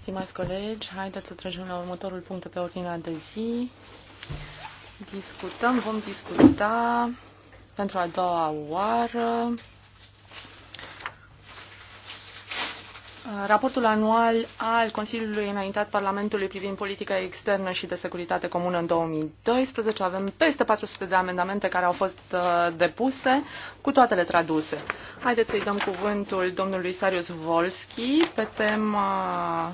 Stimați colegi, haideți să trecem la următorul punct pe ordinea de zi. Discutăm, vom discuta pentru a doua oară raportul anual al Consiliului înaintat Parlamentului privind politica externă și de securitate comună în 2012. Avem peste 400 de amendamente care au fost uh, depuse, cu toate le traduse. Haideți să-i dăm cuvântul domnului Sarius Volski pe tema uh,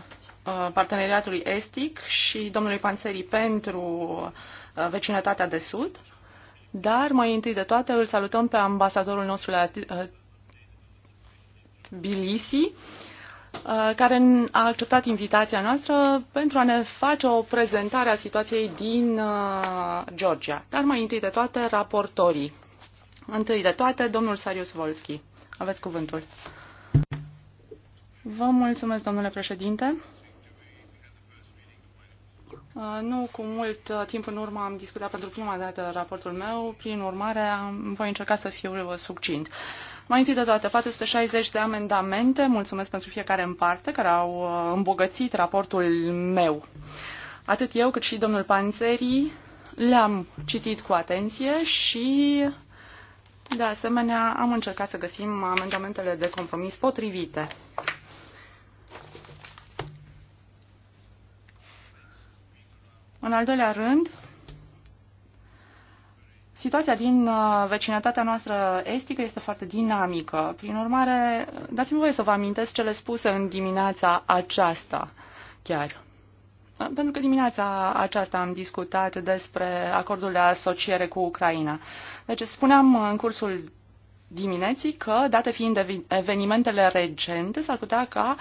uh, parteneriatului estic și domnului Panțeri pentru vecinătatea de sud. Dar mai întâi de toate îl salutăm pe ambasadorul nostru la uh, Uh, care a acceptat invitația noastră pentru a ne face o prezentare a situației din uh, Georgia. Dar mai întâi de toate, raportorii. Întâi de toate, domnul Sarius Volski. Aveți cuvântul. Vă mulțumesc, domnule președinte. Uh, nu cu mult timp în urmă am discutat pentru prima dată raportul meu, prin urmare voi încerca să fiu succint. Mai întâi de toate, 460 de amendamente, mulțumesc pentru fiecare în parte, care au uh, îmbogățit raportul meu. Atât eu cât și domnul Panzeri le-am citit cu atenție și, de asemenea, am încercat să găsim amendamentele de compromis potrivite. În al doilea rând, Situația din uh, vecinătatea noastră estică este foarte dinamică. Prin urmare, dați-mi voie să vă amintesc cele spuse în dimineața aceasta chiar. Uh, pentru că dimineața aceasta am discutat despre acordul de asociere cu Ucraina. Deci spuneam în cursul dimineții că, date fiind evenimentele recente, s-ar putea ca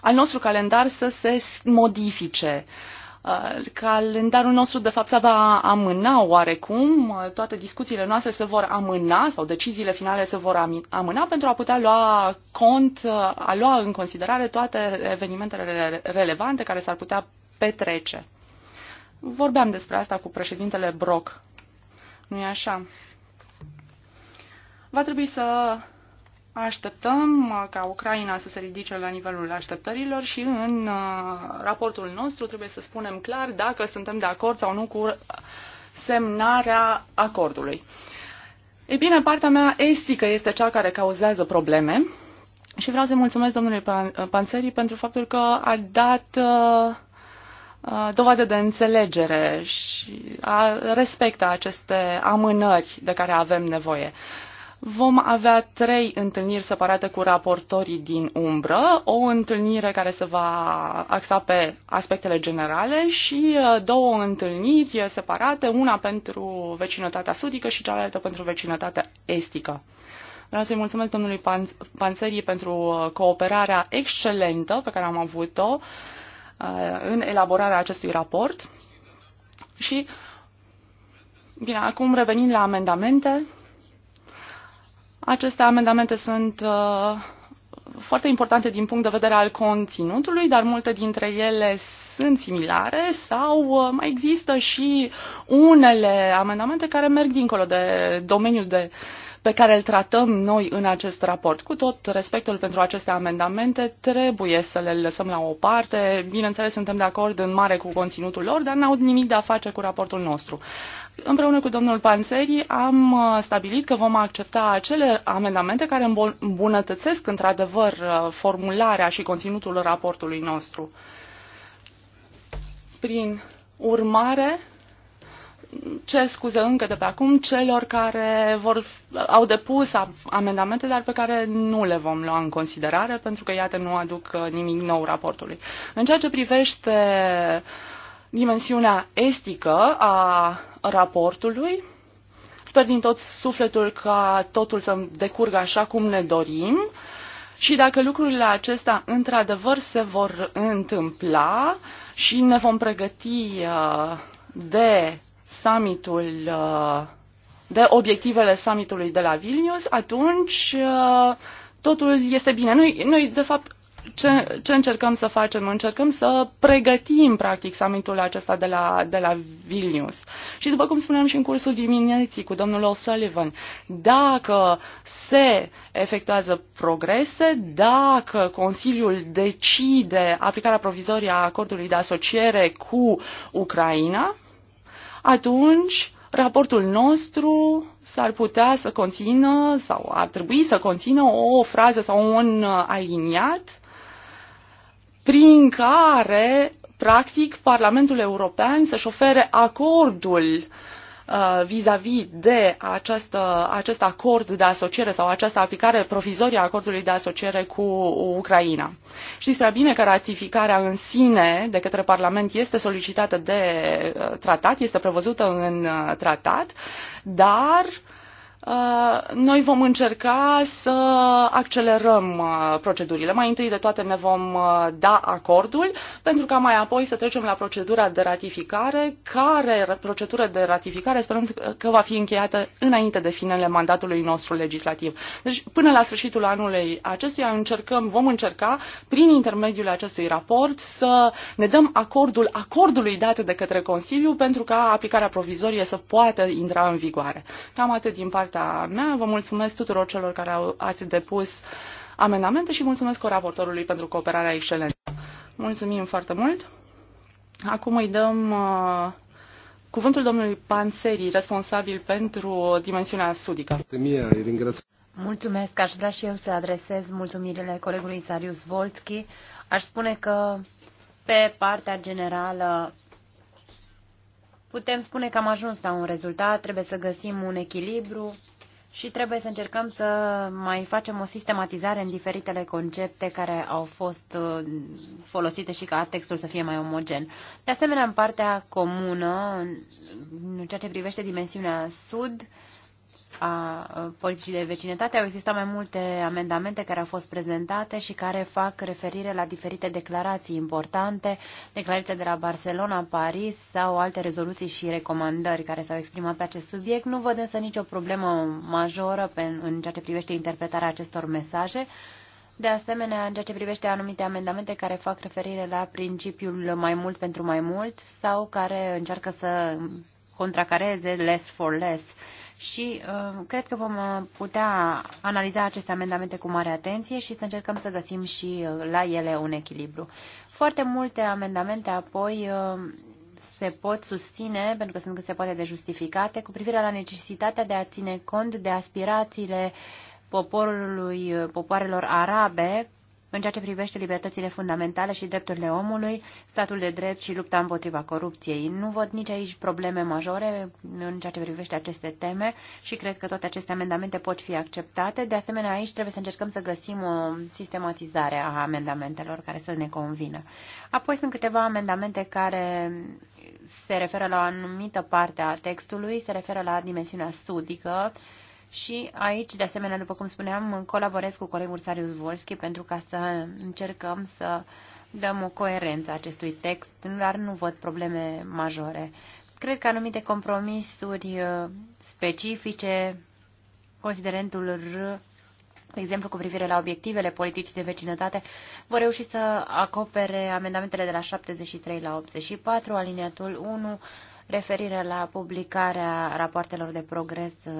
al nostru calendar să se modifice. Uh, Uh, calendarul nostru, de fapt, se va amâna oarecum, uh, toate discuțiile noastre se vor amâna sau deciziile finale se vor amâna pentru a putea lua cont, uh, a lua în considerare toate evenimentele relevante care s-ar putea petrece. Vorbeam despre asta cu președintele Brock. Nu-i așa? Va trebui să Așteptăm uh, ca Ucraina să se ridice la nivelul așteptărilor și în uh, raportul nostru trebuie să spunem clar dacă suntem de acord sau nu cu semnarea acordului. Ei bine, partea mea estică este cea care cauzează probleme și vreau să-i mulțumesc domnului uh, Panțării pentru faptul că a dat dovadă de înțelegere și a respecta aceste amânări de care avem nevoie. Vom avea trei întâlniri separate cu raportorii din umbră, o întâlnire care se va axa pe aspectele generale și uh, două întâlniri separate, una pentru vecinătatea sudică și cealaltă pentru vecinătatea estică. Vreau să-i mulțumesc domnului Pan Panțării pentru uh, cooperarea excelentă pe care am avut-o uh, în elaborarea acestui raport. Și, bine, acum revenind la amendamente, aceste amendamente sunt uh, foarte importante din punct de vedere al conținutului, dar multe dintre ele sunt similare sau uh, mai există și unele amendamente care merg dincolo de domeniul de pe care îl tratăm noi în acest raport. Cu tot respectul pentru aceste amendamente, trebuie să le lăsăm la o parte. Bineînțeles, suntem de acord în mare cu conținutul lor, dar n-au nimic de a face cu raportul nostru împreună cu domnul Panzeri am uh, stabilit că vom accepta acele amendamente care îmbunătățesc într-adevăr uh, formularea și conținutul raportului nostru. Prin urmare, cer scuze încă de pe acum celor care vor, au depus amendamente, dar pe care nu le vom lua în considerare, pentru că, iată, nu aduc uh, nimic nou raportului. În ceea ce privește uh, dimensiunea estică a raportului. Sper din tot sufletul ca totul să decurgă așa cum ne dorim și dacă lucrurile acestea într-adevăr se vor întâmpla și ne vom pregăti uh, de summitul uh, de obiectivele summitului de la Vilnius, atunci uh, totul este bine. Noi, noi de fapt, ce, ce încercăm să facem? Încercăm să pregătim, practic, summitul acesta de la, de la Vilnius. Și după cum spuneam și în cursul dimineții cu domnul O'Sullivan, dacă se efectuează progrese, dacă Consiliul decide aplicarea provizorie a acordului de asociere cu Ucraina, atunci raportul nostru s-ar putea să conțină sau ar trebui să conțină o frază sau un aliniat prin care, practic, Parlamentul European să-și ofere acordul uh, vis-a-vis -vis de această, acest acord de asociere sau această aplicare provizorie a acordului de asociere cu Ucraina. Știți prea bine că ratificarea în sine de către Parlament este solicitată de uh, tratat, este prevăzută în uh, tratat, dar uh, Uh, noi vom încerca să accelerăm uh, procedurile. Mai întâi de toate ne vom uh, da acordul, pentru ca mai apoi să trecem la procedura de ratificare, care procedură de ratificare sperăm că va fi încheiată înainte de finele mandatului nostru legislativ. Deci, până la sfârșitul anului acestuia încercăm, vom încerca, prin intermediul acestui raport, să ne dăm acordul acordului dat de către Consiliu pentru ca aplicarea provizorie să poată intra în vigoare. Cam atât din partea partea mea. Vă mulțumesc tuturor celor care au, ați depus amendamente și mulțumesc raportorului pentru cooperarea excelentă. Mulțumim foarte mult. Acum îi dăm uh, cuvântul domnului Panseri, responsabil pentru dimensiunea sudică. Mulțumesc, aș vrea și eu să adresez mulțumirile colegului Sarius Volski. Aș spune că pe partea generală Putem spune că am ajuns la un rezultat, trebuie să găsim un echilibru și trebuie să încercăm să mai facem o sistematizare în diferitele concepte care au fost uh, folosite și ca textul să fie mai omogen. De asemenea, în partea comună, în ceea ce privește dimensiunea sud, a politicii de vecinătate au existat mai multe amendamente care au fost prezentate și care fac referire la diferite declarații importante, declarate de la Barcelona, Paris sau alte rezoluții și recomandări care s-au exprimat pe acest subiect. Nu văd însă nicio problemă majoră în ceea ce privește interpretarea acestor mesaje. De asemenea, în ceea ce privește anumite amendamente care fac referire la principiul mai mult pentru mai mult sau care încearcă să contracareze less for less, și uh, cred că vom uh, putea analiza aceste amendamente cu mare atenție și să încercăm să găsim și uh, la ele un echilibru. Foarte multe amendamente apoi uh, se pot susține, pentru că sunt cât se poate de justificate, cu privire la necesitatea de a ține cont de aspirațiile poporului, uh, popoarelor arabe în ceea ce privește libertățile fundamentale și drepturile omului, statul de drept și lupta împotriva corupției. Nu văd nici aici probleme majore în ceea ce privește aceste teme și cred că toate aceste amendamente pot fi acceptate. De asemenea, aici trebuie să încercăm să găsim o sistematizare a amendamentelor care să ne convină. Apoi sunt câteva amendamente care se referă la o anumită parte a textului, se referă la dimensiunea sudică, și aici, de asemenea, după cum spuneam, colaborez cu colegul Sarius Volski pentru ca să încercăm să dăm o coerență acestui text, dar nu văd probleme majore. Cred că anumite compromisuri uh, specifice, considerentul R, de exemplu cu privire la obiectivele politicii de vecinătate, vor reuși să acopere amendamentele de la 73 la 84, aliniatul 1, referire la publicarea rapoartelor de progres uh,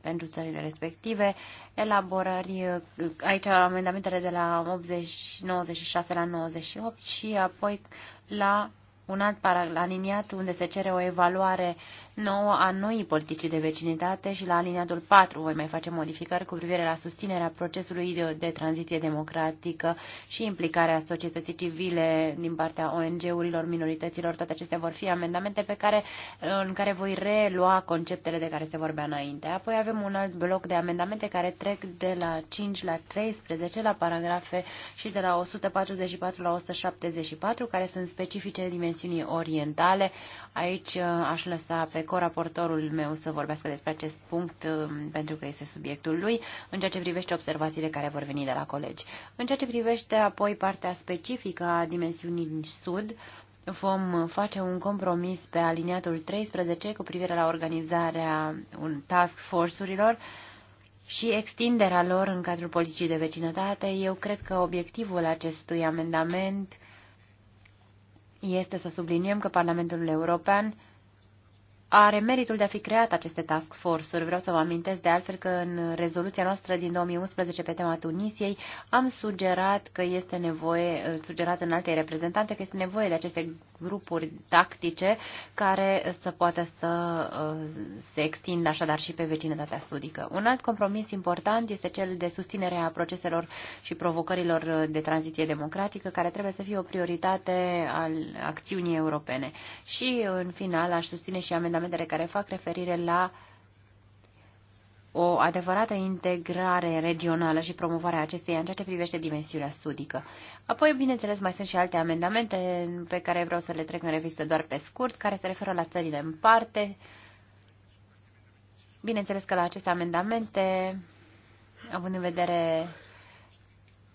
pentru țările respective, elaborări, uh, aici amendamentele de la 80, 96 la 98 și apoi la un alt aliniat unde se cere o evaluare nouă a noii politicii de vecinitate și la aliniatul 4 voi mai face modificări cu privire la susținerea procesului de, de tranziție democratică și implicarea societății civile din partea ONG-urilor, minorităților. Toate acestea vor fi amendamente pe care, în care voi relua conceptele de care se vorbea înainte. Apoi avem un alt bloc de amendamente care trec de la 5 la 13 la paragrafe și de la 144 la 174 care sunt specifice dimensiunii dimensiunii orientale. Aici uh, aș lăsa pe coraportorul meu să vorbească despre acest punct, uh, pentru că este subiectul lui, în ceea ce privește observațiile care vor veni de la colegi. În ceea ce privește apoi partea specifică a dimensiunii sud, vom face un compromis pe aliniatul 13 cu privire la organizarea un task force-urilor și extinderea lor în cadrul politicii de vecinătate. Eu cred că obiectivul acestui amendament este să subliniem că Parlamentul European are meritul de a fi creat aceste task force-uri. Vreau să vă amintesc de altfel că în rezoluția noastră din 2011 pe tema Tunisiei am sugerat că este nevoie, sugerat în alte reprezentante, că este nevoie de aceste grupuri tactice care să poată să uh, se extindă așadar și pe vecinătatea sudică. Un alt compromis important este cel de susținere a proceselor și provocărilor de tranziție democratică, care trebuie să fie o prioritate al acțiunii europene. Și, în final, aș susține și amendamentul amendamentele care fac referire la o adevărată integrare regională și promovarea acesteia în ceea ce privește dimensiunea sudică. Apoi, bineînțeles, mai sunt și alte amendamente pe care vreau să le trec în revistă doar pe scurt, care se referă la țările în parte. Bineînțeles că la aceste amendamente, având în vedere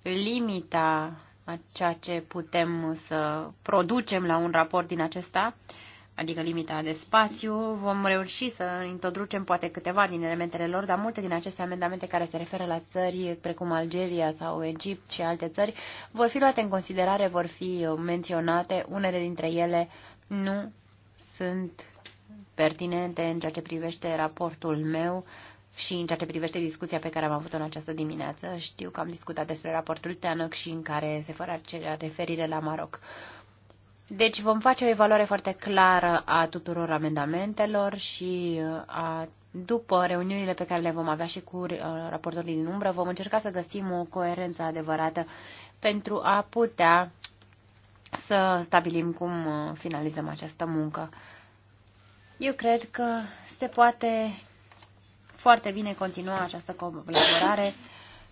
limita a ceea ce putem să producem la un raport din acesta, uh, adică limita de spațiu, vom reuși să introducem poate câteva din elementele lor, dar multe din aceste amendamente care se referă la țări precum Algeria sau Egipt și alte țări vor fi luate în considerare, vor fi menționate, unele dintre ele nu sunt pertinente în ceea ce privește raportul meu și în ceea ce privește discuția pe care am avut-o în această dimineață. Știu că am discutat despre raportul Teanoc și în care se fără referire la Maroc. Deci vom face o evaluare foarte clară a tuturor amendamentelor și uh, a, după reuniunile pe care le vom avea și cu uh, raportorii din umbră, vom încerca să găsim o coerență adevărată pentru a putea să stabilim cum uh, finalizăm această muncă. Eu cred că se poate foarte bine continua această colaborare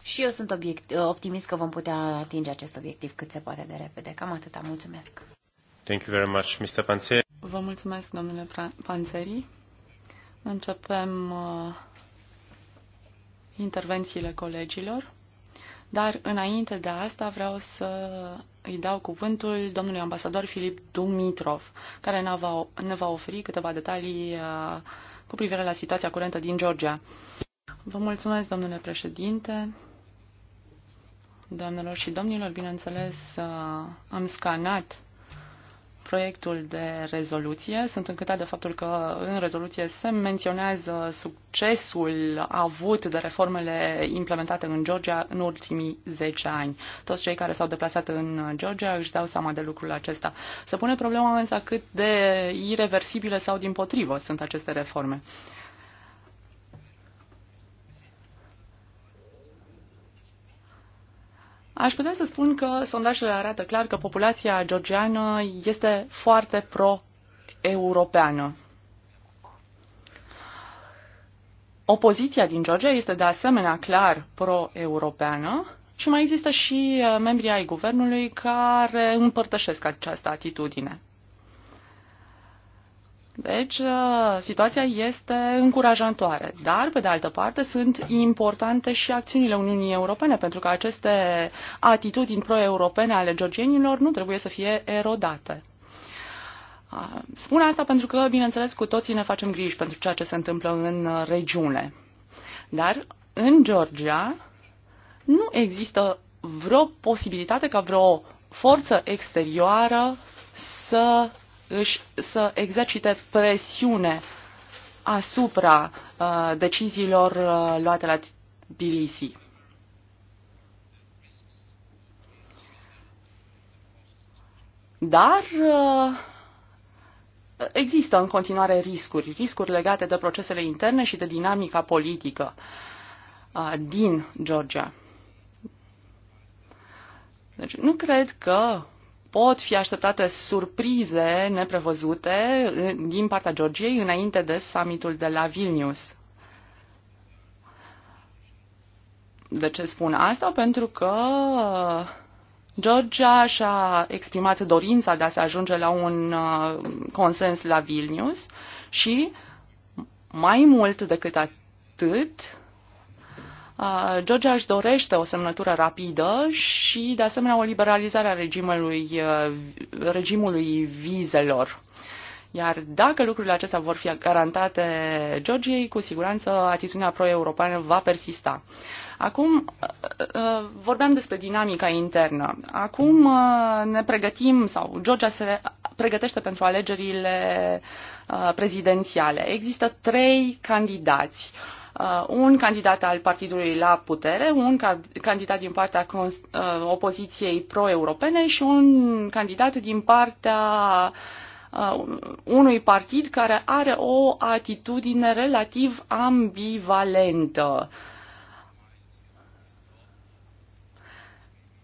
și eu sunt optimist că vom putea atinge acest obiectiv cât se poate de repede. Cam atâta. Mulțumesc! Thank you very much, Mr. Panzeri. Vă mulțumesc, domnule Panzeri. Începem uh, intervențiile colegilor. Dar înainte de asta vreau să îi dau cuvântul domnului ambasador Filip Dumitrov, care ne va, ne va oferi câteva detalii uh, cu privire la situația curentă din Georgia. Vă mulțumesc, domnule președinte. Doamnelor și domnilor, bineînțeles, uh, am scanat proiectul de rezoluție. Sunt încântat de faptul că în rezoluție se menționează succesul avut de reformele implementate în Georgia în ultimii 10 ani. Toți cei care s-au deplasat în Georgia își dau seama de lucrul acesta. Se pune problema însă cât de irreversibile sau din potrivă sunt aceste reforme. Aș putea să spun că sondajele arată clar că populația georgiană este foarte pro-europeană. Opoziția din Georgia este de asemenea clar pro-europeană și mai există și eh, membrii ai guvernului care împărtășesc această atitudine. Deci, uh, situația este încurajatoare, dar, pe de altă parte, sunt importante și acțiunile Uniunii Europene, pentru că aceste atitudini pro-europene ale georgienilor nu trebuie să fie erodate. Uh, spun asta pentru că, bineînțeles, cu toții ne facem griji pentru ceea ce se întâmplă în uh, regiune. Dar, în Georgia, nu există vreo posibilitate ca vreo forță exterioară să își să exercite presiune asupra uh, deciziilor uh, luate la Tbilisi. Dar uh, există în continuare riscuri, riscuri legate de procesele interne și de dinamica politică uh, din Georgia. Deci nu cred că pot fi așteptate surprize neprevăzute din partea Georgiei înainte de summitul de la Vilnius. De ce spun asta? Pentru că Georgia și-a exprimat dorința de a se ajunge la un uh, consens la Vilnius și mai mult decât atât, Georgia își dorește o semnătură rapidă și, de asemenea, o liberalizare a regimului, regimului vizelor. Iar dacă lucrurile acestea vor fi garantate Georgiei, cu siguranță atitudinea pro-europeană va persista. Acum vorbeam despre dinamica internă. Acum ne pregătim, sau Georgia se pregătește pentru alegerile prezidențiale. Există trei candidați. Uh, Uh, un candidat al partidului la putere, un candidat din partea uh, opoziției pro-europene și un candidat din partea uh, unui partid care are o atitudine relativ ambivalentă.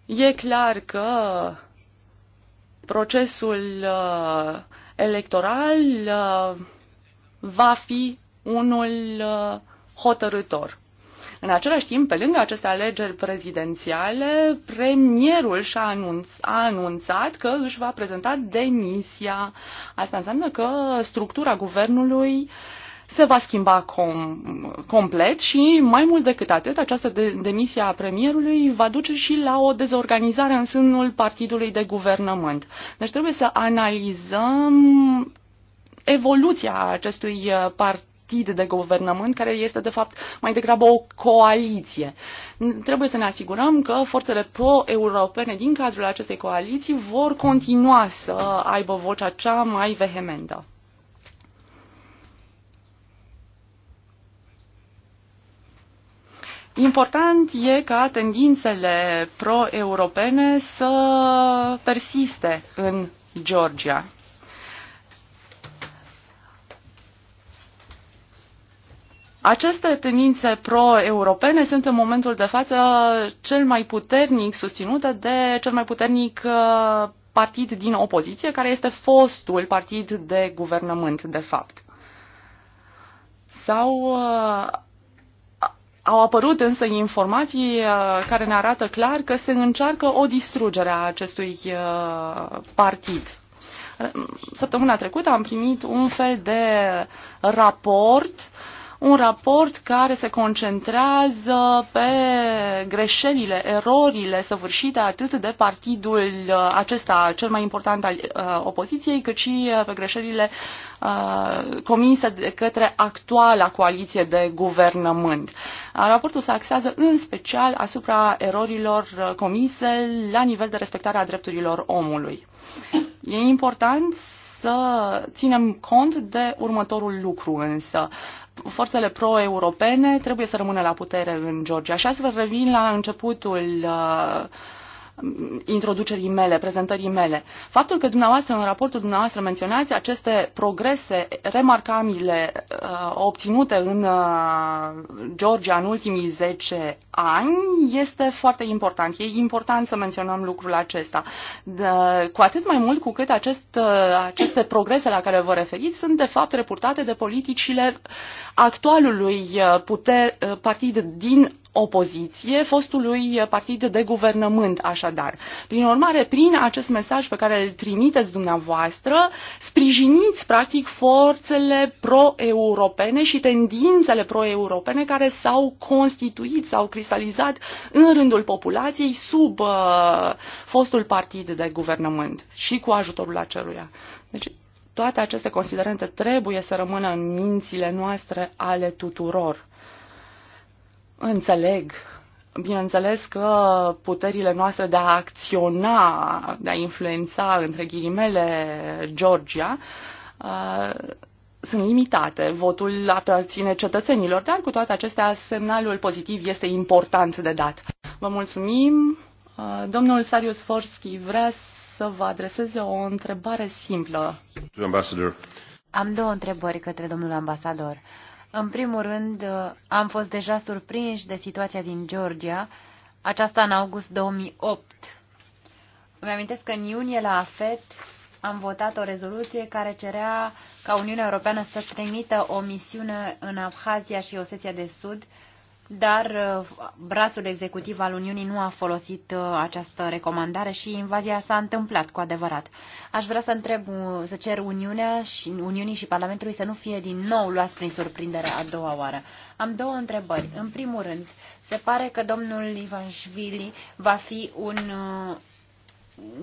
E clar că procesul electoral va fi unul uh, hotărător. În același timp, pe lângă aceste alegeri prezidențiale, premierul și-a anunț, a anunțat că își va prezenta demisia. Asta înseamnă că structura guvernului se va schimba com, complet și mai mult decât atât, această de, demisie a premierului va duce și la o dezorganizare în sânul partidului de guvernământ. Deci trebuie să analizăm evoluția acestui uh, partid partid de guvernământ, care este de fapt mai degrabă o coaliție. Trebuie să ne asigurăm că forțele pro-europene din cadrul acestei coaliții vor continua să aibă vocea cea mai vehementă. Important e ca tendințele pro-europene să persiste în Georgia. Aceste tendințe pro-europene sunt în momentul de față cel mai puternic susținute de cel mai puternic uh, partid din opoziție, care este fostul partid de guvernământ, de fapt. Sau uh, au apărut însă informații uh, care ne arată clar că se încearcă o distrugere a acestui partid. Săptămâna trecută am primit un fel de raport uh, un raport care se concentrează pe greșelile, erorile săvârșite atât de partidul uh, acesta, cel mai important al uh, opoziției, cât și uh, pe greșelile comise de către actuala coaliție de guvernământ. Raportul se axează în special asupra erorilor comise la nivel de respectare a drepturilor omului. E important să ținem cont de următorul lucru însă forțele pro-europene trebuie să rămână la putere în Georgia. Și astfel revin la începutul uh, introducerii mele, prezentării mele. Faptul că dumneavoastră, în raportul dumneavoastră, menționați aceste progrese remarcabile uh, obținute în uh, Georgia în ultimii 10 ani este foarte important. E important să menționăm lucrul acesta. De, cu atât mai mult cu cât acest, uh, aceste progrese la care vă referiți sunt, de fapt, reportate de politicile actualului uh, puter, uh, partid din opoziție fostului partid de guvernământ, așadar. Prin urmare, prin acest mesaj pe care îl trimiteți dumneavoastră, sprijiniți, practic, forțele pro-europene și tendințele pro-europene care s-au constituit, s-au cristalizat în rândul populației sub uh, fostul partid de guvernământ și cu ajutorul aceluia. Deci, toate aceste considerente trebuie să rămână în mințile noastre ale tuturor. Înțeleg bineînțeles că puterile noastre de a acționa, de a influența, între ghilimele, Georgia, uh, sunt limitate. Votul aparține cetățenilor, dar cu toate acestea semnalul pozitiv este important de dat. Vă mulțumim. Uh, domnul Sarius Forski vrea să vă adreseze o întrebare simplă. Am două întrebări către domnul ambasador. Uh, în primul rând, am fost deja surprinși de situația din Georgia, aceasta în august 2008. Îmi amintesc că în iunie la AFET am votat o rezoluție care cerea ca Uniunea Europeană să trimită o misiune în Abhazia și Osetia de Sud uh, dar uh, brațul executiv al Uniunii nu a folosit uh, această recomandare și invazia s-a întâmplat cu adevărat. Aș vrea să întreb, uh, să cer Uniunea și, Uniunii și Parlamentului să nu fie din nou luați prin surprindere a doua oară. Am două întrebări. În primul rând, se pare că domnul Ivanșvili va fi un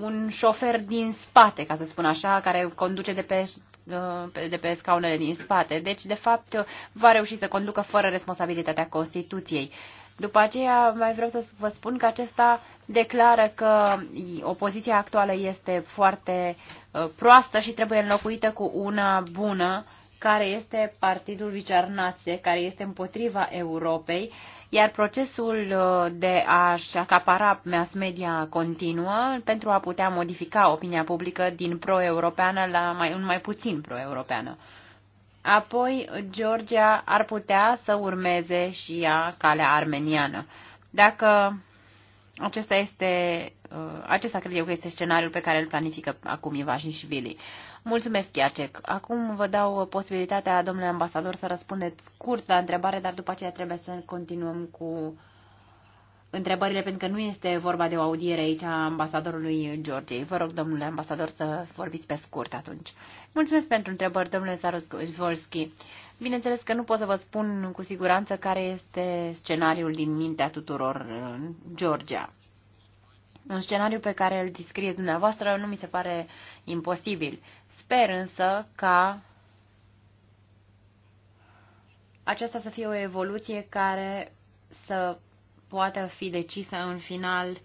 un șofer din spate, ca să spun așa, care conduce de pe, uh, de pe scaunele din spate. Deci, de fapt, va reuși să conducă fără responsabilitatea Constituției. După aceea, mai vreau să vă spun că acesta declară că opoziția actuală este foarte uh, proastă și trebuie înlocuită cu una bună, care este Partidul Vicearnație, care este împotriva Europei iar procesul uh, de a-și acapara mass media continuă pentru a putea modifica opinia publică din pro-europeană la mai, un mai puțin pro-europeană. Apoi, Georgia ar putea să urmeze și ea calea armeniană. Dacă acesta este, uh, acesta cred eu că este scenariul pe care îl planifică acum și Vili. Mulțumesc, Iacek. Acum vă dau posibilitatea, domnule ambasador, să răspundeți scurt la întrebare, dar după aceea trebuie să continuăm cu întrebările, pentru că nu este vorba de o audiere aici a ambasadorului Georgiei. Vă rog, domnule ambasador, să vorbiți pe scurt atunci. Mulțumesc pentru întrebări, domnule Zarosvolski. Bineînțeles că nu pot să vă spun cu siguranță care este scenariul din mintea tuturor în Georgia. Un scenariu pe care îl descrieți dumneavoastră nu mi se pare imposibil. Sper însă ca aceasta să fie o evoluție care să poată fi decisă în final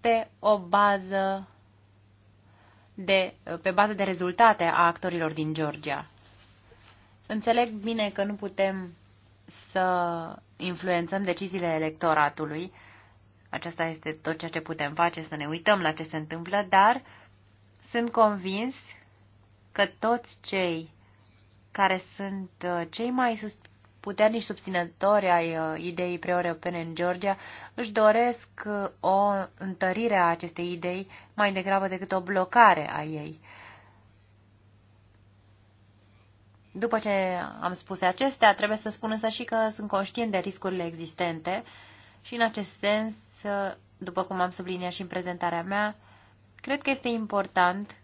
pe o bază de, pe bază de rezultate a actorilor din Georgia. Înțeleg bine că nu putem să influențăm deciziile electoratului. Aceasta este tot ceea ce putem face, să ne uităm la ce se întâmplă, dar sunt convins că toți cei care sunt uh, cei mai puternici susținători ai uh, ideii pre-europene în Georgia își doresc uh, o întărire a acestei idei mai degrabă decât o blocare a ei. După ce am spus acestea, trebuie să spun însă și că sunt conștient de riscurile existente și în acest sens, după cum am subliniat și în prezentarea mea, cred că este important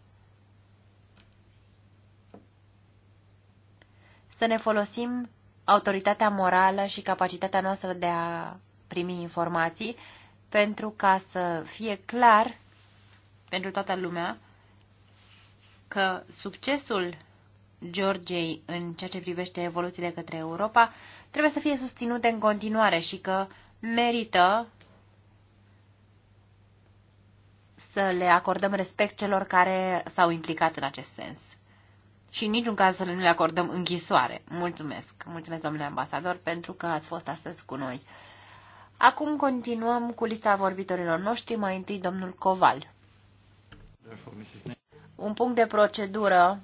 să ne folosim autoritatea morală și capacitatea noastră de a primi informații pentru ca să fie clar pentru toată lumea că succesul Georgiei în ceea ce privește evoluțiile către Europa trebuie să fie susținute în continuare și că merită să le acordăm respect celor care s-au implicat în acest sens și în niciun caz să nu le acordăm închisoare. Mulțumesc! Mulțumesc, domnule ambasador, pentru că ați fost astăzi cu noi. Acum continuăm cu lista vorbitorilor noștri, mai întâi domnul Coval. Un punct de procedură,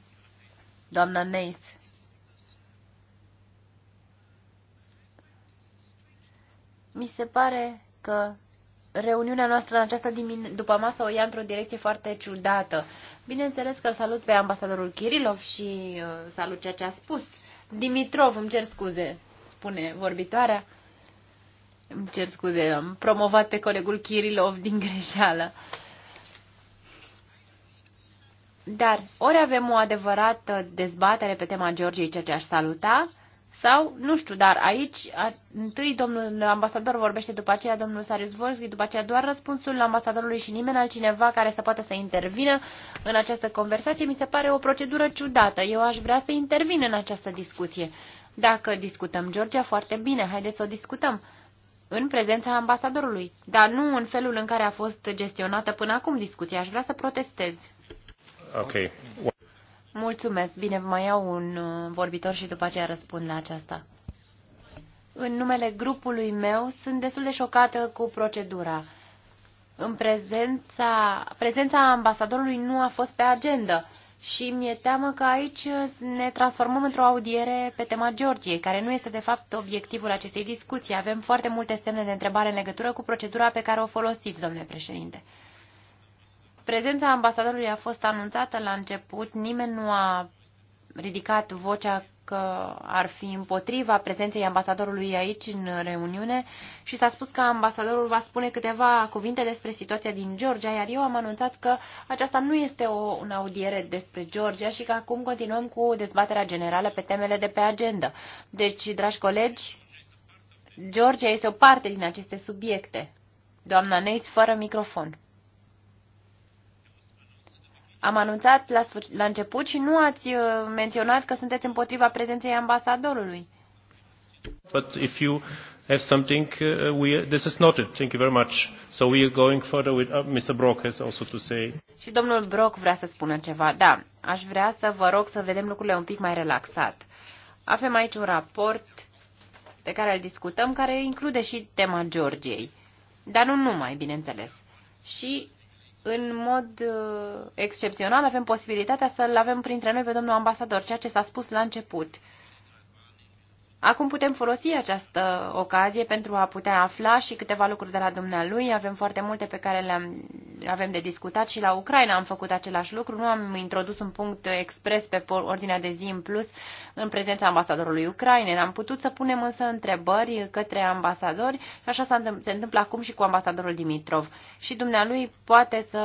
doamnă Neis. Mi se pare că reuniunea noastră în această dimin- după masă o ia într-o direcție foarte ciudată. Bineînțeles că îl salut pe ambasadorul Kirilov și uh, salut ceea ce a spus. Dimitrov, îmi cer scuze, spune vorbitoarea. Îmi cer scuze, am promovat pe colegul Kirilov din greșeală. Dar ori avem o adevărată dezbatere pe tema Georgiei, ceea ce aș saluta, sau, nu știu, dar aici a, întâi domnul ambasador vorbește, după aceea domnul Sarius Volski, după aceea doar răspunsul ambasadorului și nimeni altcineva care să poată să intervină în această conversație. Mi se pare o procedură ciudată. Eu aș vrea să intervin în această discuție. Dacă discutăm Georgia, foarte bine, haideți să o discutăm în prezența ambasadorului, dar nu în felul în care a fost gestionată până acum discuția. Aș vrea să protestez. Okay. Mulțumesc. Bine, mai iau un uh, vorbitor și după aceea răspund la aceasta. În numele grupului meu sunt destul de șocată cu procedura. În prezența, prezența ambasadorului nu a fost pe agenda și mi-e teamă că aici ne transformăm într-o audiere pe tema Georgiei, care nu este de fapt obiectivul acestei discuții. Avem foarte multe semne de întrebare în legătură cu procedura pe care o folosiți, domnule președinte. Prezența ambasadorului a fost anunțată la început, nimeni nu a ridicat vocea că ar fi împotriva prezenței ambasadorului aici în reuniune și s-a spus că ambasadorul va spune câteva cuvinte despre situația din Georgia, iar eu am anunțat că aceasta nu este o un audiere despre Georgia și că acum continuăm cu dezbaterea generală pe temele de pe agenda. Deci, dragi colegi, Georgia este o parte din aceste subiecte. Doamna Neitz, fără microfon. Am anunțat la, la început și nu ați uh, menționat că sunteți împotriva prezenței ambasadorului. But if you have something, uh, we, this is noted. Thank you very much. So we are going further with uh, Mr. Brock has also to say. Și domnul Brock vrea să spună ceva. Da, aș vrea să vă rog să vedem lucrurile un pic mai relaxat. Avem aici un raport pe care îl discutăm, care include și tema Georgiei. Dar nu numai, bineînțeles. Și în mod uh, excepțional avem posibilitatea să-l avem printre noi pe domnul ambasador, ceea ce s-a spus la început. Acum putem folosi această ocazie pentru a putea afla și câteva lucruri de la dumnealui. Avem foarte multe pe care le-am avem de discutat și la Ucraina am făcut același lucru. Nu am introdus un punct expres pe ordinea de zi în plus în prezența ambasadorului Ucrainei. Am putut să punem însă întrebări către ambasadori și așa se întâmplă acum și cu ambasadorul Dimitrov. Și dumnealui poate să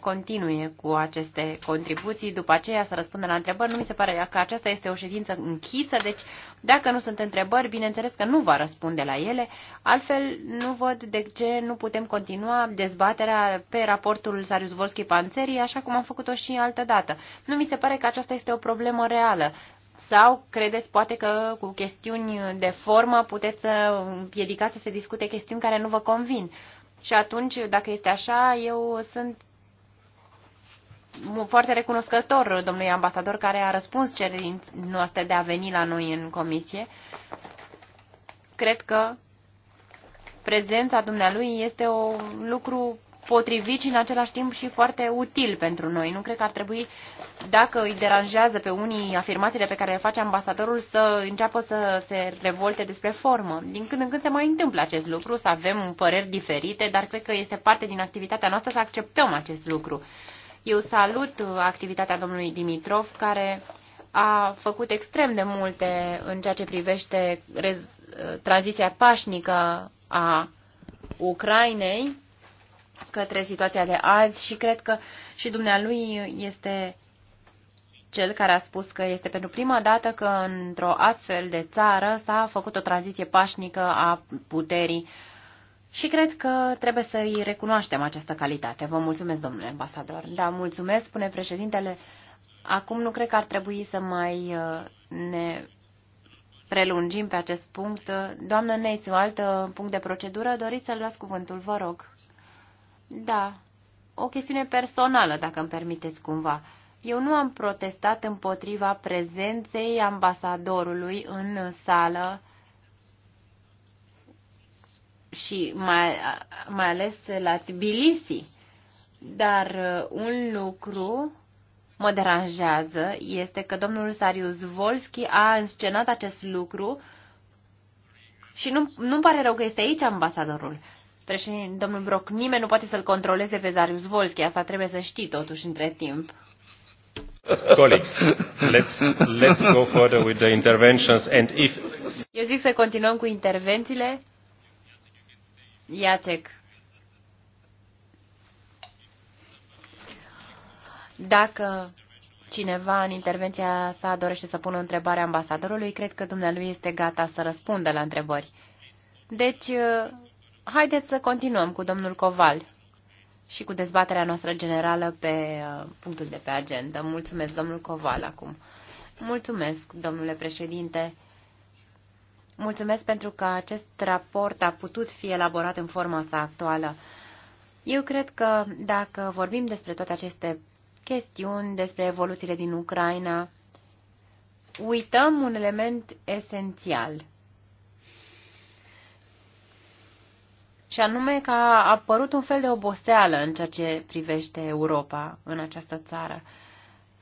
continue cu aceste contribuții, după aceea să răspundă la întrebări. Nu mi se pare că aceasta este o ședință închisă, deci dacă nu sunt întrebări, bineînțeles că nu va răspunde la ele, altfel nu văd de ce nu putem continua dezbaterea pe raportul Sarius Volski Panțerii, așa cum am făcut-o și altă dată. Nu mi se pare că aceasta este o problemă reală. Sau credeți poate că cu chestiuni de formă puteți să împiedicați să se discute chestiuni care nu vă convin? Și atunci, dacă este așa, eu sunt foarte recunoscător domnului ambasador care a răspuns cerinții noastre de a veni la noi în comisie. Cred că prezența dumnealui este un lucru potrivit și în același timp și foarte util pentru noi. Nu cred că ar trebui, dacă îi deranjează pe unii afirmațiile pe care le face ambasadorul, să înceapă să se revolte despre formă. Din când în când se mai întâmplă acest lucru, să avem păreri diferite, dar cred că este parte din activitatea noastră să acceptăm acest lucru. Eu salut uh, activitatea domnului Dimitrov, care a făcut extrem de multe în ceea ce privește uh, tranziția pașnică a Ucrainei către situația de azi și cred că și dumnealui este cel care a spus că este pentru prima dată că într-o astfel de țară s-a făcut o tranziție pașnică a puterii și cred că trebuie să îi recunoaștem această calitate. Vă mulțumesc, domnule ambasador. Da, mulțumesc, spune președintele. Acum nu cred că ar trebui să mai uh, ne prelungim pe acest punct. Doamnă Neiț, un alt punct de procedură, doriți să luați cuvântul, vă rog. Da, o chestiune personală, dacă îmi permiteți cumva. Eu nu am protestat împotriva prezenței ambasadorului în sală și mai, mai ales la Tbilisi. Dar uh, un lucru mă deranjează este că domnul Sarius Volski a înscenat acest lucru și nu, nu pare rău că este aici ambasadorul. Președinte, domnul Broc, nimeni nu poate să-l controleze pe Zarius Volski, asta trebuie să știi totuși între timp. Colleagues, let's, let's go further with the interventions and if... Eu zic să continuăm cu intervențiile Iacek. Dacă cineva în intervenția sa dorește să pună întrebarea ambasadorului, cred că dumnealui este gata să răspundă la întrebări. Deci, uh, haideți să continuăm cu domnul Coval și cu dezbaterea noastră generală pe uh, punctul de pe agenda. Mulțumesc, domnul Coval, acum. Mulțumesc, domnule președinte. Mulțumesc pentru că acest raport a putut fi elaborat în forma sa actuală. Eu cred că dacă vorbim despre toate aceste chestiuni, despre evoluțiile din Ucraina, uităm un element esențial. Și anume că a apărut un fel de oboseală în ceea ce privește Europa în această țară. Uh,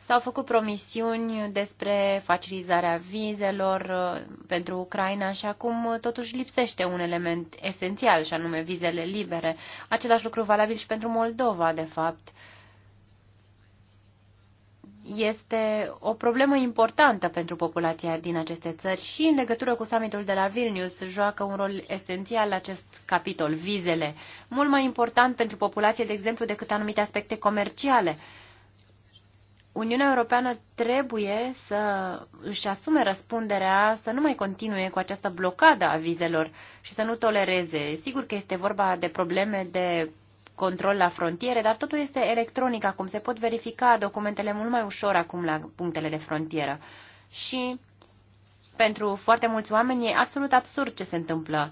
S-au făcut promisiuni despre facilitarea vizelor uh, pentru Ucraina și acum uh, totuși lipsește un element esențial, și anume vizele libere. Același lucru valabil și pentru Moldova, de fapt. Este o problemă importantă pentru populația din aceste țări și în legătură cu summitul de la Vilnius joacă un rol esențial acest capitol, vizele, mult mai important pentru populație, de exemplu, decât anumite aspecte comerciale. Uniunea Europeană trebuie să își asume răspunderea, să nu mai continue cu această blocadă a vizelor și să nu tolereze. Sigur că este vorba de probleme de control la frontiere, dar totul este electronic acum. Se pot verifica documentele mult mai ușor acum la punctele de frontieră. Și pentru foarte mulți oameni e absolut absurd ce se întâmplă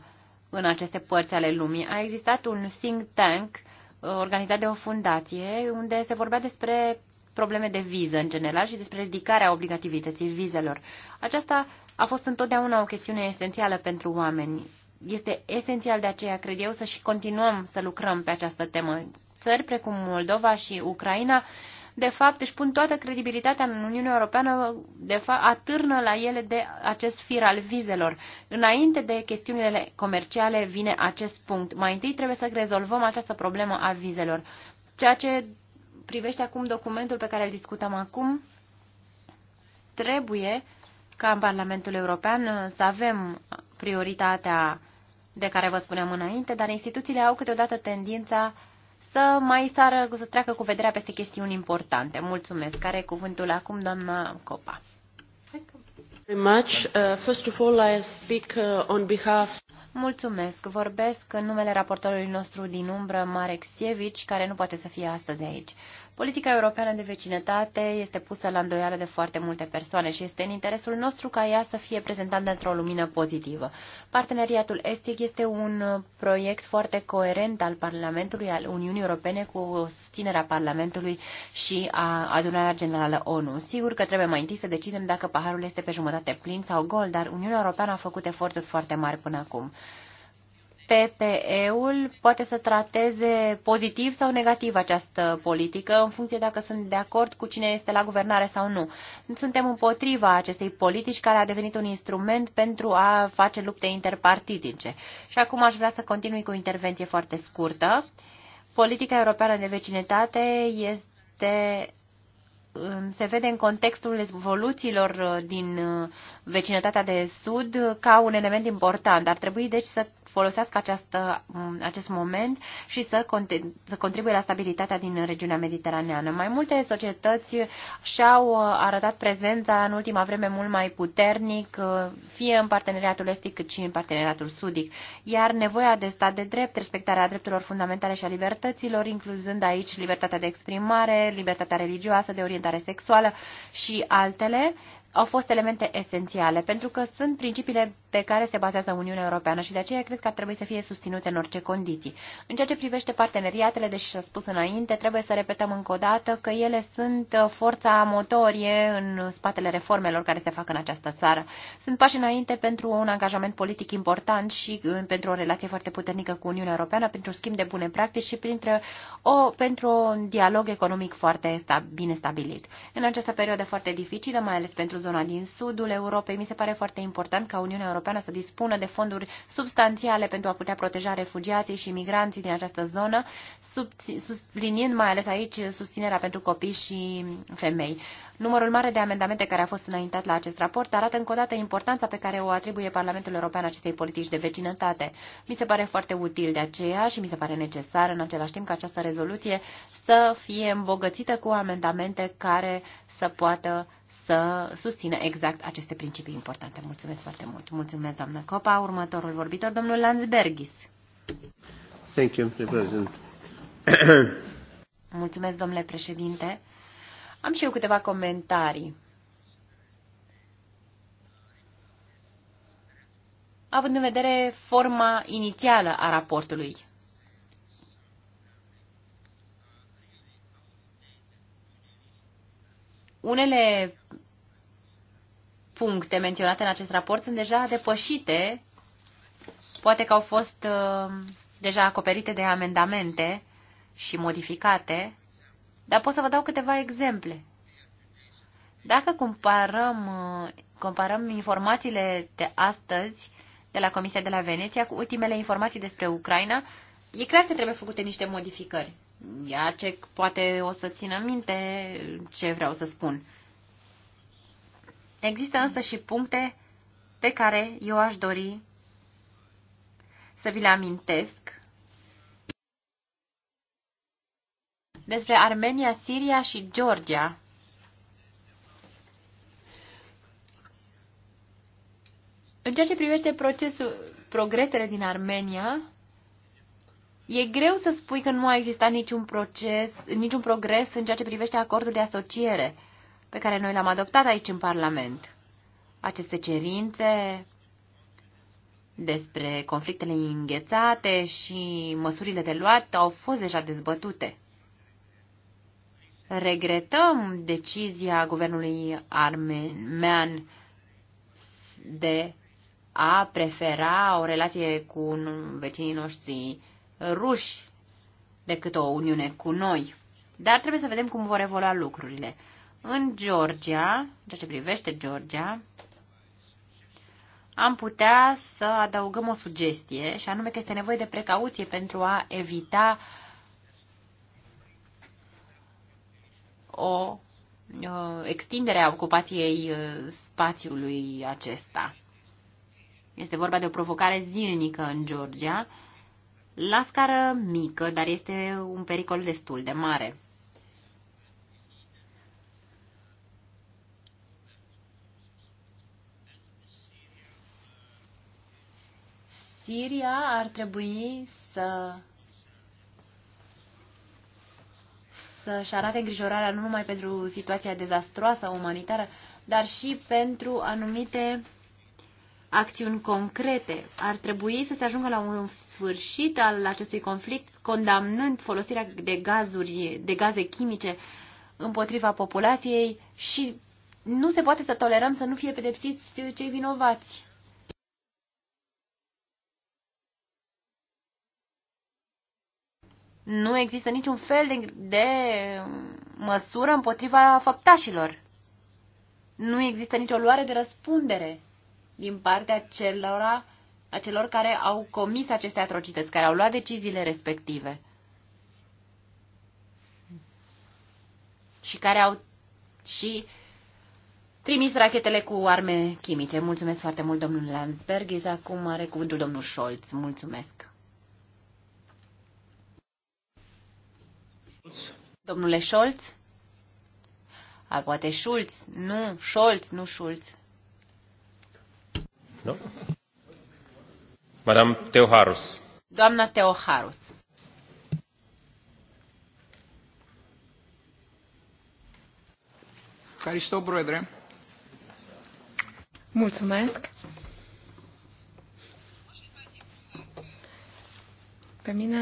în aceste părți ale lumii. A existat un think tank uh, organizat de o fundație unde se vorbea despre probleme de viză în general și despre ridicarea obligativității vizelor. Aceasta a fost întotdeauna o chestiune esențială pentru oameni. Este esențial de aceea, cred eu, să și continuăm să lucrăm pe această temă. Țări precum Moldova și Ucraina, de fapt, își pun toată credibilitatea în Uniunea Europeană, de fapt, atârnă la ele de acest fir al vizelor. Înainte de chestiunile comerciale vine acest punct. Mai întâi trebuie să rezolvăm această problemă a vizelor ceea ce privește acum documentul pe care îl discutăm acum, trebuie ca în Parlamentul European să avem prioritatea de care vă spuneam înainte, dar instituțiile au câteodată tendința să mai sară, să treacă cu vederea peste chestiuni importante. Mulțumesc. Care e cuvântul acum, doamna Copa? Very much. Uh, first of all, I speak uh, on behalf Mulțumesc. Vorbesc în numele raportorului nostru din umbră, Marek Sievici, care nu poate să fie astăzi aici. Politica europeană de vecinătate este pusă la îndoială de foarte multe persoane și este în interesul nostru ca ea să fie prezentată într-o lumină pozitivă. Parteneriatul Estic este un proiect foarte coerent al Parlamentului, al Uniunii Europene, cu susținerea Parlamentului și a adunarea generală ONU. Sigur că trebuie mai întâi să decidem dacă paharul este pe jumătate plin sau gol, dar Uniunea Europeană a făcut eforturi foarte mari până acum. PPE-ul poate să trateze pozitiv sau negativ această politică, în funcție dacă sunt de acord cu cine este la guvernare sau nu. Suntem împotriva acestei politici care a devenit un instrument pentru a face lupte interpartidice. Și acum aș vrea să continui cu o intervenție foarte scurtă. Politica europeană de vecinătate este se vede în contextul evoluțiilor din uh, vecinătatea de sud ca un element important. Ar trebui deci să folosească această, mm, acest moment și să, să contribuie la stabilitatea din regiunea mediteraneană. Mai multe societăți și-au uh, arătat prezența în ultima vreme mult mai puternic, uh, fie în parteneriatul estic cât și în parteneriatul sudic, iar nevoia de stat de drept, respectarea drepturilor fundamentale și a libertăților, incluzând aici libertatea de exprimare, libertatea religioasă, de orientare sexuală și altele, au fost elemente esențiale, pentru că sunt principiile pe care se bazează Uniunea Europeană și de aceea cred că ar trebui să fie susținute în orice condiții. În ceea ce privește parteneriatele, deși s-a spus înainte, trebuie să repetăm încă o dată că ele sunt uh, forța motorie în spatele reformelor care se fac în această țară. Sunt pași înainte pentru un angajament politic important și uh, pentru o relație foarte puternică cu Uniunea Europeană, pentru schimb de bune practici și printre o, pentru un dialog economic foarte sta, bine stabilit. În această perioadă foarte dificilă, mai ales pentru zona din sudul Europei. Mi se pare foarte important ca Uniunea Europeană să dispună de fonduri substanțiale pentru a putea proteja refugiații și migranții din această zonă, subliniind mai ales aici susținerea pentru copii și femei. Numărul mare de amendamente care a fost înaintat la acest raport arată încă o dată importanța pe care o atribuie Parlamentul European acestei politici de vecinătate. Mi se pare foarte util de aceea și mi se pare necesar în același timp ca această rezoluție să fie îmbogățită cu amendamente care să poată să susțină exact aceste principii importante. Mulțumesc foarte mult. Mulțumesc, doamnă Copa. Următorul vorbitor, domnul Landsbergis. Thank you, President. Mulțumesc, domnule președinte. Am și eu câteva comentarii. Având în vedere forma inițială a raportului, Unele puncte menționate în acest raport sunt deja depășite, poate că au fost uh, deja acoperite de amendamente și modificate, dar pot să vă dau câteva exemple. Dacă comparăm, uh, comparăm informațiile de astăzi de la Comisia de la Veneția cu ultimele informații despre Ucraina, e clar că trebuie făcute niște modificări. Iacek poate o să țină minte ce vreau să spun. Există însă și puncte pe care eu aș dori să vi le amintesc despre Armenia, Siria și Georgia. În ceea ce privește procesul, progresele din Armenia, E greu să spui că nu a existat niciun proces, niciun progres în ceea ce privește acordul de asociere pe care noi l-am adoptat aici în Parlament. Aceste cerințe despre conflictele înghețate și măsurile de luat au fost deja dezbătute. Regretăm decizia guvernului armenian de a prefera o relație cu vecinii noștri ruși decât o uniune cu noi. Dar trebuie să vedem cum vor evolua lucrurile. În Georgia, ceea ce privește Georgia, am putea să adăugăm o sugestie, și anume că este nevoie de precauție pentru a evita o extindere a ocupației uh, spațiului acesta. Este vorba de o provocare zilnică în Georgia la scară mică, dar este un pericol destul de mare. Siria ar trebui să să-și arate îngrijorarea nu numai pentru situația dezastroasă umanitară, dar și pentru anumite acțiuni concrete. Ar trebui să se ajungă la un sfârșit al acestui conflict, condamnând folosirea de gazuri, de gaze chimice împotriva populației și nu se poate să tolerăm să nu fie pedepsiți cei vinovați. Nu există niciun fel de, de măsură împotriva făptașilor. Nu există nicio luare de răspundere din partea celora, a celor care au comis aceste atrocități, care au luat deciziile respective și care au și trimis rachetele cu arme chimice. Mulțumesc foarte mult, domnul Landsberg. Acum are cuvântul domnul Scholz. Mulțumesc. Domnule Scholz? A, poate Schulz. Nu, Scholz, nu Schulz. Nu? Madame Teoharus. Doamna Teoharus. Ευχαριστώ, Πρόεδρε. Mulțumesc. Pe mine...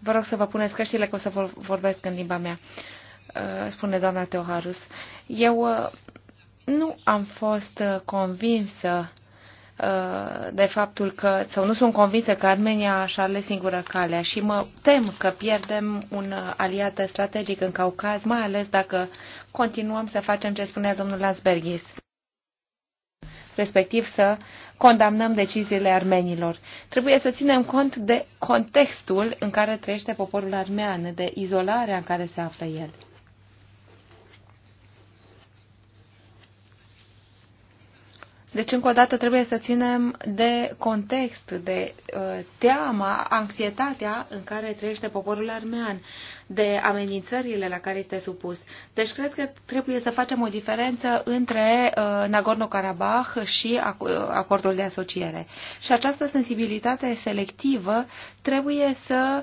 Vă rog să vă puneți căștile că o să vorbesc în limba mea, uh, spune doamna Teoharus. Eu uh, nu am fost uh, convinsă uh, de faptul că, sau nu sunt convinsă că Armenia și-a ales singură calea și mă tem că pierdem un uh, aliat strategic în Caucaz, mai ales dacă continuăm să facem ce spunea domnul Lansbergis, respectiv să condamnăm deciziile armenilor. Trebuie să ținem cont de contextul în care trăiește poporul armean, de izolarea în care se află el. Deci, încă o dată, trebuie să ținem de context, de uh, teama, anxietatea în care trăiește poporul armean, de amenințările la care este supus. Deci, cred că trebuie să facem o diferență între uh, Nagorno-Karabakh și ac- uh, acordul de asociere. Și această sensibilitate selectivă trebuie să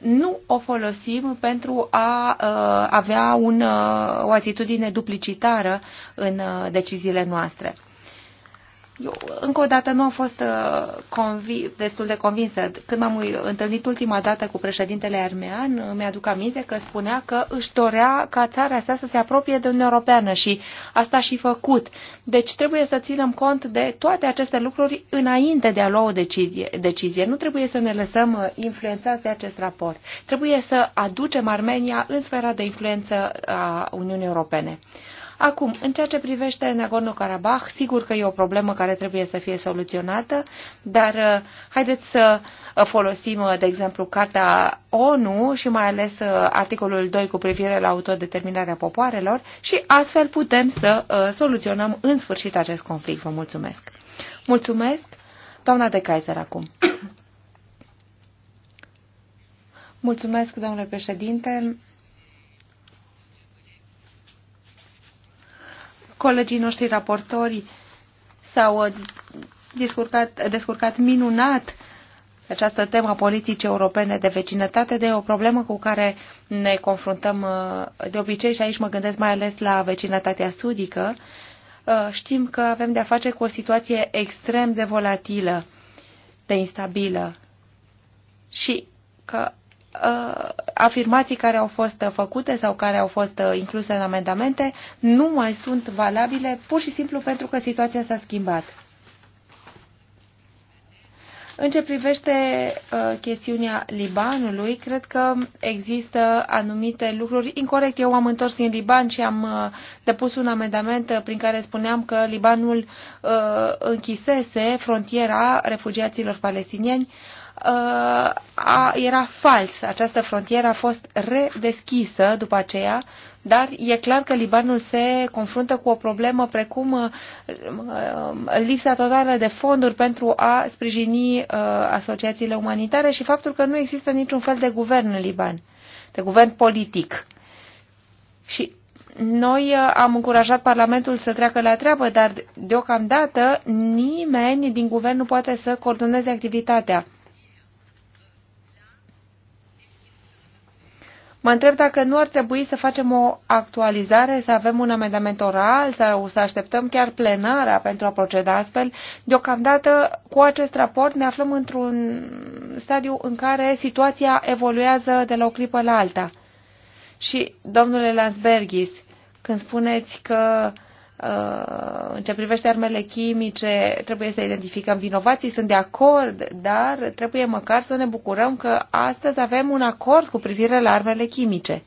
nu o folosim pentru a uh, avea un, uh, o atitudine duplicitară în uh, deciziile noastre. Eu, încă o dată, nu am fost uh, convi, destul de convinsă. Când m-am întâlnit ultima dată cu președintele armean, mi-aduc aminte că spunea că își dorea ca țara sa să se apropie de Uniunea Europeană și asta și făcut. Deci trebuie să ținem cont de toate aceste lucruri înainte de a lua o decizie. decizie. Nu trebuie să ne lăsăm uh, influențați de acest raport. Trebuie să aducem Armenia în sfera de influență a Uniunii Europene. Acum, în ceea ce privește Nagorno-Karabakh, sigur că e o problemă care trebuie să fie soluționată, dar uh, haideți să uh, folosim, uh, de exemplu, Carta ONU și mai ales articolul 2 cu privire la autodeterminarea popoarelor și astfel putem să soluționăm în sfârșit acest conflict. Vă mulțumesc! Mulțumesc, doamna de Kaiser, acum. Mulțumesc, domnule președinte. Colegii noștri raportori s-au uh, descurcat, descurcat minunat această temă a politicii europene de vecinătate de o problemă cu care ne confruntăm uh, de obicei și aici mă gândesc mai ales la vecinătatea sudică. Uh, știm că avem de-a face cu o situație extrem de volatilă, de instabilă și că Uh, afirmații care au fost făcute sau care au fost uh, incluse în amendamente nu mai sunt valabile pur și simplu pentru că situația s-a schimbat. În ce privește uh, chestiunea Libanului, cred că există anumite lucruri incorrecte. Eu am întors din Liban și am depus un amendament prin care spuneam că Libanul închisese frontiera refugiaților palestinieni a, era fals. Această frontieră a fost redeschisă după aceea, dar e clar că Libanul se confruntă cu o problemă precum uh, uh, lipsa totală de fonduri pentru a sprijini uh, asociațiile umanitare și faptul că nu există niciun fel de guvern în Liban, de guvern politic. Și noi am încurajat Parlamentul să treacă la treabă, dar deocamdată nimeni din guvern nu poate să coordoneze activitatea. Mă întreb dacă nu ar trebui să facem o actualizare, să avem un amendament oral sau să așteptăm chiar plenara pentru a proceda astfel. Deocamdată, cu acest raport ne aflăm într-un stadiu în care situația evoluează de la o clipă la alta. Și, domnule Lansbergis, când spuneți că în ce privește armele chimice, trebuie să identificăm vinovații, sunt de acord, dar trebuie măcar să ne bucurăm că astăzi avem un acord cu privire la armele chimice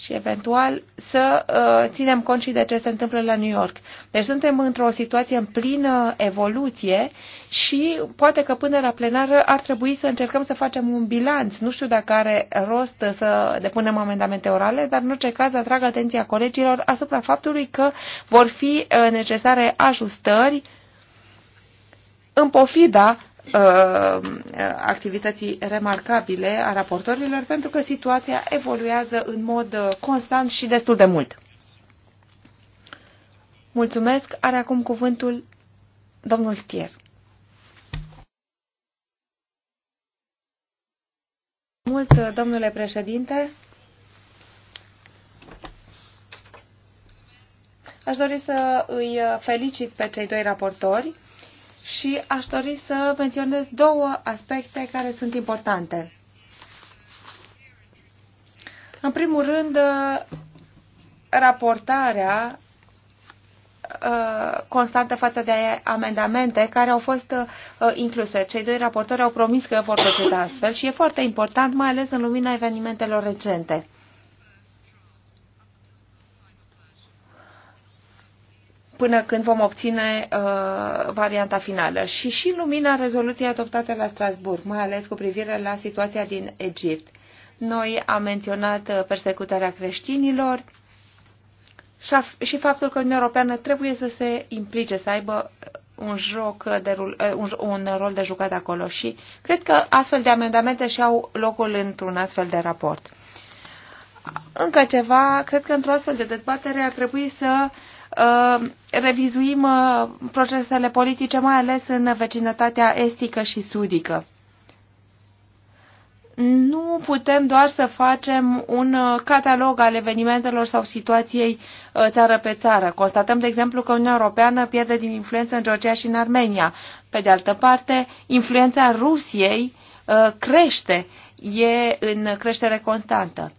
și eventual să uh, ținem cont și de ce se întâmplă la New York. Deci suntem într-o situație în plină evoluție și poate că până la plenară ar trebui să încercăm să facem un bilanț. Nu știu dacă are rost să depunem amendamente orale, dar în orice caz atrag atenția colegilor asupra faptului că vor fi uh, necesare ajustări în pofida Uh, activității remarcabile a raportorilor, pentru că situația evoluează în mod uh, constant și destul de mult. Mulțumesc. Are acum cuvântul domnul Stier. Mult, uh, domnule președinte. Aș dori să îi felicit pe cei doi raportori și aș dori să menționez două aspecte care sunt importante. În primul rând, raportarea uh, constantă față de amendamente care au fost uh, incluse. Cei doi raportori au promis că vor proceda astfel și e foarte important, mai ales în lumina evenimentelor recente. până când vom obține uh, varianta finală. Și și în lumina rezoluției adoptate la Strasburg, mai ales cu privire la situația din Egipt. Noi am menționat uh, persecutarea creștinilor și faptul că Uniunea Europeană trebuie să se implice, să aibă uh, un, joc de uh, un, un rol de jucat acolo și cred că astfel de amendamente și-au locul într-un astfel de raport. Încă ceva, cred că într-o astfel de dezbatere ar trebui să uh, Uh, revizuim uh, procesele politice, mai ales în vecinătatea estică și sudică. Nu putem doar să facem un uh, catalog al evenimentelor sau situației țară pe țară. Constatăm, de exemplu, că Uniunea Europeană pierde din influență în Georgia și în Armenia. Pe de altă parte, influența Rusiei crește, e în creștere constantă.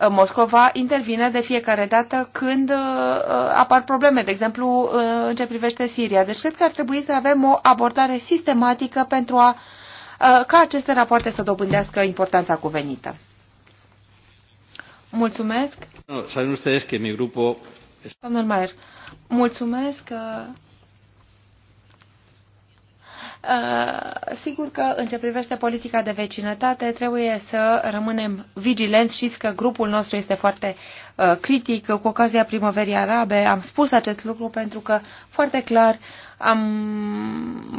Uh, Moscova intervine de fiecare dată când uh, uh, apar probleme, de exemplu în ce privește Siria. Deci cred că ar trebui să avem o abordare sistematică pentru a, ca aceste rapoarte să dobândească importanța cuvenită. Mulțumesc. No, Domnul Maier, mulțumesc. Uh, sigur că în ce privește politica de vecinătate trebuie să rămânem vigilenți. Știți că grupul nostru este foarte uh, critic. Cu ocazia primăverii arabe am spus acest lucru pentru că foarte clar am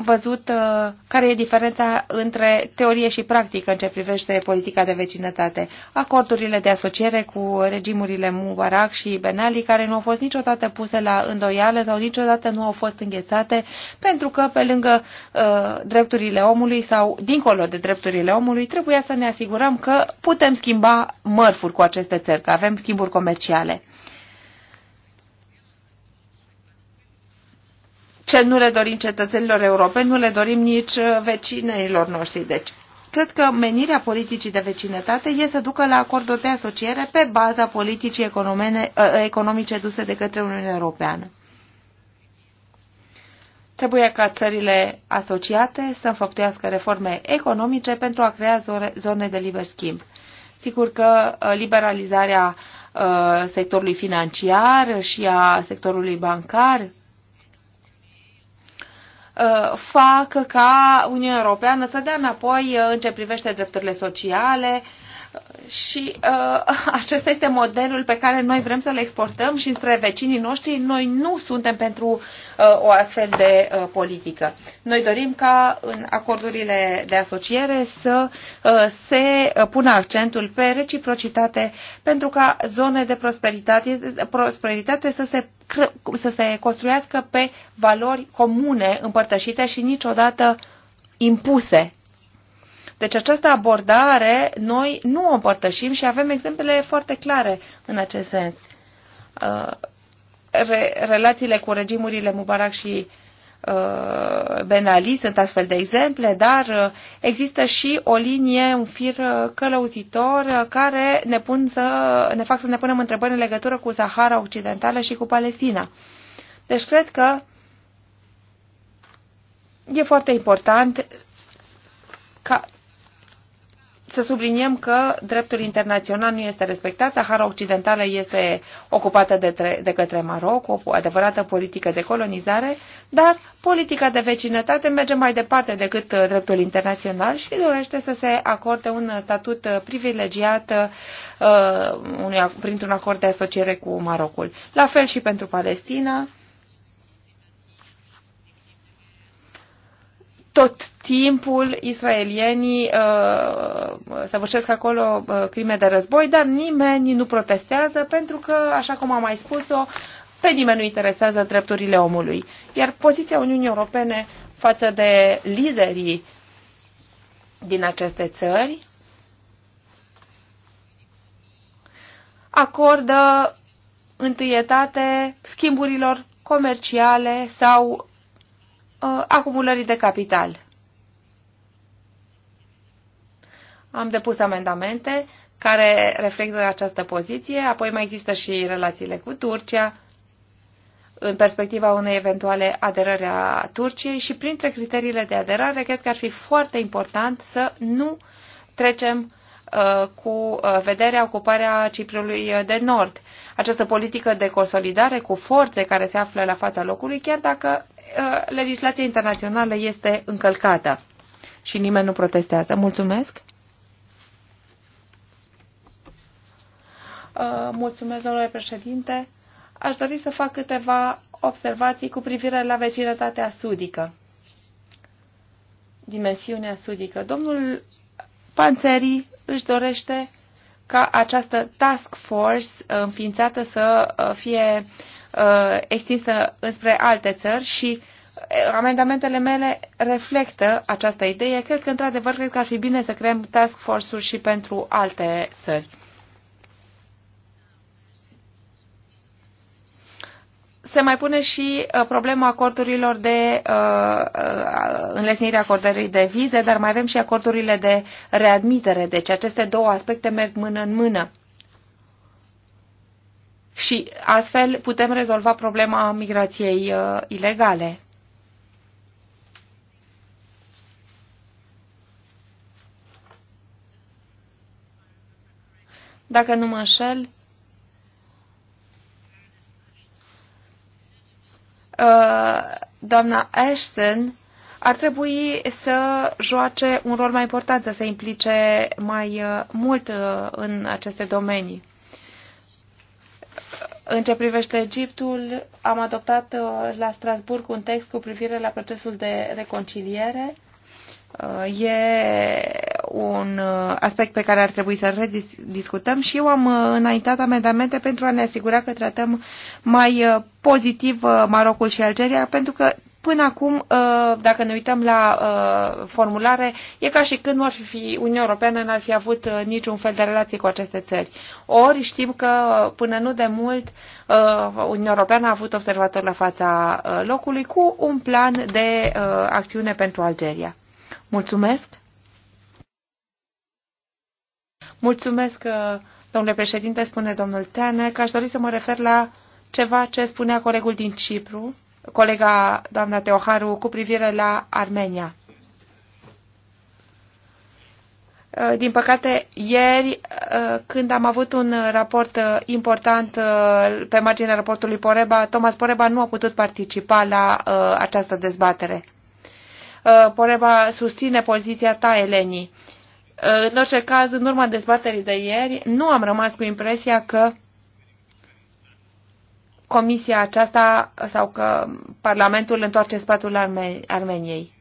văzut uh, care e diferența între teorie și practică în ce privește politica de vecinătate. Acordurile de asociere cu regimurile Mubarak și Benali, care nu au fost niciodată puse la îndoială sau niciodată nu au fost înghețate, pentru că pe lângă uh, drepturile omului sau dincolo de drepturile omului, trebuia să ne asigurăm că putem schimba mărfuri cu aceste țări, că avem schimburi comerciale. ce nu le dorim cetățenilor europeni, nu le dorim nici uh, vecinilor noștri. Deci, cred că menirea politicii de vecinătate este să ducă la acorduri de asociere pe baza politicii uh, economice duse de către Uniunea Europeană. Trebuie ca țările asociate să înfăptuiască reforme economice pentru a crea zone de liber schimb. Sigur că uh, liberalizarea sectorului financiar și a sectorului bancar Uh, fac ca Uniunea Europeană să dea înapoi uh, în ce privește drepturile sociale, și uh, acesta este modelul pe care noi vrem să-l exportăm și spre vecinii noștri. Noi nu suntem pentru uh, o astfel de uh, politică. Noi dorim ca în acordurile de asociere să uh, se uh, pună accentul pe reciprocitate pentru ca zone de prosperitate, prosperitate să se să se construiască pe valori comune împărtășite și niciodată impuse deci această abordare noi nu o împărtășim și avem exemple foarte clare în acest sens. Uh, re relațiile cu regimurile Mubarak și uh, Ben Ali sunt astfel de exemple, dar uh, există și o linie, un fir călăuzitor care ne, pun să, ne fac să ne punem întrebări în legătură cu Sahara Occidentală și cu Palestina. Deci cred că e foarte important să subliniem că dreptul internațional nu este respectat, Sahara Occidentală este ocupată de, tre- de către Maroc, o adevărată politică de colonizare, dar politica de vecinătate merge mai departe decât uh, dreptul internațional și dorește să se acorde un statut uh, privilegiat uh, unui, printr-un acord de asociere cu Marocul. La fel și pentru Palestina. tot timpul israelienii uh, săvârșesc acolo uh, crime de război, dar nimeni nu protestează pentru că, așa cum am mai spus-o, pe nimeni nu interesează drepturile omului. Iar poziția Uniunii Europene față de liderii din aceste țări acordă întâietate schimburilor comerciale sau Uh, acumulării de capital. Am depus amendamente care reflectă această poziție, apoi mai există și relațiile cu Turcia, în perspectiva unei eventuale aderări a Turciei și printre criteriile de aderare, cred că ar fi foarte important să nu trecem uh, cu uh, vederea ocuparea Ciprului de Nord, această politică de consolidare cu forțe care se află la fața locului, chiar dacă uh, legislația internațională este încălcată și nimeni nu protestează. Mulțumesc! Uh, mulțumesc, domnule președinte. Aș dori să fac câteva observații cu privire la vecinătatea sudică. Dimensiunea sudică. Domnul Panțeri își dorește ca această task force uh, înființată să uh, fie uh, extinsă înspre alte țări și amendamentele mele reflectă această idee. Cred că, într-adevăr, cred că ar fi bine să creăm task force-uri și pentru alte țări. se mai pune și uh, problema acordurilor de uh, uh înlesnire acordării de vize, dar mai avem și acordurile de readmitere. Deci aceste două aspecte merg mână în mână. Și astfel putem rezolva problema migrației uh, ilegale. Dacă nu mă înșel, Uh, doamna Ashton ar trebui să joace un rol mai important, să se implice mai uh, mult uh, în aceste domenii. În ce privește Egiptul, am adoptat la Strasburg un text cu privire la procesul de reconciliere. E un uh, aspect pe care ar trebui să-l discutăm și eu am uh, înaintat amendamente pentru a ne asigura că tratăm mai uh, pozitiv Marocul și Algeria, pentru că până acum, dacă ne uităm la formulare, e ca și când nu ar fi Uniunea Europeană n-ar fi avut niciun fel de relație cu aceste țări. Ori știm că până nu de mult Uniunea Europeană a avut observator la fața locului cu un plan de acțiune pentru Algeria. Mulțumesc! Mulțumesc, uh, domnule președinte, spune domnul Tene, că aș dori să mă refer la ceva ce spunea colegul din Cipru, colega doamna Teoharu, cu privire la Armenia. Uh, din păcate, ieri, uh, când am avut un raport important pe marginea raportului Poreba, Thomas Poreba nu a putut participa la această dezbatere. Poreba susține poziția ta, Elenii Uh, în orice caz, în urma dezbaterii de ieri, nu am rămas cu impresia că comisia aceasta sau că Parlamentul întoarce spatul Arme Armeniei.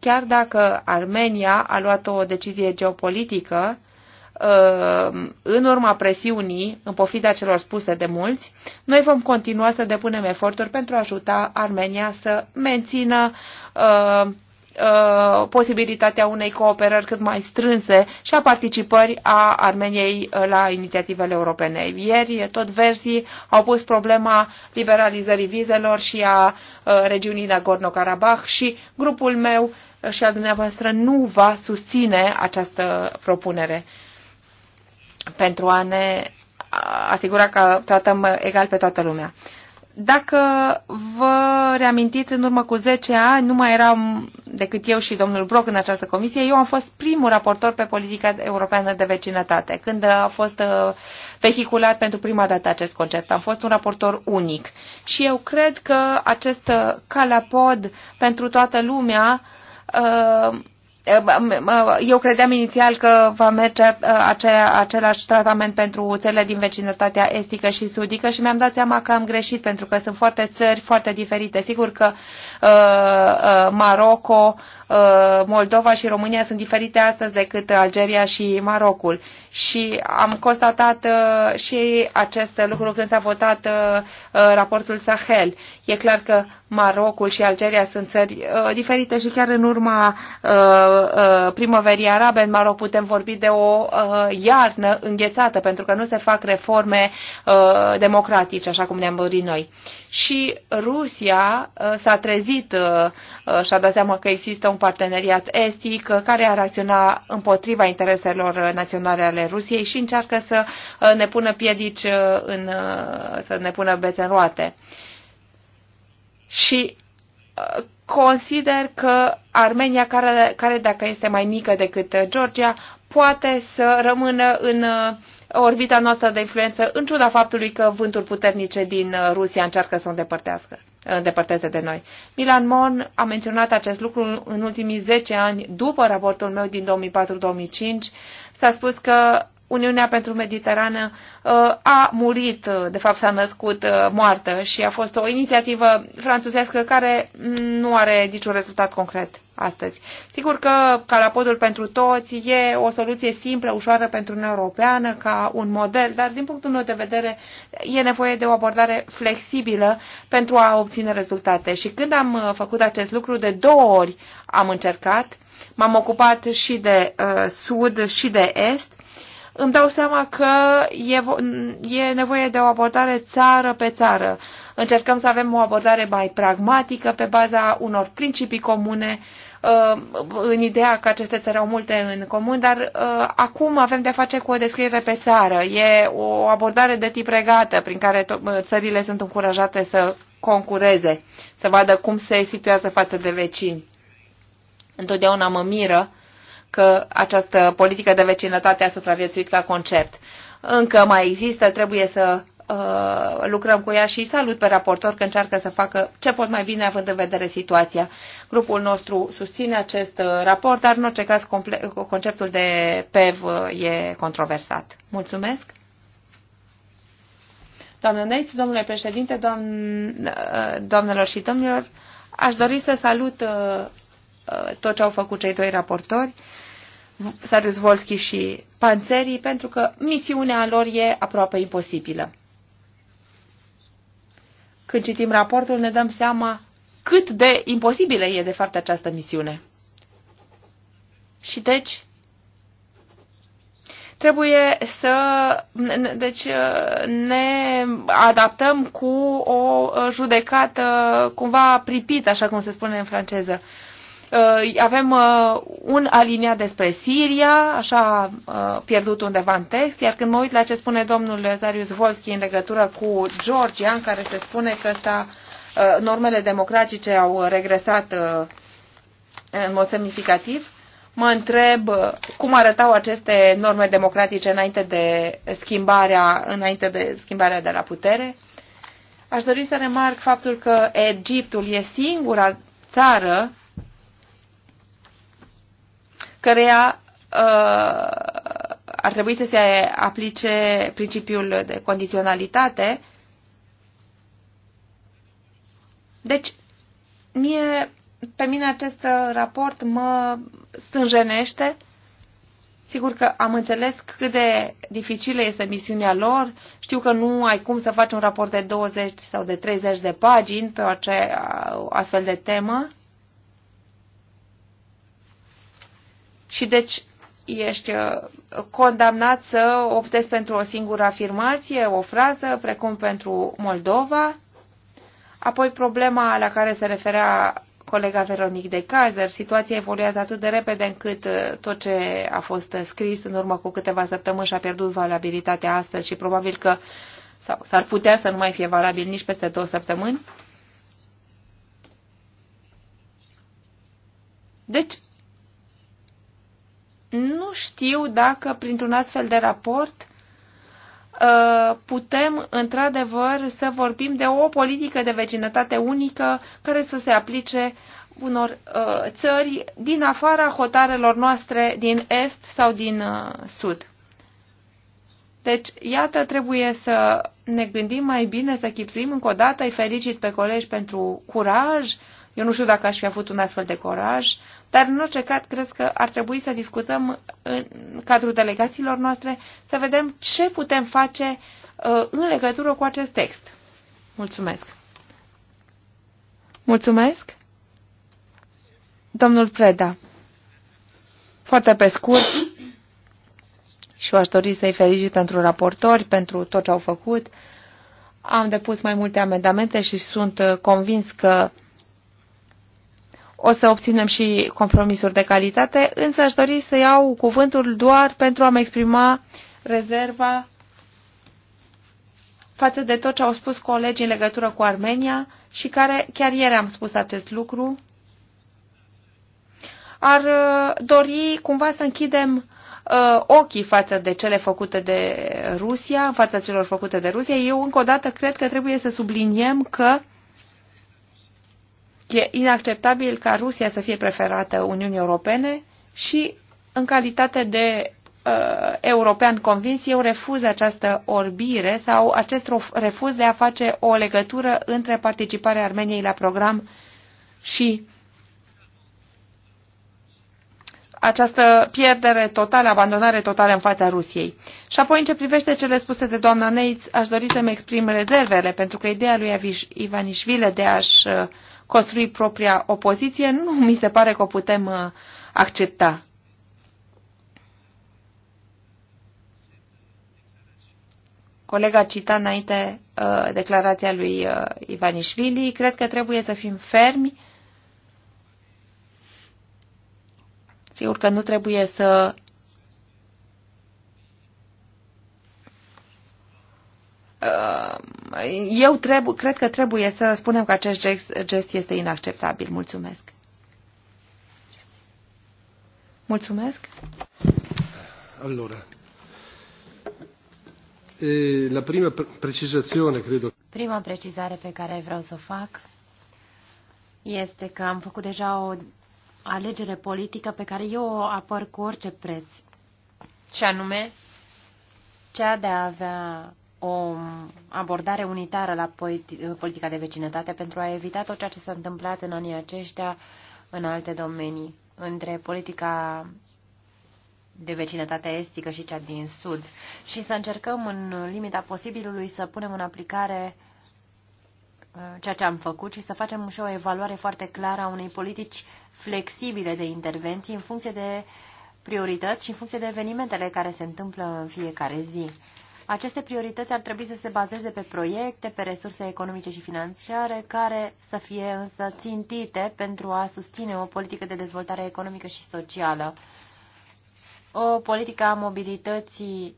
Chiar dacă Armenia a luat o decizie geopolitică, uh, în urma presiunii, în pofida celor spuse de mulți, noi vom continua să depunem eforturi pentru a ajuta Armenia să mențină uh, Uh, posibilitatea unei cooperări cât mai strânse și a participării a Armeniei uh, la inițiativele europene. Ieri tot versii au pus problema liberalizării vizelor și a uh, regiunii Nagorno-Karabakh și grupul meu și al dumneavoastră nu va susține această propunere pentru a ne asigura că tratăm egal pe toată lumea. Dacă vă reamintiți, în urmă cu 10 ani, nu mai eram decât eu și domnul Broc în această comisie, eu am fost primul raportor pe politica europeană de vecinătate, când a fost uh, vehiculat pentru prima dată acest concept. Am fost un raportor unic și eu cred că acest calapod pentru toată lumea uh, eu credeam inițial că va merge uh, acea, același tratament pentru țările din vecinătatea estică și sudică și mi-am dat seama că am greșit pentru că sunt foarte țări foarte diferite. Sigur că uh, uh Maroco, uh, Moldova și România sunt diferite astăzi decât Algeria și Marocul. Și am constatat uh, și acest lucru când s-a votat uh, uh raportul Sahel. E clar că Marocul și Algeria sunt țări uh, diferite și chiar în urma uh, Uh, primăverii arabe în Maroc putem vorbi de o uh, iarnă înghețată, pentru că nu se fac reforme uh, democratice, așa cum ne-am dorit noi. Și Rusia s-a trezit și-a dat seama că există un parteneriat estic care ar acționa împotriva intereselor naționale ale Rusiei și încearcă să ne pună piedici, în, să ne pună bețe în roate. Și consider că Armenia, care, care dacă este mai mică decât Georgia, poate să rămână în uh, orbita noastră de influență, în ciuda faptului că vânturi puternice din uh, Rusia încearcă să o îndepărtească, uh, îndepărteze de noi. Milan Mon a menționat acest lucru în ultimii 10 ani, după raportul meu din 2004-2005, s-a spus că Uniunea pentru Mediterană uh, a murit, uh, de fapt s-a născut uh, moartă și a fost o inițiativă franțuzească care mm, nu are niciun rezultat concret astăzi. Sigur că calapodul pentru toți e o soluție simplă, ușoară pentru Uniunea Europeană, ca un model, dar din punctul meu de vedere e nevoie de o abordare flexibilă pentru a obține rezultate. Și când am făcut acest lucru, de două ori am încercat, m-am ocupat și de uh, sud și de est, îmi dau seama că e, e nevoie de o abordare țară pe țară. Încercăm să avem o abordare mai pragmatică pe baza unor principii comune, uh, în ideea că aceste țări au multe în comun, dar uh, acum avem de-a face cu o descriere pe țară. E o abordare de tip regată prin care uh, țările sunt încurajate să concureze, să vadă cum se situează față de vecini. Întotdeauna mă miră că această politică de vecinătate a supraviețuit ca concept. Încă mai există, trebuie să uh, lucrăm cu ea și salut pe raportor că încearcă să facă ce pot mai bine având în vedere situația. Grupul nostru susține acest uh, raport, dar în orice caz conceptul de PEV uh, e controversat. Mulțumesc! Doamnă Neiți, domnule președinte, doamn, uh, doamnelor și domnilor, aș dori să salut tot ce au făcut cei doi raportori. Saruzvolski și Panțerii, pentru că misiunea lor e aproape imposibilă. Când citim raportul, ne dăm seama cât de imposibilă e, de fapt, această misiune. Și deci, trebuie să deci, ne adaptăm cu o judecată cumva pripită, așa cum se spune în franceză. Uh, avem uh, un aliniat despre Siria, așa uh, pierdut undeva în text, iar când mă uit la ce spune domnul Zarius Volski în legătură cu Georgia, în care se spune că s-a, normele democratice au regresat în mod semnificativ, mă întreb cum arătau aceste norme democratice înainte de schimbarea, înainte de, schimbarea de la putere. Aș dori să remarc faptul că Egiptul e singura țară căreia uh, ar trebui să se aplice principiul de condiționalitate. Deci, mie, pe mine acest raport mă stânjenește. Sigur că am înțeles cât de dificilă este misiunea lor. Știu că nu ai cum să faci un raport de 20 sau de 30 de pagini pe o astfel de temă. și deci ești uh, condamnat să optezi pentru o singură afirmație, o frază, precum pentru Moldova. Apoi problema la care se referea colega Veronic de Kaiser, situația evoluează atât de repede încât uh, tot ce a fost uh, scris în urmă cu câteva săptămâni și a pierdut valabilitatea astăzi și probabil că sau s-ar putea să nu mai fie valabil nici peste două săptămâni. Deci, nu știu dacă printr-un astfel de raport uh, putem într-adevăr să vorbim de o politică de vecinătate unică care să se aplice unor uh, țări din afara hotarelor noastre, din est sau din uh, sud. Deci, iată, trebuie să ne gândim mai bine, să chipsuim încă o dată, îi felicit pe colegi pentru curaj. Eu nu știu dacă aș fi avut un astfel de curaj, dar, în orice caz, cred că ar trebui să discutăm în cadrul delegațiilor noastre, să vedem ce putem face uh, în legătură cu acest text. Mulțumesc! Mulțumesc! Domnul Preda, foarte pe scurt, și eu aș dori să-i felicit pentru raportori, pentru tot ce au făcut. Am depus mai multe amendamente și sunt convins că o să obținem și compromisuri de calitate, însă aș dori să iau cuvântul doar pentru a-mi exprima rezerva față de tot ce au spus colegii în legătură cu Armenia și care, chiar ieri am spus acest lucru, ar uh, dori cumva să închidem uh, ochii față de cele făcute de Rusia, față celor făcute de Rusia. Eu încă o dată cred că trebuie să subliniem că uh, E inacceptabil ca Rusia să fie preferată Uniunii Europene și, în calitate de uh, european convins, eu refuz această orbire sau acest refuz de a face o legătură între participarea Armeniei la program și această pierdere totală, abandonare totală în fața Rusiei. Și apoi, în ce privește cele spuse de doamna Neitz, aș dori să-mi exprim rezervele, pentru că ideea lui Ivanișvile de a-și uh, construi propria opoziție, nu mi se pare că o putem uh, accepta. Colega cita înainte uh, declarația lui uh, Ivanișvili. Cred că trebuie să fim fermi. Sigur că nu trebuie să uh, eu trebu- cred că trebuie să spunem că acest gest, gest este inacceptabil. Mulțumesc. Mulțumesc. Allora, e, la prima precizazione, credo. Prima precizare pe care vreau să o fac este că am făcut deja o alegere politică pe care eu o apăr cu orice preț. Și anume, cea de a avea o abordare unitară la politica de vecinătate pentru a evita tot ceea ce s-a întâmplat în anii aceștia în alte domenii, între politica de vecinătate estică și cea din sud și să încercăm în limita posibilului să punem în aplicare uh, ceea ce am făcut și să facem și o evaluare foarte clară a unei politici flexibile de intervenții în funcție de priorități și în funcție de evenimentele care se întâmplă în fiecare zi. Aceste priorități ar trebui să se bazeze pe proiecte, pe resurse economice și financiare, care să fie însă țintite pentru a susține o politică de dezvoltare economică și socială, o politică a mobilității,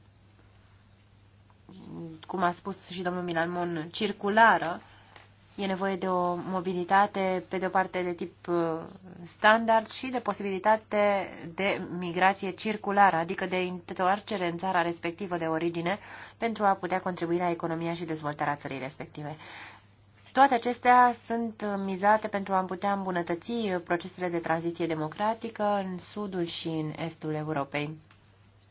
cum a spus și domnul Milalmon, circulară, E nevoie de o mobilitate, pe de o parte, de tip uh, standard și de posibilitate de migrație circulară, adică de întoarcere în țara respectivă de origine, pentru a putea contribui la economia și dezvoltarea țării respective. Toate acestea sunt mizate pentru a putea îmbunătăți procesele de tranziție democratică în sudul și în estul Europei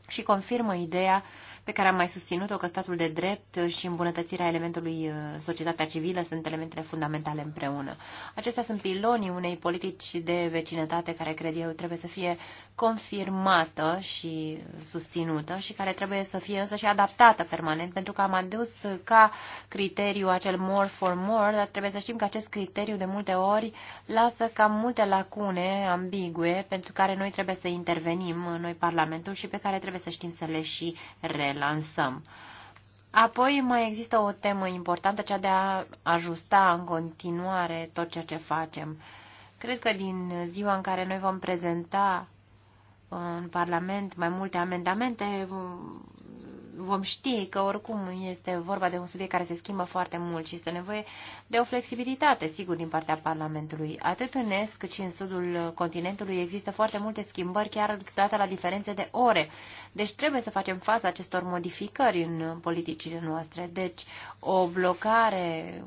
și confirmă ideea pe care am mai susținut-o că statul de drept și îmbunătățirea elementului uh, societatea civilă sunt elementele fundamentale împreună. Acestea sunt pilonii unei politici de vecinătate care cred eu trebuie să fie confirmată și susținută și care trebuie să fie însă și adaptată permanent pentru că am adus ca criteriu acel more for more, dar trebuie să știm că acest criteriu de multe ori lasă cam multe lacune ambigue pentru care noi trebuie să intervenim, noi Parlamentul, și pe care trebuie să știm să le și re lansăm. Apoi mai există o temă importantă, cea de a ajusta în continuare tot ceea ce facem. Cred că din ziua în care noi vom prezenta în Parlament mai multe amendamente, vom ști că oricum este vorba de un subiect care se schimbă foarte mult și este nevoie de o flexibilitate, sigur, din partea Parlamentului. Atât în Est cât și în Sudul continentului există foarte multe schimbări, chiar câteodată la diferențe de ore. Deci trebuie să facem față acestor modificări în politicile noastre. Deci o blocare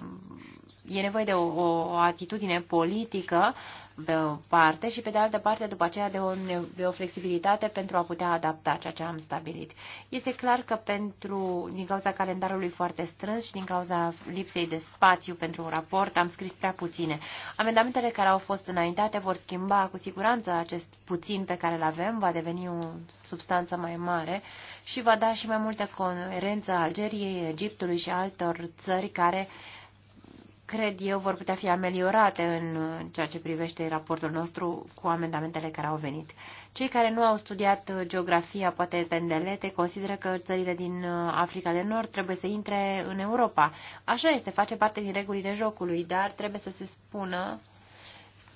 e nevoie de o, o, o atitudine politică pe o parte și pe de altă parte după aceea de o, de o flexibilitate pentru a putea adapta ceea ce am stabilit. Este clar că pentru, din cauza calendarului foarte strâns și din cauza lipsei de spațiu pentru un raport am scris prea puține. Amendamentele care au fost înaintate vor schimba cu siguranță acest puțin pe care îl avem, va deveni o substanță mai mare și va da și mai multă coerență Algeriei, Egiptului și altor țări care uh, cred eu, vor putea fi ameliorate în ceea ce privește raportul nostru cu amendamentele care au venit. Cei care nu au studiat uh, geografia, poate pendelete, consideră că țările din uh, Africa de Nord trebuie să intre în Europa. Așa este, face parte din regulile jocului, dar trebuie să se spună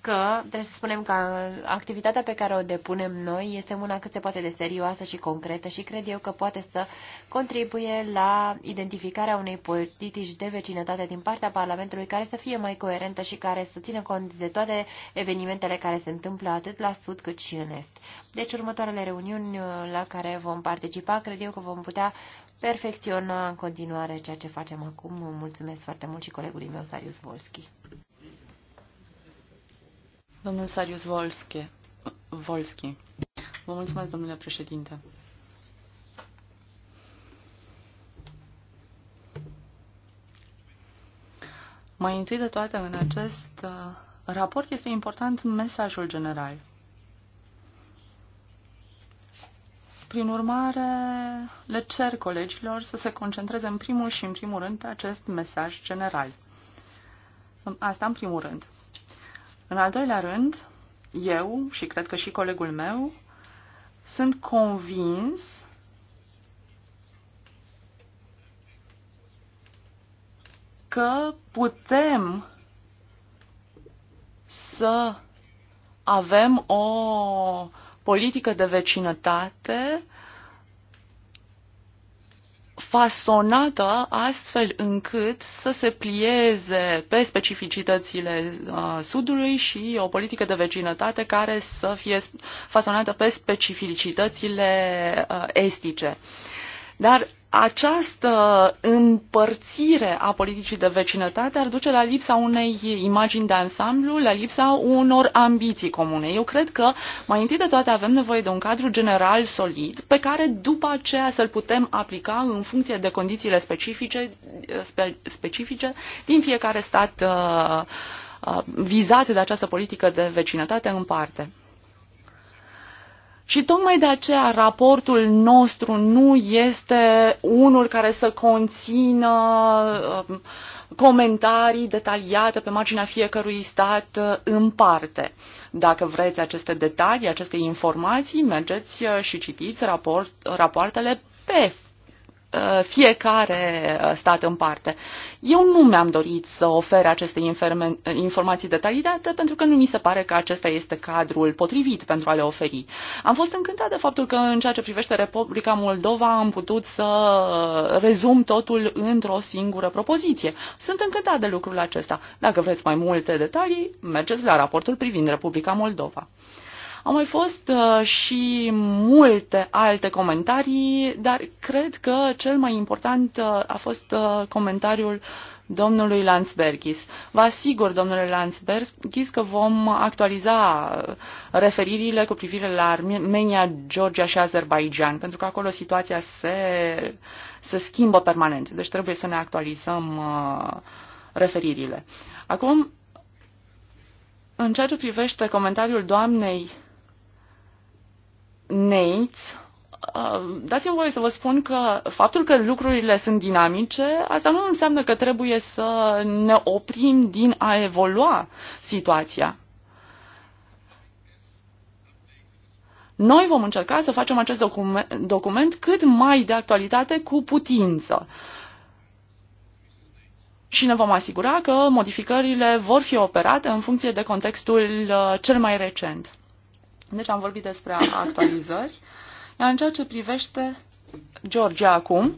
că trebuie să spunem că activitatea pe care o depunem noi este una cât se poate de serioasă și concretă și cred eu că poate să contribuie la identificarea unei politici de vecinătate din partea Parlamentului care să fie mai coerentă și care să țină cont de toate evenimentele care se întâmplă atât la sud cât și în est. Deci următoarele reuniuni la care vom participa, cred eu că vom putea perfecționa în continuare ceea ce facem acum. Mulțumesc foarte mult și colegului meu, Sarius Volski. Domnul Sarius Volski. Volski. Vă mulțumesc, domnule președinte. Mai întâi de toate, în acest uh, raport este important mesajul general. Prin urmare, le cer colegilor să se concentreze în primul și în primul rând pe acest mesaj general. Asta în primul rând. În al doilea rând, eu și cred că și colegul meu sunt convins că putem să avem o politică de vecinătate uh, fasonată astfel încât să se plieze pe specificitățile uh, Sudului și o politică de vecinătate care să fie fasonată pe specificitățile uh, estice. Dar această împărțire a politicii de vecinătate ar duce la lipsa unei imagini de ansamblu, la lipsa unor ambiții comune. Eu cred că mai întâi de toate avem nevoie de un cadru general solid pe care după aceea să-l putem aplica în funcție de condițiile specifice, spe, specifice din fiecare stat uh, uh, vizat de această politică de vecinătate în parte. Și tocmai de aceea raportul nostru nu este unul care să conțină um, comentarii detaliate pe marginea fiecărui stat uh, în parte. Dacă vreți aceste detalii, aceste informații, mergeți uh, și citiți raport, rapoartele pe Uh, fiecare uh, stat în parte. Eu nu mi-am dorit să ofer aceste informații detaliate pentru că nu mi se pare că acesta este cadrul potrivit pentru a le oferi. Am fost încântat de faptul că în ceea ce privește Republica Moldova am putut să rezum totul într-o singură propoziție. Sunt încântat de lucrul acesta. Dacă vreți mai multe detalii, mergeți la raportul privind Republica Moldova. Au mai fost uh, și multe alte comentarii, dar cred că cel mai important uh, a fost uh, comentariul domnului Landsbergis. Vă asigur, domnule Landsbergis, că vom actualiza referirile cu privire la Armenia, Georgia și Azerbaijan, pentru că acolo situația se, se schimbă permanent. Deci trebuie să ne actualizăm referirile. Acum, în ceea ce privește comentariul doamnei Neitz, uh, dați-mi voie să vă spun că faptul că lucrurile sunt dinamice, asta nu înseamnă că trebuie să ne oprim din a evolua situația. Noi vom încerca să facem acest document, document cât mai de actualitate cu putință. Și ne vom asigura că modificările vor fi operate în funcție de contextul uh, cel mai recent. Deci am vorbit despre actualizări. Iar în ceea ce privește Georgia acum,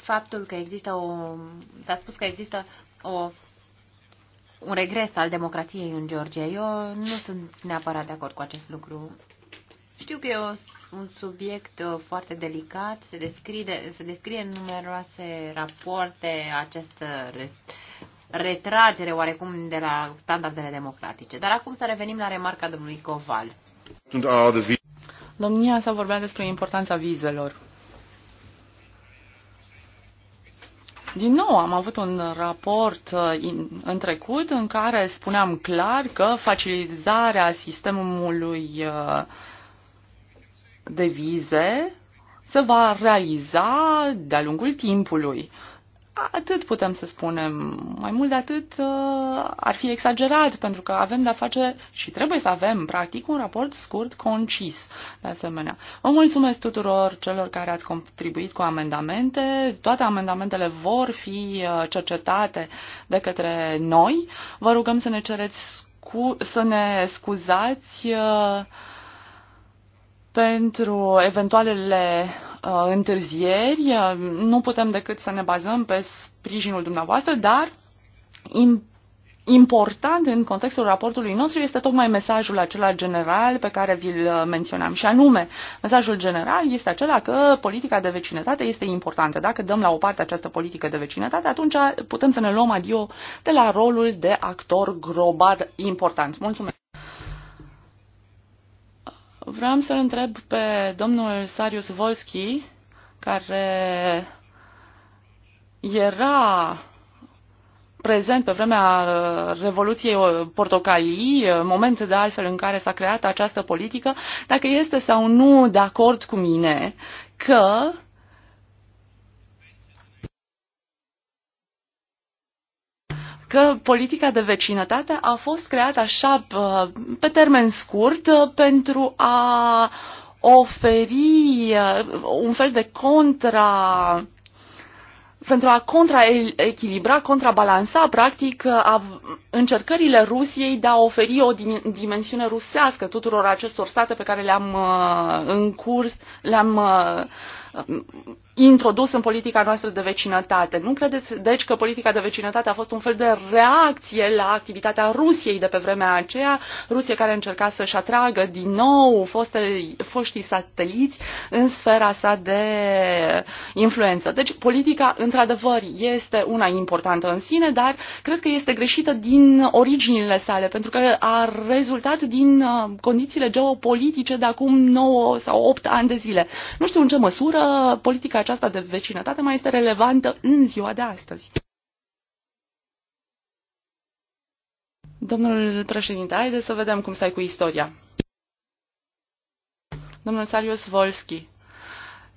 faptul că există o s-a spus că există o un regres al democrației în Georgia. Eu nu sunt neapărat de acord cu acest lucru. Știu că e o, un subiect uh, foarte delicat, se descrie, se descrie în numeroase rapoarte acest uh, retragere oarecum de la standardele democratice. Dar acum să revenim la remarca domnului Coval. Domnia s-a vorbit despre importanța vizelor. Din nou, am avut un raport uh, în trecut în care spuneam clar că facilitarea sistemului uh, de vize se va realiza de-a lungul timpului. Atât putem să spunem. Mai mult de atât uh, ar fi exagerat, pentru că avem de-a face și trebuie să avem, practic, un raport scurt, concis, de asemenea. Vă mulțumesc tuturor celor care ați contribuit cu amendamente. Toate amendamentele vor fi uh, cercetate de către noi. Vă rugăm să ne cereți scu- să ne scuzați uh, pentru eventualele uh, întârzieri. Uh, nu putem decât să ne bazăm pe sprijinul dumneavoastră, dar important în contextul raportului nostru este tocmai mesajul acela general pe care vi-l uh, menționam. Și anume, mesajul general este acela că politica de vecinătate este importantă. Dacă dăm la o parte această politică de vecinătate, atunci putem să ne luăm adio de la rolul de actor global important. Mulțumesc! Vreau să-l întreb pe domnul Sarius Volski, care era prezent pe vremea Revoluției Portocalii, moment de altfel în care s-a creat această politică, dacă este sau nu de acord cu mine că că politica de vecinătate a fost creată așa pe termen scurt pentru a oferi un fel de contra pentru a contraechilibra, contrabalansa, practic, încercările Rusiei de a oferi o dimensiune rusească tuturor acestor state pe care le-am în curs, le-am introdus în politica noastră de vecinătate. Nu credeți, deci, că politica de vecinătate a fost un fel de reacție la activitatea Rusiei de pe vremea aceea, Rusie care încerca să-și atragă din nou foste, foștii sateliți în sfera sa de influență. Deci, politica, într-adevăr, este una importantă în sine, dar cred că este greșită din originile sale, pentru că a rezultat din uh, condițiile geopolitice de acum 9 sau 8 ani de zile. Nu știu în ce măsură politica aceasta de vecinătate mai este relevantă în ziua de astăzi. Domnul președinte, haideți să vedem cum stai cu istoria. Domnul Sarius Volski.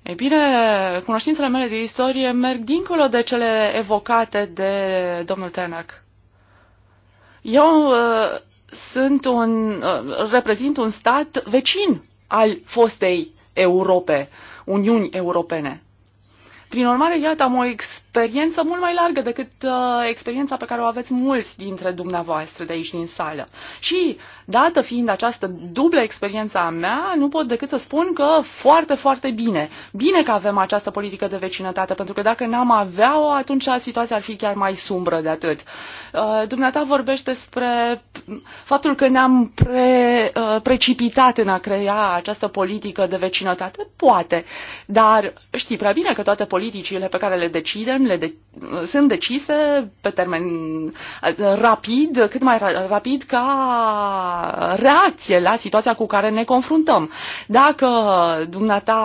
Ei bine, cunoștințele mele de istorie merg dincolo de cele evocate de domnul Tenac. Eu uh, sunt un, uh, reprezint un stat vecin al fostei Europe. Uh, Uniuni Europene. Prin urmare, iată, am o experiență mult mai largă decât uh, experiența pe care o aveți mulți dintre dumneavoastră de aici din sală. Și, dată fiind această dublă experiență a mea, nu pot decât să spun că foarte, foarte bine. Bine că avem această politică de vecinătate, pentru că dacă n-am avea-o, atunci situația ar fi chiar mai sumbră de atât. Uh, dumneata vorbește despre faptul că ne-am pre, uh, precipitat în a crea această politică de vecinătate. Poate, dar știi prea bine că toate politicile pe care le decidem le de, sunt decise pe termen uh, rapid, cât mai rapid ca reacție la situația cu care ne confruntăm. Dacă dumneata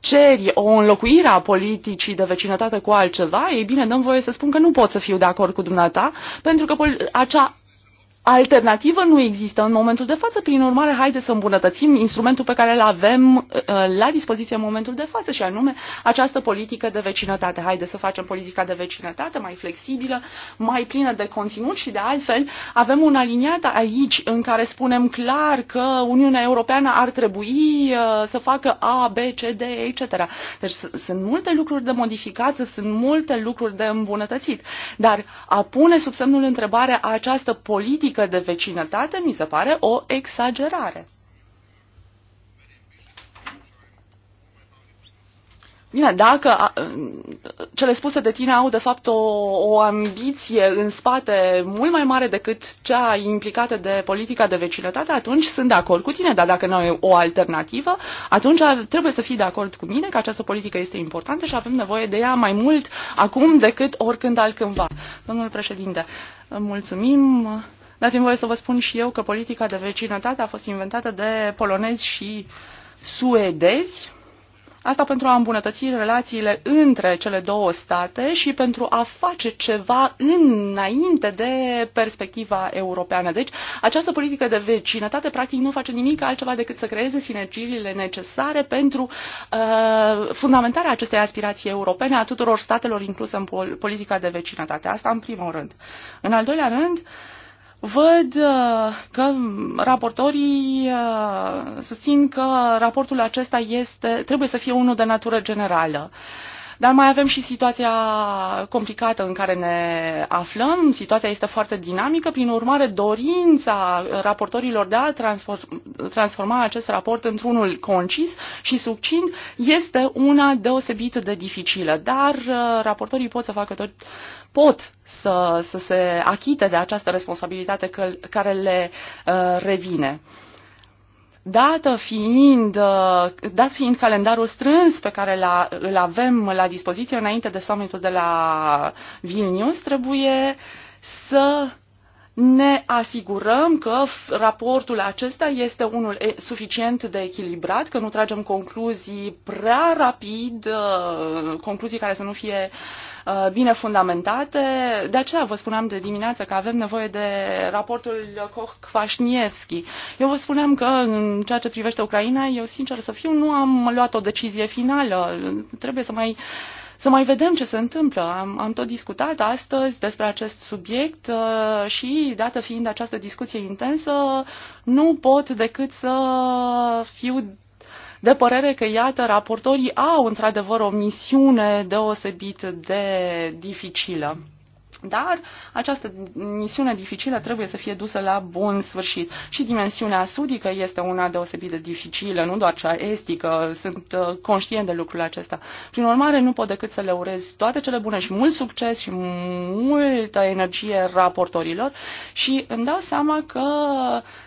ceri o înlocuire a politicii de vecinătate cu altceva, ei bine, dăm voie să spun că nu pot să fiu de acord cu dumneata, pentru că acea alternativă nu există în momentul de față, prin urmare, haideți să îmbunătățim instrumentul pe care îl avem uh, uh, la dispoziție în momentul de față și anume această politică de vecinătate. Haideți să facem politica de vecinătate mai flexibilă, mai plină de conținut și de altfel avem un aliniat aici în care spunem clar că Uniunea Europeană ar trebui uh, să facă A, B, C, D, etc. Deci sunt multe lucruri de modificat, sunt multe lucruri de îmbunătățit, dar a pune sub semnul întrebare această politică politică de vecinătate mi se pare o exagerare. Bine, dacă cele spuse de tine au de fapt o, o ambiție în spate mult mai mare decât cea implicată de politica de vecinătate, atunci sunt de acord cu tine, dar dacă nu e o alternativă, atunci trebuie să fii de acord cu mine că această politică este importantă și avem nevoie de ea mai mult acum decât oricând altcândva. Domnul președinte, mulțumim. Dați-mi voie să vă spun și eu că politica de vecinătate a fost inventată de polonezi și suedezi. Asta pentru a îmbunătăți relațiile între cele două state și pentru a face ceva înainte de perspectiva europeană. Deci, această politică de vecinătate practic nu face nimic altceva decât să creeze sinergiile necesare pentru uh, fundamentarea acestei aspirații europene a tuturor statelor incluse în politica de vecinătate. Asta în primul rând. În al doilea rând, uh, văd uh, că raportorii uh, susțin că raportul acesta este, trebuie să fie unul de natură generală. Dar mai avem și situația complicată în care ne aflăm. Situația este foarte dinamică, prin urmare dorința raportorilor de a transforma acest raport într-unul concis și succint este una deosebit de dificilă. Dar uh, raportorii pot să facă tot pot să, să se achite de această responsabilitate că, care le uh, revine. Dată fiind, uh, dat fiind calendarul strâns pe care la, îl avem la dispoziție înainte de summitul de la Vilnius, trebuie să ne asigurăm că raportul acesta este unul suficient de echilibrat, că nu tragem concluzii prea rapid, uh, concluzii care să nu fie uh, Uh, bine fundamentate. De aceea vă spuneam de dimineață că avem nevoie de raportul Koch-Kvasniewski. Eu vă spuneam că în ceea ce privește Ucraina, eu sincer să fiu, nu am luat o decizie finală. Trebuie să mai să mai vedem ce se întâmplă. Am, am tot discutat astăzi despre acest subiect uh, și, dată fiind această discuție intensă, nu pot decât să fiu de părere că, iată, raportorii au într-adevăr o misiune deosebit de dificilă. Dar această misiune dificilă trebuie să fie dusă la bun sfârșit. Și dimensiunea sudică este una deosebit de dificilă, nu doar cea estică, sunt uh, conștient de lucrul acesta. Prin urmare, nu pot decât să le urez toate cele bune și mult succes și multă energie raportorilor și îmi dau seama că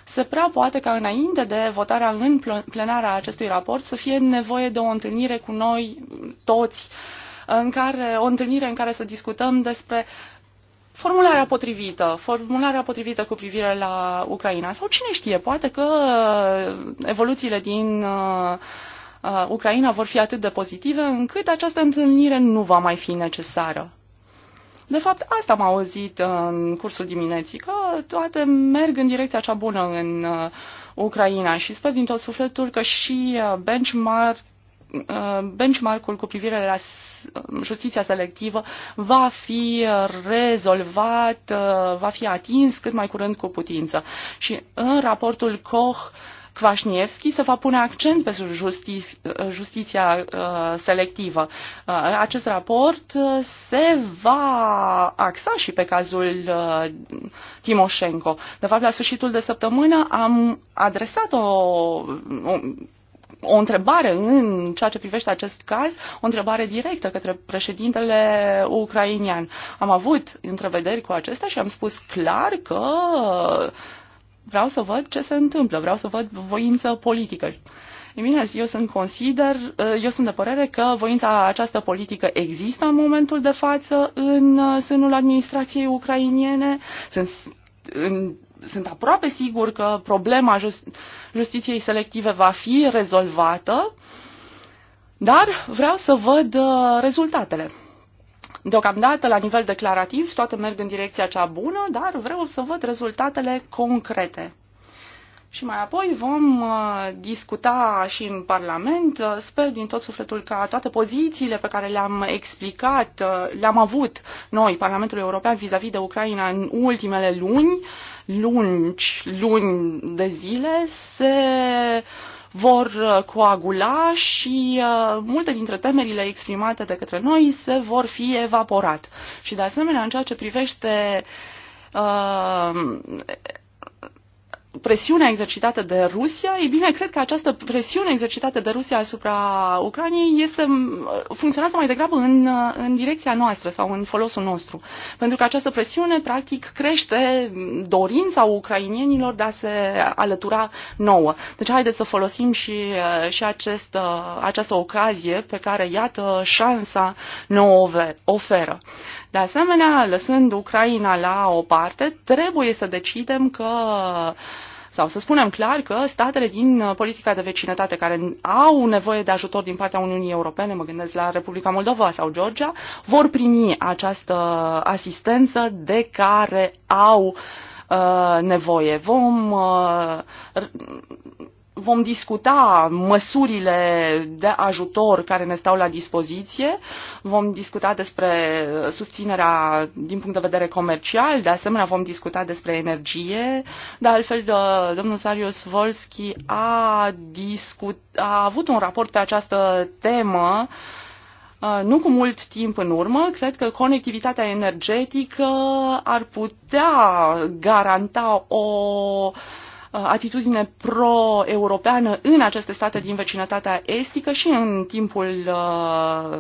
se prea poate ca înainte de votarea în plenarea acestui raport să fie nevoie de o întâlnire cu noi toți în care, o întâlnire în care să discutăm despre uh, formularea potrivită, formularea potrivită cu privire la Ucraina. Sau cine știe, poate că evoluțiile din uh, uh, Ucraina vor fi atât de pozitive încât această întâlnire nu va mai fi necesară. De fapt, asta am auzit în cursul dimineții, că toate merg în direcția cea bună în uh, Ucraina și sper din tot sufletul că și benchmark Uh, benchmark-ul cu privire la uh, justiția selectivă va fi uh, rezolvat, va fi atins cât mai curând cu putință. Și în raportul Koch Kvașnievski se va pune accent pe justi justiția uh, selectivă. Uh, acest raport se va axa și pe cazul uh, Timoșenko. De fapt, la sfârșitul de săptămână am adresat o, o o întrebare în ceea ce privește acest caz, o întrebare directă către președintele ucrainian. Am avut întrevederi cu acesta și am spus clar că vreau să văd ce se întâmplă, vreau să văd voință politică. E bine, eu sunt consider, eu sunt de părere că voința această politică există în momentul de față în uh, sânul administrației ucrainiene. Sunt în sunt aproape sigur că problema just, justiției selective va fi rezolvată, dar vreau să văd uh, rezultatele. Deocamdată, la nivel declarativ, toate merg în direcția cea bună, dar vreau să văd rezultatele concrete. Și mai apoi vom uh, discuta și în Parlament. Uh, sper din tot sufletul ca toate pozițiile pe care le-am explicat, le-am avut noi, Parlamentul European, vis-a-vis -vis de Ucraina în ultimele luni, lungi, luni de zile se vor coagula și uh, multe dintre temerile exprimate de către noi se vor fi evaporat. Și de asemenea, în ceea ce privește uh, presiunea exercitată de Rusia, e bine, cred că această presiune exercitată de Rusia asupra Ucrainei este, funcționează mai degrabă în, în direcția noastră sau în folosul nostru. Pentru că această presiune, practic, crește dorința ucrainienilor de a se alătura nouă. Deci haideți să folosim și, și acest, această ocazie pe care, iată, șansa nouă oferă. De asemenea, lăsând Ucraina la o parte, trebuie să decidem că sau să spunem clar că statele din politica de vecinătate care au nevoie de ajutor din partea Uniunii Europene, mă gândesc la Republica Moldova sau Georgia, vor primi această asistență de care au uh, nevoie. Vom uh, vom discuta măsurile de ajutor care ne stau la dispoziție, vom discuta despre susținerea din punct de vedere comercial, de asemenea vom discuta despre energie. De altfel, domnul Sarius Volski a, discut, a avut un raport pe această temă uh, nu cu mult timp în urmă, cred că conectivitatea energetică ar putea garanta o uh, Uh, atitudine pro-europeană în aceste state din vecinătatea estică și în timpul uh,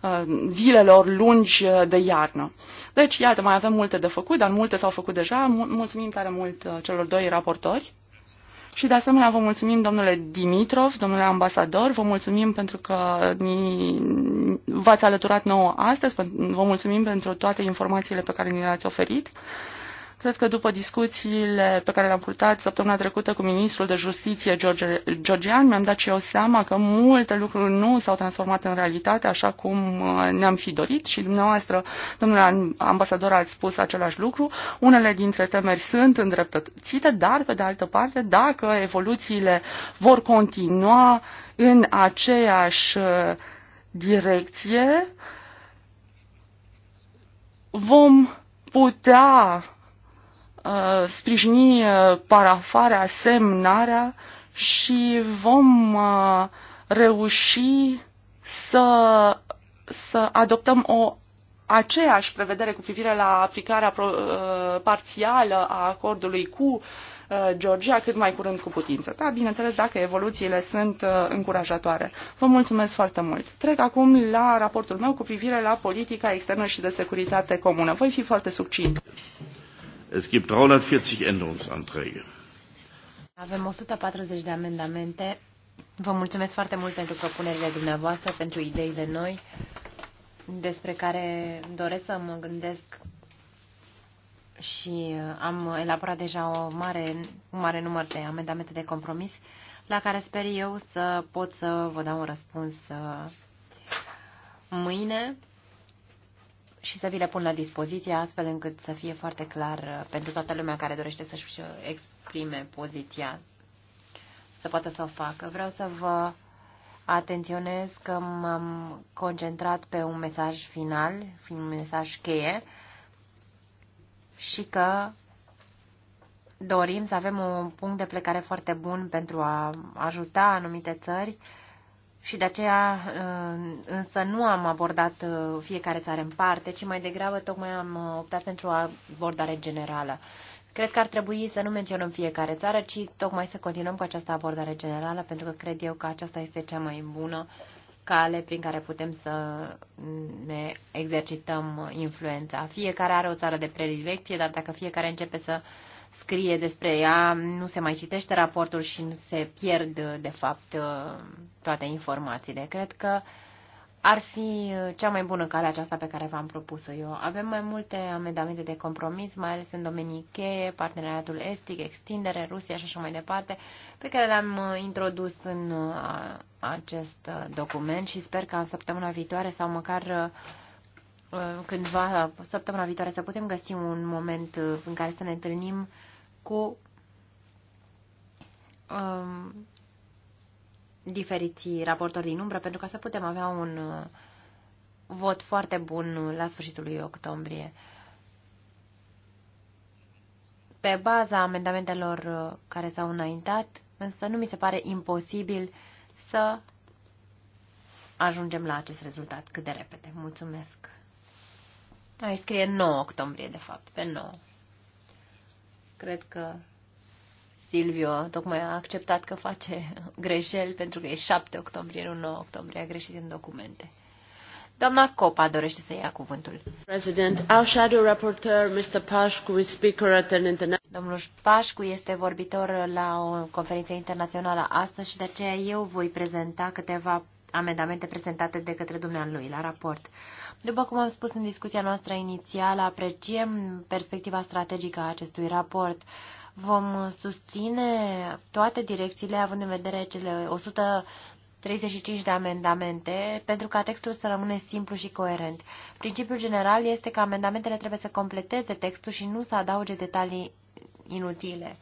uh, zilelor lungi de iarnă. Deci, iată, mai avem multe de făcut, dar multe s-au făcut deja. Mulțumim tare mult celor doi raportori. Și de asemenea vă mulțumim, domnule Dimitrov, domnule ambasador, vă mulțumim pentru că v-ați alăturat nouă astăzi, vă mulțumim pentru toate informațiile pe care ni le-ați oferit. Cred că după discuțiile pe care le-am purtat săptămâna trecută cu ministrul de justiție George, Georgian, mi-am dat și eu seama că multe lucruri nu s-au transformat în realitate așa cum uh, ne-am fi dorit și dumneavoastră, domnule ambasador, ați spus același lucru. Unele dintre temeri sunt îndreptățite, dar, pe de altă parte, dacă evoluțiile vor continua în aceeași uh, direcție, vom putea Uh, sprijini uh, parafarea, semnarea și vom uh, reuși să, să adoptăm o aceeași prevedere cu privire la aplicarea pro, parțială a acordului cu Georgia cât mai curând cu putință. Da, bineînțeles, dacă evoluțiile sunt încurajatoare. Vă mulțumesc foarte mult. Trec acum la raportul meu cu privire la politica externă și de securitate comună. Voi fi foarte succint. Es gibt 340 Änderungsanträge. Avem 140 de amendamente. Vă mulțumesc foarte mult pentru propunerile dumneavoastră, pentru ideile noi, despre care doresc să mă gândesc și uh, am elaborat deja o mare, un mare număr de amendamente de compromis, la care sper eu să pot să vă dau un răspuns uh, mâine și să vi le pun la dispoziție, astfel încât să fie foarte clar uh, pentru toată lumea care dorește să-și uh, exprime poziția, să poată să o facă. Vreau să vă atenționez că m-am concentrat pe un mesaj final, un mesaj cheie, și că dorim să avem un punct de plecare foarte bun pentru a ajuta anumite țări uh, și de aceea uh, însă nu am abordat uh, fiecare țară în parte, ci mai degrabă tocmai am uh, optat pentru o abordare generală. Cred că ar trebui să nu menționăm fiecare țară, ci tocmai să continuăm cu această abordare generală, pentru că cred eu că aceasta este cea mai bună cale prin care putem să ne exercităm influența. Fiecare are o țară de predilecție, dar dacă fiecare începe să uh, scrie despre ea, nu se mai citește raportul și nu se pierd, de fapt, toate informațiile. Cred că ar fi cea mai bună cale aceasta pe care v-am propus-o eu. Avem mai multe amendamente de compromis, mai ales în domenii cheie, parteneriatul estic, extindere, Rusia și așa mai departe, pe care le-am introdus în uh, acest uh, document și sper că în săptămâna viitoare sau măcar uh, cândva, săptămâna viitoare, să putem găsi un moment în care să ne întâlnim cu um, diferiții raportori din umbră pentru ca să putem avea un uh, vot foarte bun la sfârșitul lui octombrie. Pe baza amendamentelor uh, care s-au înaintat, însă nu mi se pare imposibil să ajungem la acest rezultat cât de repede. Mulțumesc! Ai scrie 9 octombrie, de fapt, pe 9. Cred că Silvio tocmai a acceptat că face greșeli pentru că e 7 octombrie, nu 9 octombrie, a greșit în documente. Doamna Copa dorește să ia cuvântul. President, our shadow rapporteur, Mr. Pașcu, is speaker at an international... Domnul Pașcu este vorbitor la o conferință internațională astăzi și de aceea eu voi prezenta câteva amendamente prezentate de către dumnealui la raport. După cum am spus în discuția noastră inițială, apreciem perspectiva strategică a acestui raport. Vom susține toate direcțiile, având în vedere cele 100 35 de amendamente, pentru ca textul să rămâne simplu și coerent. Principiul general este că amendamentele trebuie să completeze textul și nu să adauge detalii inutile.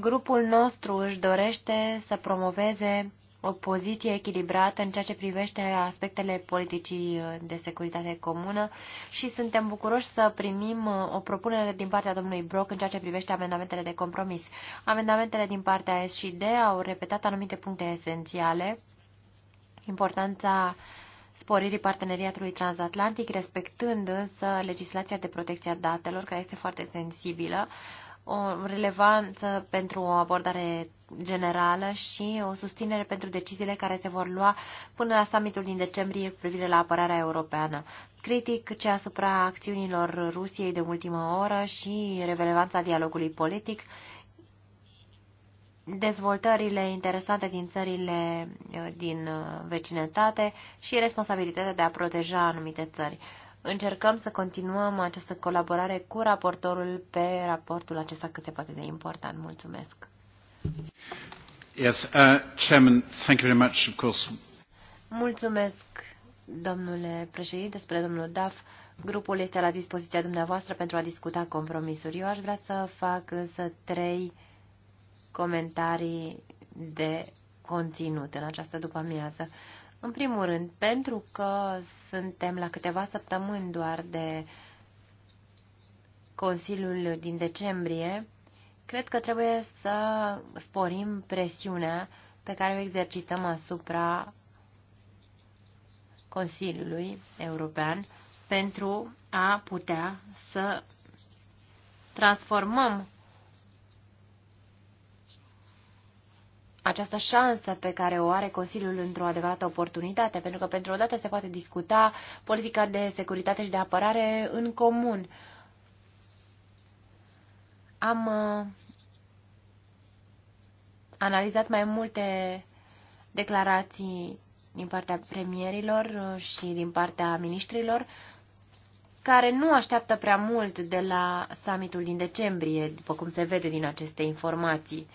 Grupul nostru își dorește să promoveze o poziție echilibrată în ceea ce privește aspectele politicii uh, de securitate comună și suntem bucuroși să primim uh, o propunere din partea domnului Brock în ceea ce privește amendamentele de compromis. Amendamentele din partea S și D au repetat anumite puncte esențiale, importanța sporirii parteneriatului transatlantic, respectând însă legislația de protecție a datelor, care este foarte sensibilă, o relevanță pentru o abordare generală și o susținere pentru deciziile care se vor lua până la summitul din decembrie cu privire la apărarea europeană. Critic ce asupra acțiunilor Rusiei de ultimă oră și relevanța dialogului politic, dezvoltările interesante din țările uh, din uh, vecinătate și responsabilitatea de a proteja anumite țări. Încercăm să continuăm această colaborare cu raportorul pe raportul acesta cât se poate de important. Mulțumesc! Uh, Mulțumesc, domnule președinte, spre domnul Daf. Grupul este la dispoziția dumneavoastră pentru a discuta compromisuri. Eu aș vrea să fac însă trei comentarii de conținut în această după-amiază. În primul rând, pentru că suntem la câteva săptămâni doar de Consiliul din decembrie, Cred că trebuie să sporim presiunea pe care o exercităm asupra Consiliului European pentru a putea să transformăm această șansă pe care o are Consiliul într-o adevărată oportunitate, pentru că pentru o dată se poate discuta politica de securitate și de apărare în comun. Am uh, analizat mai multe declarații din partea premierilor uh, și din partea ministrilor, care nu așteaptă prea mult de la summitul din decembrie, după cum se vede din aceste informații.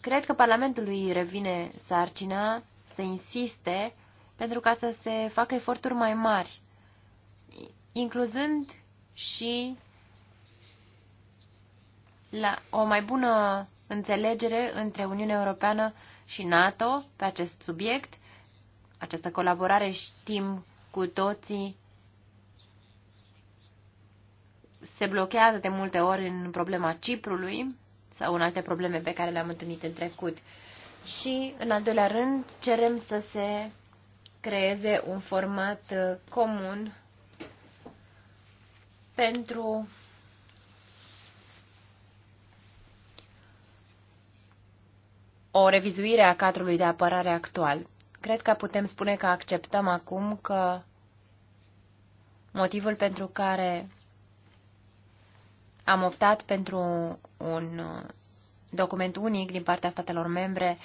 Cred că Parlamentului revine sarcina să insiste pentru ca să se facă eforturi mai mari, incluzând și la o mai bună înțelegere între Uniunea Europeană și NATO pe acest subiect. Această colaborare știm cu toții se blochează de multe ori în problema Ciprului sau în alte probleme pe care le-am întâlnit în trecut. Și, în al doilea rând, cerem să se creeze un format uh, comun pentru o revizuire a cadrului de apărare actual. Cred că putem spune că acceptăm acum că motivul pentru care am optat pentru un document unic din partea statelor membre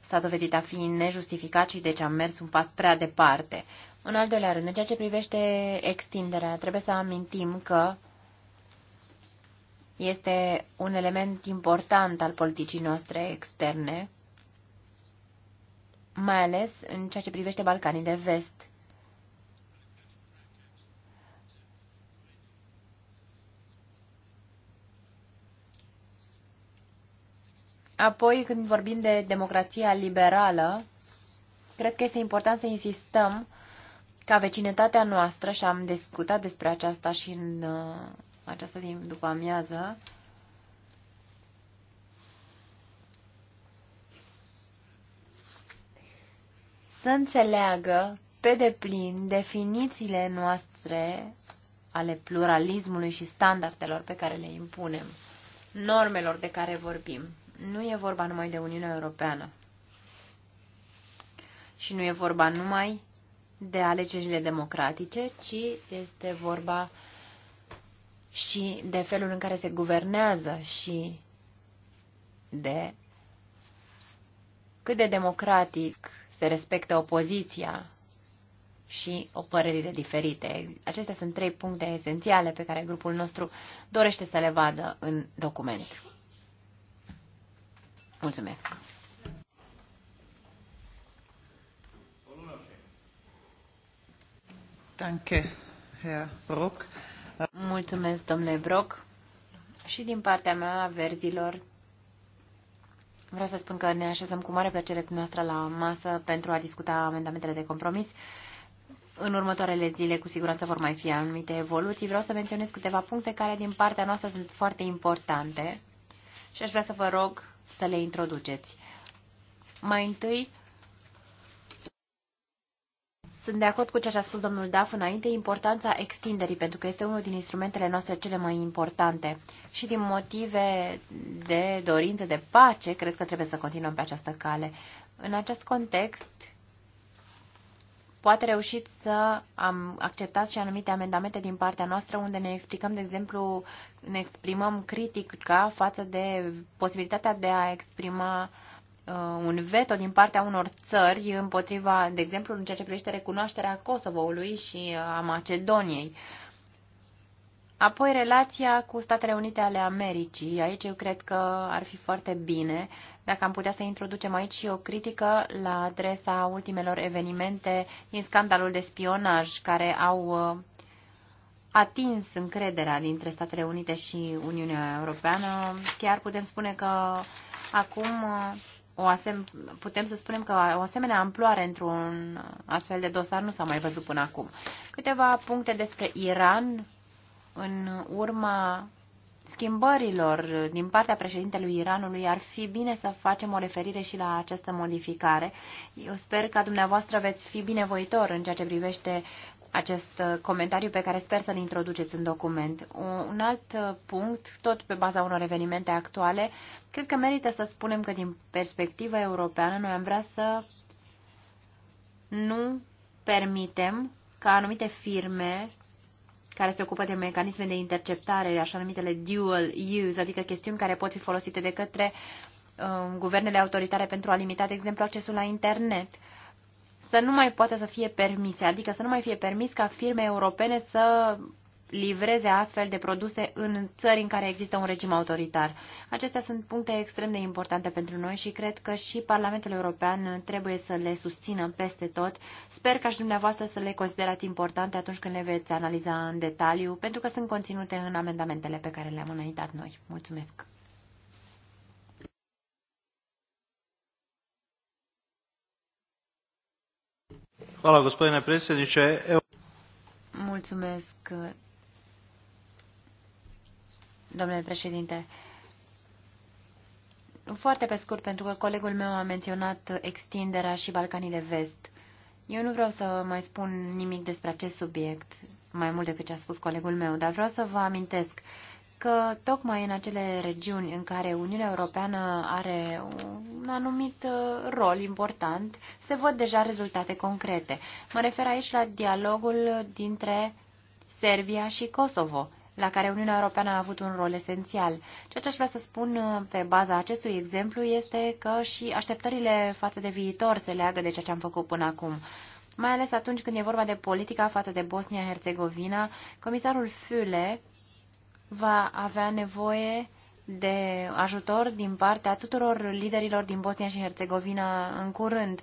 s-a dovedit a fi nejustificat și deci am mers un pas prea departe. În al doilea rând, în ceea ce privește extinderea, trebuie să amintim că este un element important al politicii noastre externe mai ales în ceea ce privește Balcanii de Vest. Apoi, când vorbim de democrația liberală, cred că este important să insistăm ca vecinătatea noastră, și am discutat despre aceasta și în uh, această după amiază, să înțeleagă pe deplin definițiile noastre ale pluralismului și standardelor pe care le impunem, normelor de care vorbim. Nu e vorba numai de Uniunea Europeană. Și nu e vorba numai de alegerile democratice, ci este vorba și de felul în care se guvernează și de cât de democratic se respectă opoziția și o diferite. Acestea sunt trei puncte esențiale pe care grupul nostru dorește să le vadă în document. Mulțumesc! Danke, Herr Brock. Mulțumesc, domnule Brock. Și din partea mea, verzilor, Vreau să spun că ne așezăm cu mare plăcere cu noastră la masă pentru a discuta amendamentele de compromis. În următoarele zile, cu siguranță, vor mai fi anumite evoluții. Vreau să menționez câteva puncte care, din partea noastră, sunt foarte importante și aș vrea să vă rog să le introduceți. Mai întâi, sunt de acord cu ceea ce a spus domnul Daf înainte, importanța extinderii, pentru că este unul din instrumentele noastre cele mai importante. Și din motive de dorință de pace, cred că trebuie să continuăm pe această cale. În acest context, poate reușit să am acceptat și anumite amendamente din partea noastră unde ne explicăm, de exemplu, ne exprimăm critic față de posibilitatea de a exprima uh, Uh, un veto din partea unor țări împotriva, de exemplu, în ceea ce privește recunoașterea Kosovoului și uh, a Macedoniei. Apoi relația cu Statele Unite ale Americii. Aici eu cred că ar fi foarte bine dacă am putea să introducem aici și o critică la adresa ultimelor evenimente din scandalul de spionaj care au uh, atins încrederea dintre Statele Unite și Uniunea Europeană. Chiar putem spune că acum o asem- putem să spunem că o asemenea amploare într-un astfel de dosar nu s-a mai văzut până acum. Câteva puncte despre Iran în urma schimbărilor din partea președintelui Iranului ar fi bine să facem o referire și la această modificare. Eu sper că dumneavoastră veți fi binevoitor în ceea ce privește acest uh, comentariu pe care sper să-l introduceți în document. Un alt uh, punct, tot pe baza unor evenimente actuale, cred că merită să spunem că din perspectiva europeană noi am vrea să nu permitem ca anumite firme care se ocupă de mecanisme de interceptare, așa numitele dual use, adică chestiuni care pot fi folosite de către uh, guvernele autoritare pentru a limita, de exemplu, accesul la internet. Uh, să nu mai poată să fie permise, adică să nu mai fie permis ca firme europene să livreze astfel de produse în țări în care există un regim autoritar. Acestea sunt puncte extrem de importante pentru noi și cred că și Parlamentul European trebuie să le susțină peste tot. Sper ca și dumneavoastră să le considerați importante atunci când le veți analiza în detaliu, pentru că sunt conținute în amendamentele pe care le-am înaintat noi. Mulțumesc! gospodine predsjedniče. Mulțumesc, domnule președinte. Foarte pe scurt, pentru că colegul meu a menționat extinderea și Balcanii de Vest. Eu nu vreau să mai spun nimic despre acest subiect, mai mult decât ce a spus colegul meu, dar vreau să vă amintesc că tocmai în acele regiuni în care Uniunea Europeană are un anumit uh, rol important, se văd deja rezultate concrete. Mă refer aici la dialogul dintre Serbia și Kosovo, la care Uniunea Europeană a avut un rol esențial. Ceea ce aș vrea să spun uh, pe baza acestui exemplu este că și așteptările față de viitor se leagă de ceea ce am făcut până acum mai ales atunci când e vorba de politica față de Bosnia-Herzegovina, comisarul Füle va avea nevoie de ajutor din partea tuturor liderilor din Bosnia și Herțegovina în curând.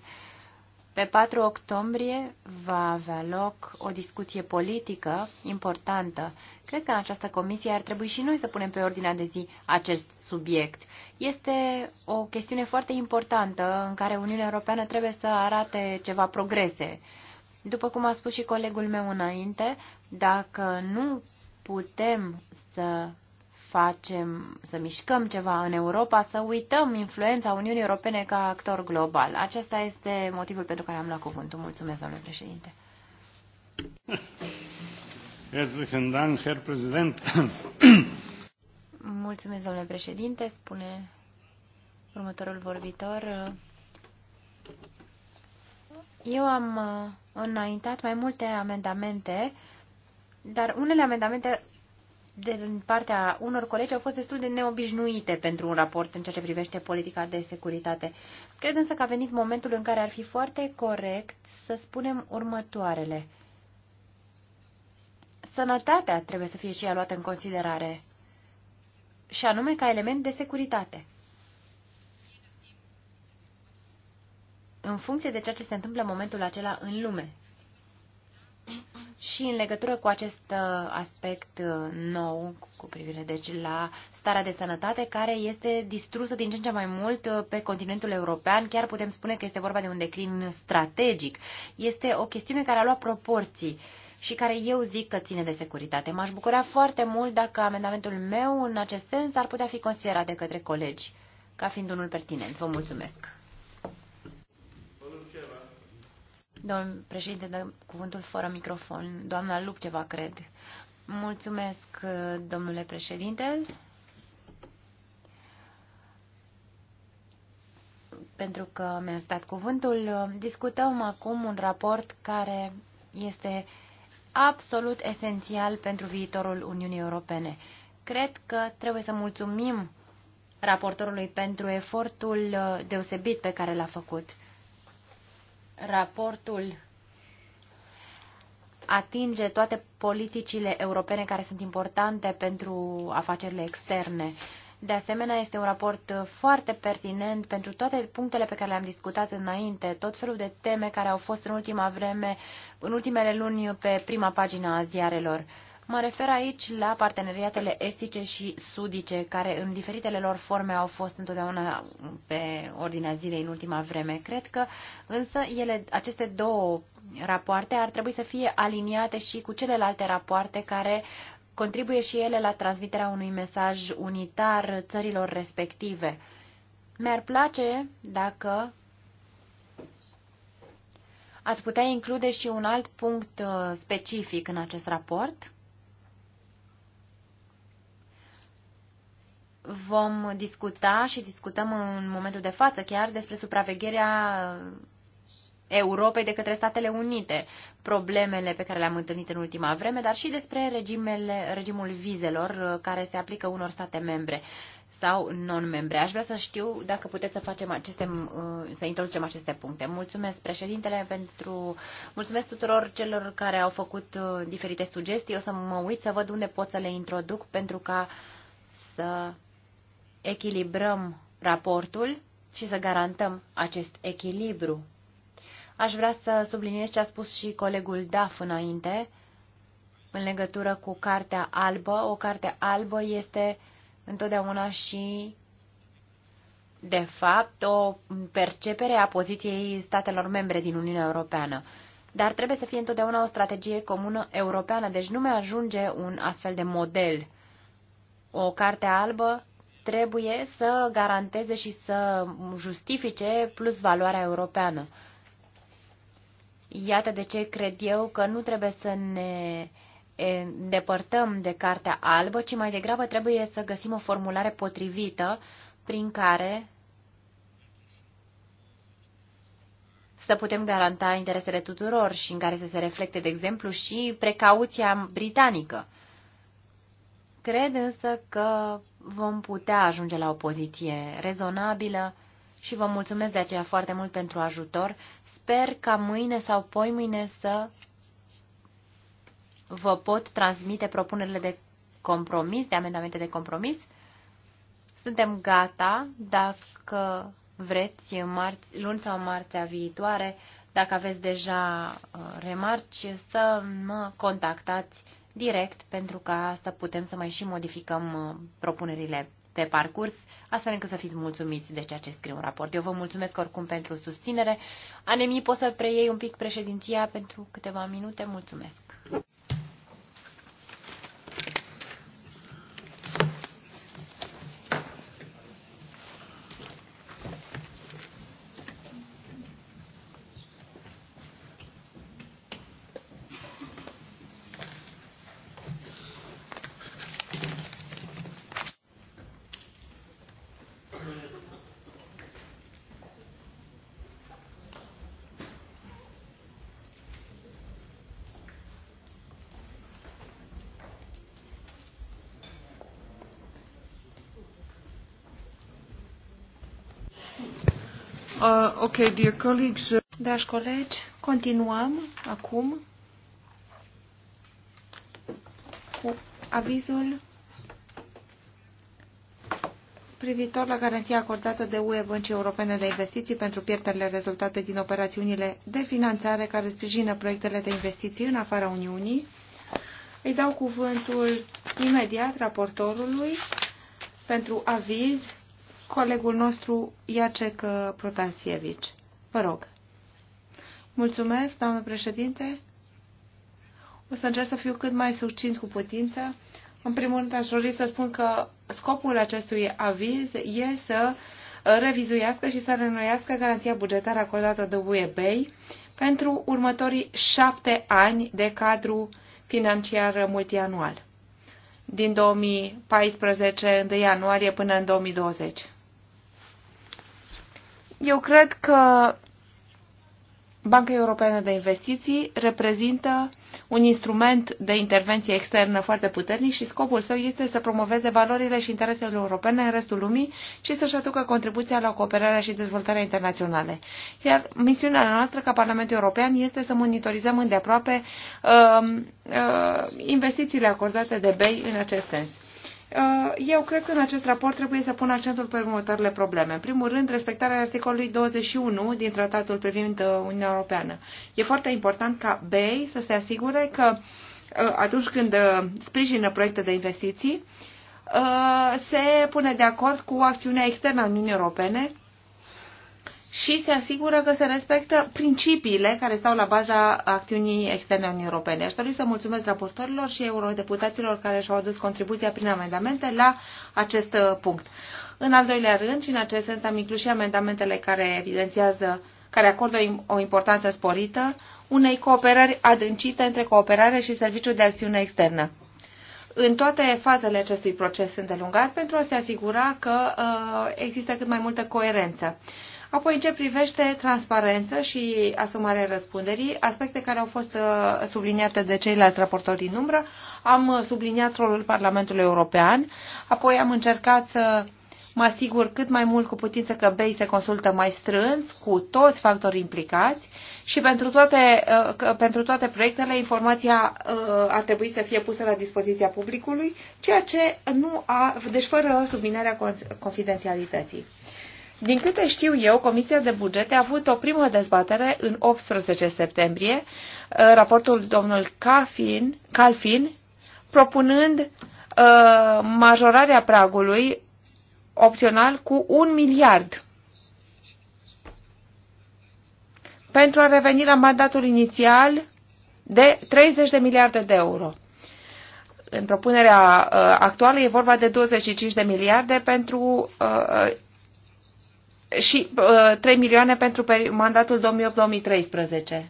Pe 4 octombrie va avea loc o discuție politică importantă. Cred că în această comisie ar trebui și noi să punem pe ordinea de zi acest subiect. Este o chestiune foarte importantă în care Uniunea Europeană trebuie să arate ceva progrese. După cum a spus și colegul meu înainte, dacă nu putem să facem, să mișcăm ceva în Europa, să uităm influența Uniunii Europene ca actor global. Acesta este motivul pentru care am luat cuvântul. Mulțumesc, domnule președinte. Mulțumesc, domnule președinte, spune următorul vorbitor. Eu am uh, înaintat mai multe amendamente uh, dar unele amendamente din partea unor colegi au fost destul de neobișnuite pentru un raport în ceea ce privește politica de securitate. Cred însă că a venit momentul în care ar fi foarte corect să spunem următoarele. Sănătatea trebuie să fie și ea luată în considerare, și anume ca element de securitate. În funcție de ceea ce se întâmplă în momentul acela în lume, și în legătură cu acest uh, aspect uh, nou cu privire deci la starea de sănătate care este distrusă din ce în ce mai mult uh, pe continentul european, chiar putem spune că este vorba de un declin strategic. Este o chestiune care a luat proporții și care eu zic că ține de securitate. M-aș bucura foarte mult dacă amendamentul meu în acest sens ar putea fi considerat de către colegi ca fiind unul pertinent. Vă mulțumesc! Domnul președinte, dă cuvântul fără microfon. Doamna Lupceva, cred. Mulțumesc, domnule președinte. Pentru că mi-a stat cuvântul, discutăm acum un raport care este absolut esențial pentru viitorul Uniunii Europene. Cred că trebuie să mulțumim raportorului pentru efortul deosebit pe care l-a făcut raportul atinge toate politicile europene care sunt importante pentru afacerile externe. De asemenea, este un raport foarte pertinent pentru toate punctele pe care le-am discutat înainte, tot felul de teme care au fost în ultima vreme, în ultimele luni pe prima pagină a ziarelor. Mă refer aici la parteneriatele estice și sudice, care în diferitele lor forme au fost întotdeauna pe ordinea zilei în ultima vreme. Cred că însă ele, aceste două rapoarte ar trebui să fie aliniate și cu celelalte rapoarte care contribuie și ele la transmiterea unui mesaj unitar țărilor respective. Mi-ar place dacă ați putea include și un alt punct uh, specific în acest raport vom discuta și discutăm în momentul de față chiar despre supravegherea uh, Europei de către Statele Unite, problemele pe care le-am întâlnit în ultima vreme, dar și despre regimele, regimul vizelor uh, care se aplică unor state membre sau non-membre. Aș vrea să știu dacă puteți să facem aceste, uh, să introducem aceste puncte. Mulțumesc președintele pentru, mulțumesc tuturor celor care au făcut diferite sugestii. O să mă uit să văd unde pot să le introduc pentru ca să echilibrăm raportul și să garantăm acest echilibru. Aș vrea să subliniez ce a spus și colegul Daf înainte, în legătură cu cartea albă. O carte albă este întotdeauna și, de fapt, o percepere a poziției statelor membre din Uniunea Europeană. Dar trebuie să fie întotdeauna o strategie comună europeană, deci nu mai ajunge un astfel de model. O carte albă trebuie să garanteze și să justifice plus valoarea europeană. Iată de ce cred eu că nu trebuie să ne îndepărtăm de Cartea Albă, ci mai degrabă trebuie să găsim o formulare potrivită prin care să putem garanta interesele tuturor și în care să se reflecte, de exemplu, și precauția britanică. Cred însă că vom putea ajunge la o poziție rezonabilă și vă mulțumesc de aceea foarte mult pentru ajutor. Sper ca mâine sau poimâine să vă pot transmite propunerile de compromis, de amendamente de compromis. Suntem gata dacă vreți marți, luni sau marțea viitoare, dacă aveți deja uh, remarci, să mă contactați direct pentru ca să putem să mai și modificăm uh, propunerile pe parcurs, astfel încât să fiți mulțumiți de ceea ce scrie un raport. Eu vă mulțumesc oricum pentru susținere. Anemii, poți să preiei un pic președinția pentru câteva minute? Mulțumesc! Okay, dear colleagues. Uh, Dragi colegi, continuăm acum cu avizul privitor la garanția acordată de UE Băncii Europene de Investiții pentru pierderile rezultate din operațiunile de finanțare care sprijină proiectele de investiții în afara Uniunii. Îi dau cuvântul imediat raportorului pentru aviz colegul nostru Iacek Protasievici. Vă rog. Mulțumesc, doamnă președinte. O să încerc să fiu cât mai succint cu putință. În primul rând, aș dori să spun că scopul acestui aviz e să revizuiască și să renoiască garanția bugetară acordată de UEBEI pentru următorii șapte ani de cadru financiar multianual, din 2014 1 ianuarie până în 2020. Eu cred că Banca Europeană de Investiții reprezintă un instrument de intervenție externă foarte puternic și scopul său este să promoveze valorile și interesele europene în restul lumii și să-și aducă contribuția la cooperarea și dezvoltarea internaționale. Iar misiunea noastră ca Parlament European este să monitorizăm îndeaproape uh, uh, investițiile acordate de BEI în acest sens. Uh, eu cred că în acest raport trebuie să pun accentul pe următoarele probleme. În primul rând, respectarea articolului 21 din tratatul privind uh, Uniunea Europeană. E foarte important ca BEI să se asigure că uh, atunci când sprijină proiecte de investiții, se pune de acord cu acțiunea externă a Uniunii Europene și se asigură că se respectă principiile care stau la baza acțiunii externe a Uniunii Europene. Aș dori să mulțumesc raportorilor și eurodeputaților care și-au adus contribuția prin amendamente la acest uh, punct. În al doilea rând, și în acest sens am inclus și amendamentele care evidențiază care acordă o importanță sporită unei cooperări adâncite între cooperare și serviciul de acțiune externă în toate fazele acestui proces sunt delungat pentru a se asigura că uh, există cât mai multă coerență. Uh, Apoi, în ce privește transparență și asumarea răspunderii, aspecte care au fost uh, subliniate de ceilalți raportori din umbră, am subliniat rolul Parlamentului European, apoi am încercat să mă asigur cât mai mult cu putință că BEI se consultă mai strâns cu toți factorii implicați și pentru toate, uh, pentru toate proiectele informația uh, ar trebui să fie pusă la dispoziția publicului, ceea ce nu a, deci fără subminarea confidențialității. Din câte știu eu, Comisia de Bugete a avut o primă dezbatere în 18 septembrie, uh, raportul domnul Calfin, Calfin propunând uh, majorarea pragului opțional cu un miliard pentru a reveni la mandatul inițial de 30 de miliarde de euro. În propunerea uh, actuală e vorba de 25 de miliarde pentru uh, uh și uh, 3 milioane pentru mandatul 2008-2013.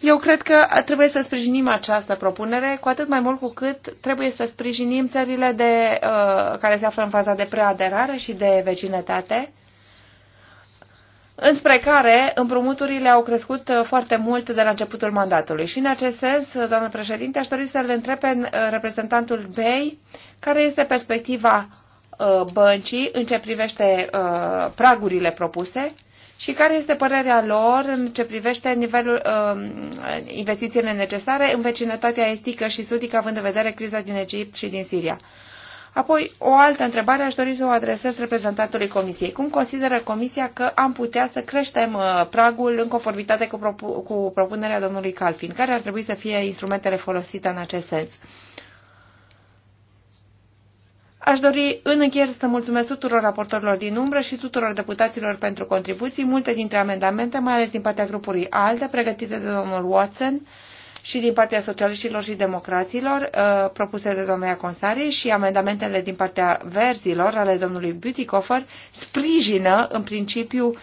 Eu cred că trebuie să sprijinim această propunere, cu atât mai mult cu cât trebuie să sprijinim țările de, uh, care se află în faza de preaderare și de vecinătate înspre care împrumuturile au crescut uh, foarte mult de la începutul mandatului. Și în acest sens, uh, doamnă președinte, aș dori să le întreb pe uh, reprezentantul BEI care este perspectiva băncii în ce privește pragurile propuse și care este părerea lor în ce privește nivelul investițiile necesare în vecinătatea estică și sudică, având în vedere criza din Egipt și din Siria. Apoi, o altă întrebare aș dori să o adresez reprezentantului Comisiei. Cum consideră Comisia că am putea să creștem uh, pragul în conformitate cu, propu- cu propunerea domnului Calfin? Care ar trebui să fie instrumentele folosite în acest sens? Aș dori în încheiere să mulțumesc tuturor raportorilor din umbră și tuturor deputaților pentru contribuții. Multe dintre amendamente, mai ales din partea grupului ALDE, pregătite de domnul Watson, și din partea socialiștilor și democraților uh, propuse de doamna Consari și amendamentele din partea verzilor ale domnului Butikofer sprijină în principiu uh,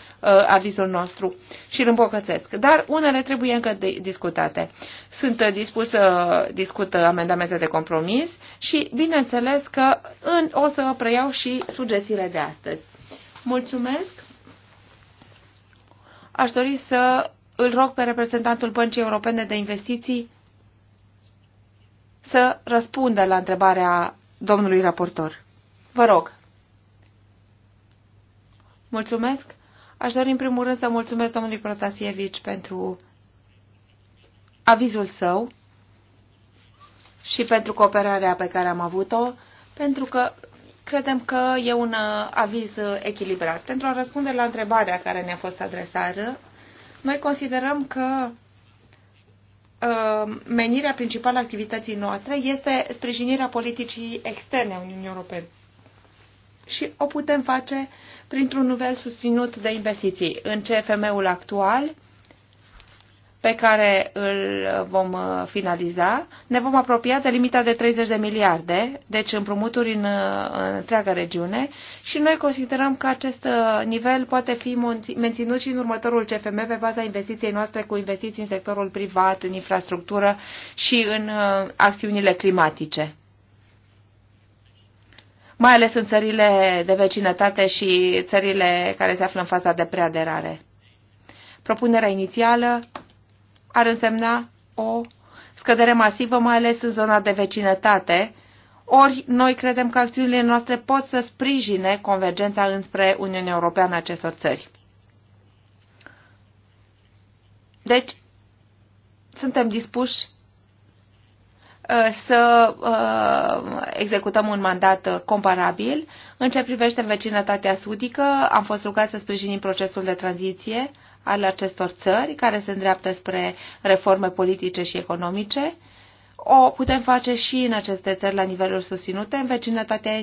avizul nostru și îl îmbogățesc. Dar unele trebuie încă discutate. Sunt dispus să discut amendamente de compromis și bineînțeles că în, o să preiau și sugestiile de astăzi. Mulțumesc! Aș dori să îl rog pe reprezentantul Băncii Europene de Investiții să răspundă la întrebarea domnului raportor. Vă rog. Mulțumesc. Aș dori în primul rând să mulțumesc domnului Protasievici pentru avizul său și pentru cooperarea pe care am avut-o, pentru că credem că e un aviz echilibrat. Pentru a răspunde la întrebarea care ne-a fost adresată, noi considerăm că uh, menirea principală a activității noastre este sprijinirea politicii externe a Uniunii Europene. Și o putem face printr-un nivel susținut de investiții. În CFM-ul actual, pe care îl vom uh, finaliza, ne vom apropia de limita de 30 de miliarde, deci împrumuturi în, uh, în întreaga regiune și noi considerăm că acest uh, nivel poate fi menținut și în următorul CFM pe baza investiției noastre cu investiții în sectorul privat, în infrastructură și în acțiunile climatice mai ales în țările de vecinătate și țările care se află în faza de preaderare. Propunerea inițială ar însemna o scădere masivă, mai ales în zona de vecinătate, ori noi credem că acțiunile noastre pot să sprijine convergența înspre Uniunea Europeană a acestor țări. Deci, suntem dispuși uh, să uh, executăm un mandat uh, comparabil. În ce privește vecinătatea sudică, am fost rugați să sprijinim procesul de tranziție al acestor țări care se îndreaptă spre reforme politice și economice. O putem face și în aceste țări la niveluri susținute. În vecinătatea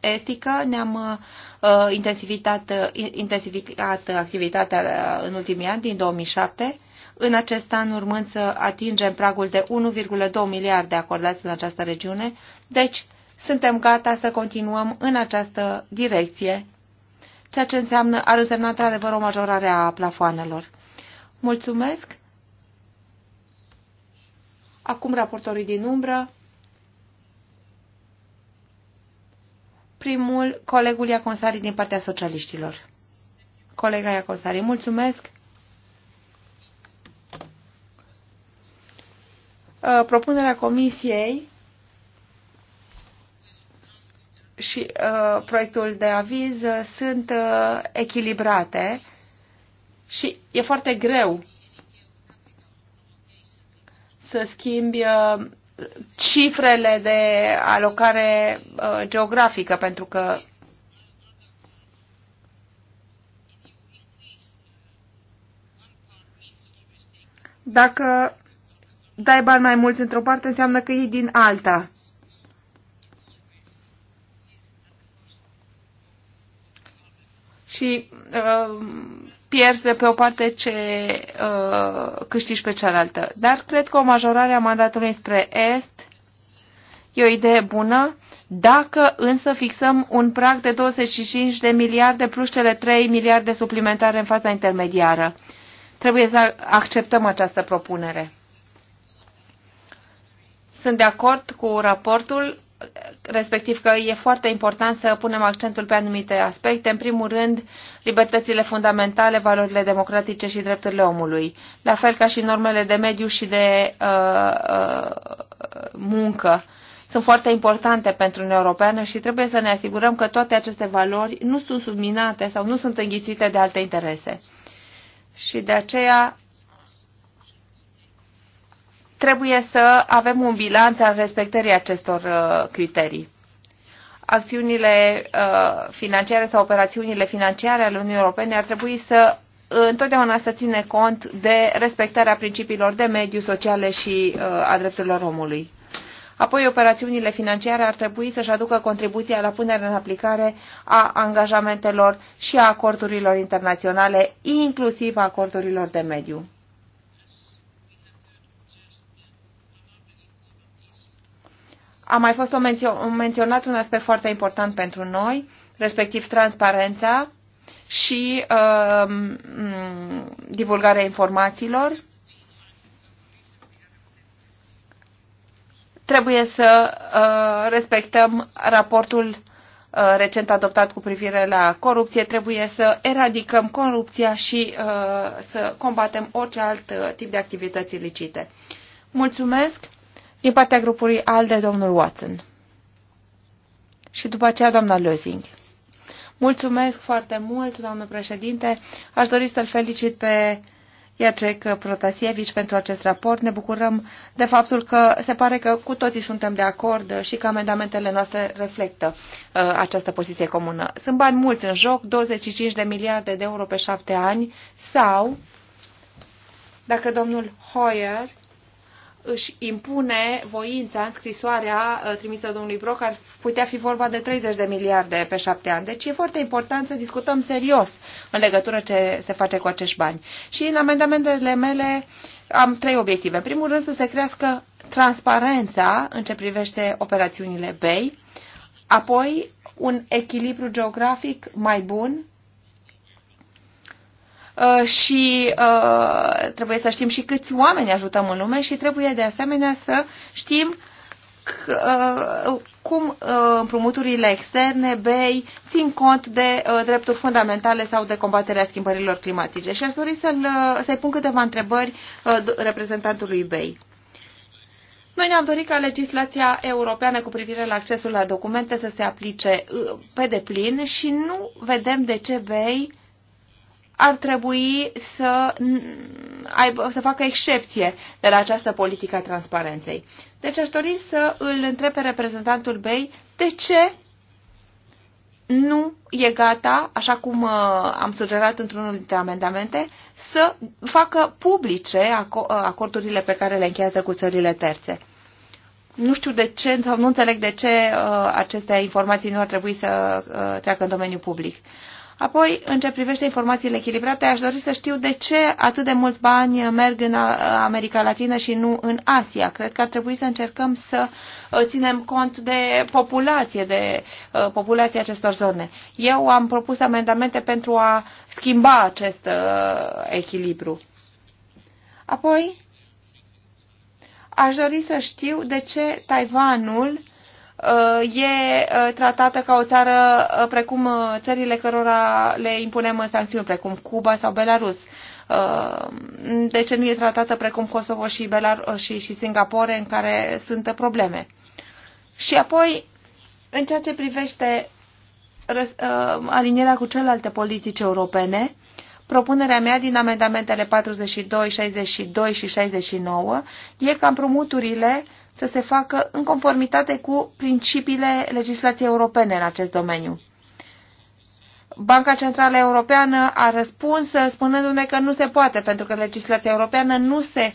estică ne-am uh, intensificat, uh, intensificat activitatea uh, în ultimii ani, din 2007, în acest an urmând să atingem pragul de 1,2 miliarde acordați în această regiune. Deci, suntem gata să continuăm în această direcție ceea ce înseamnă, ar însemna într-adevăr o majorare a plafoanelor. Mulțumesc! Acum raportorii din umbră. Primul, colegul Iaconsari din partea socialiștilor. Colega Iaconsari, mulțumesc! Uh, propunerea comisiei și uh, proiectul de aviz uh, sunt uh, echilibrate și e foarte greu să schimbi uh, cifrele de alocare uh, geografică, pentru că dacă dai bani mai mulți într-o parte, înseamnă că iei din alta. și uh, pierzi de pe o parte ce uh, câștigi pe cealaltă. Dar cred că o majorare a mandatului spre Est e o idee bună, dacă însă fixăm un prag de 25 de miliarde plus cele 3 miliarde suplimentare în faza intermediară. Trebuie să acceptăm această propunere. Sunt de acord cu raportul respectiv că e foarte important să punem accentul pe anumite aspecte. În primul rând, libertățile fundamentale, valorile democratice și drepturile omului, la fel ca și normele de mediu și de uh, uh, muncă. Sunt foarte importante pentru Uniunea Europeană și trebuie să ne asigurăm că toate aceste valori nu sunt subminate sau nu sunt înghițite de alte interese. Și de aceea trebuie să avem un bilanț al respectării acestor uh, criterii. Acțiunile uh, financiare sau operațiunile financiare ale Uniunii Europene ar trebui să uh, întotdeauna să ține cont de respectarea principiilor de mediu, sociale și a drepturilor omului. Apoi, operațiunile financiare ar trebui să-și aducă contribuția la punerea în aplicare a angajamentelor și a acordurilor internaționale, inclusiv a acordurilor de mediu. A mai fost menționat un aspect foarte important pentru noi, respectiv transparența și uh, divulgarea informațiilor. Trebuie să uh, respectăm raportul uh, recent adoptat cu privire la corupție. Trebuie să eradicăm corupția și uh, să combatem orice alt uh, tip de activități ilicite. Mulțumesc! Din partea grupului ALDE, domnul Watson. Și după aceea, doamna Lozing. Mulțumesc foarte mult, doamnă președinte. Aș dori să-l felicit pe Iacek Protasievici pentru acest raport. Ne bucurăm de faptul că se pare că cu toții suntem de acord și că amendamentele noastre reflectă uh, această poziție comună. Sunt bani mulți în joc, 25 de miliarde de euro pe șapte ani sau, dacă domnul Hoyer își impune voința în scrisoarea uh, trimisă domnului Broc, ar putea fi vorba de 30 de miliarde pe șapte ani. Deci e foarte important să discutăm serios în legătură ce se face cu acești bani. Și în amendamentele mele am trei obiective. În primul rând să se crească transparența în ce privește operațiunile BEI, apoi un echilibru geografic mai bun Uh, și uh, trebuie să știm și câți oameni ajutăm în lume și trebuie de asemenea să știm că, uh, cum uh, împrumuturile externe, BEI, țin cont de uh, drepturi fundamentale sau de combaterea schimbărilor climatice. Și aș dori uh, să-i să pun câteva întrebări uh, reprezentantului BEI. Noi ne-am dorit ca legislația europeană cu privire la accesul la documente să se aplice uh, pe deplin și nu vedem de ce BEI ar trebui să, aibă, să facă excepție de la această politică a transparenței. Deci aș dori să îl întreb pe reprezentantul Bey de ce nu e gata, așa cum uh, am sugerat într-unul dintre amendamente, să facă publice aco- uh, acordurile pe care le încheiază cu țările terțe. Nu știu de ce sau nu înțeleg de ce uh, aceste informații nu ar trebui să uh, treacă în domeniul public. Uh, Apoi, în ce privește informațiile echilibrate, aș dori să știu de ce atât de mulți bani merg în uh, America Latină și nu în Asia. Cred că ar trebui să încercăm să uh, ținem cont de populație, de uh, populația acestor zone. Eu am propus amendamente pentru a schimba acest echilibru. Apoi, aș dori să știu de ce Taiwanul Uh, e uh, tratată ca o țară uh, precum țările cărora le impunem sancțiuni, precum Cuba sau Belarus. De ce nu e tratată precum Kosovo și, Belar- și, și Singapore, în care sunt probleme? Și apoi, în ceea ce privește alinierea cu celelalte politici europene, propunerea mea din amendamentele 42, 62 și 69 e ca împrumuturile să se facă în conformitate cu principiile legislației europene în acest domeniu. Banca Centrală Europeană a răspuns spunându-ne că nu se poate pentru că legislația europeană nu se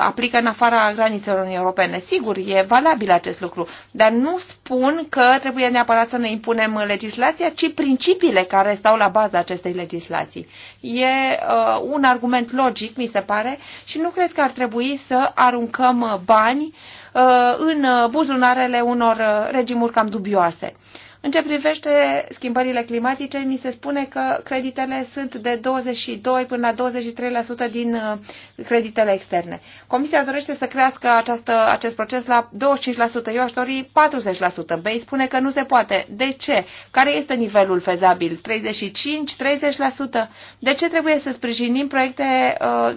aplică în afara granițelor Uniunii Europene. Sigur, e valabil acest lucru, dar nu spun că trebuie neapărat să ne impunem legislația, ci principiile care stau la baza acestei legislații. E uh, un argument logic, mi se pare, și nu cred că ar trebui să aruncăm bani uh, în buzunarele unor regimuri cam dubioase. Uh, în ce privește schimbările climatice, mi se spune că creditele sunt de 22 până la 23% din uh, creditele externe. Comisia dorește să crească această, acest proces la 25%, eu aș dori 40%. Bei spune că nu se poate. De ce? Care este nivelul fezabil? 35, 30%? De ce trebuie să sprijinim proiecte uh,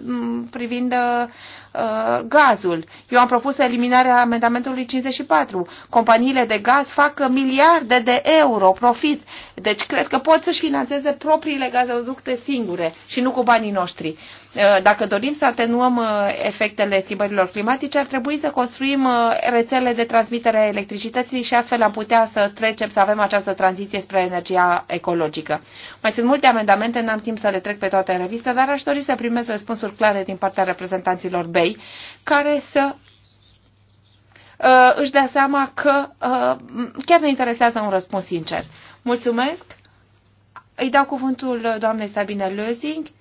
privind uh, Uh, gazul. Eu am propus eliminarea amendamentului 54. Companiile de gaz fac miliarde de euro profit, deci cred că pot să-și financeze propriile gazoducte singure și nu cu banii noștri. Eh, dacă dorim să atenuăm eh, efectele schimbărilor climatice, ar trebui să construim eh, rețele de transmitere a electricității și astfel am putea să trecem, să avem această tranziție spre energia ecologică. Mai sunt multe amendamente, n-am timp să le trec pe toate în revistă, dar aș dori să primez răspunsuri clare din partea reprezentanților BEI, care să uh, își dea seama că uh, chiar ne interesează un răspuns sincer. Mulțumesc! Îi dau cuvântul doamnei Sabine Lösing.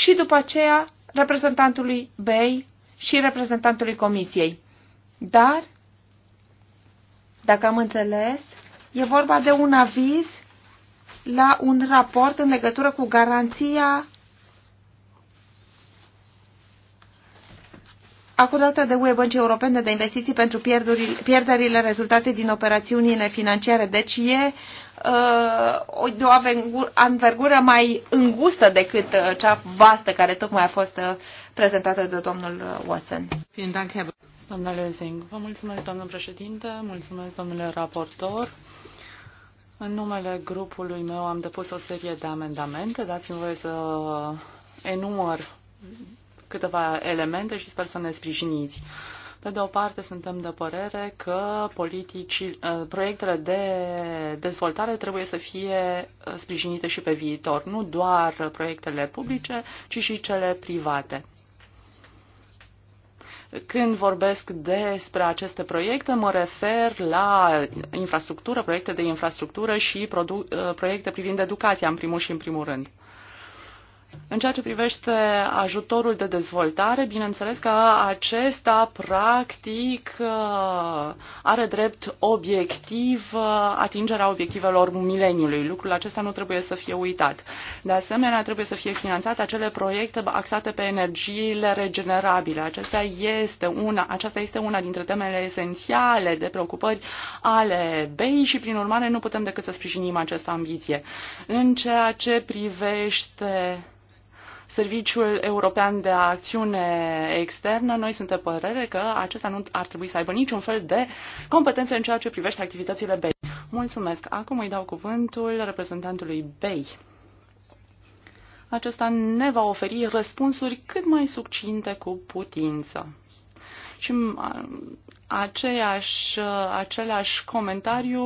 și după aceea reprezentantului BEI și reprezentantului Comisiei. Dar, dacă am înțeles, e vorba de un aviz la un raport în legătură cu garanția acordată de UE Băncii Europene de Investiții pentru pierderile rezultate din operațiunile financiare. Deci e Uh, de o anvergură mai îngustă decât uh, cea vastă care tocmai a fost uh, prezentată de domnul Watson. domnule Lezing, vă mulțumesc, doamnă președinte, mulțumesc, domnule raportor. În numele grupului meu am depus o serie de amendamente. Dați-mi voie să enumăr câteva elemente și sper să ne sprijiniți. Uh, pe de o parte, suntem de părere că politici, uh, proiectele de dezvoltare trebuie să fie uh, sprijinite și pe viitor, nu doar proiectele publice, ci și cele private. Când vorbesc despre aceste proiecte, mă refer la infrastructură, proiecte de infrastructură și uh, proiecte privind educația, în primul și în primul rând. În ceea ce privește ajutorul de dezvoltare, bineînțeles că acesta practic uh, are drept obiectiv uh, atingerea obiectivelor mileniului. Lucrul acesta nu trebuie să fie uitat. De asemenea, trebuie să fie finanțate acele proiecte axate pe energiile regenerabile. Acesta este una, aceasta este una dintre temele esențiale de preocupări ale BEI și, prin urmare, nu putem decât să sprijinim această ambiție. În ceea ce privește Serviciul European de Acțiune Externă, noi suntem părere că acesta nu ar trebui să aibă niciun fel de competențe în ceea ce privește activitățile BEI. Mulțumesc. Acum îi dau cuvântul reprezentantului BEI. Acesta ne va oferi răspunsuri cât mai succinte cu putință. Și aceeași, același comentariu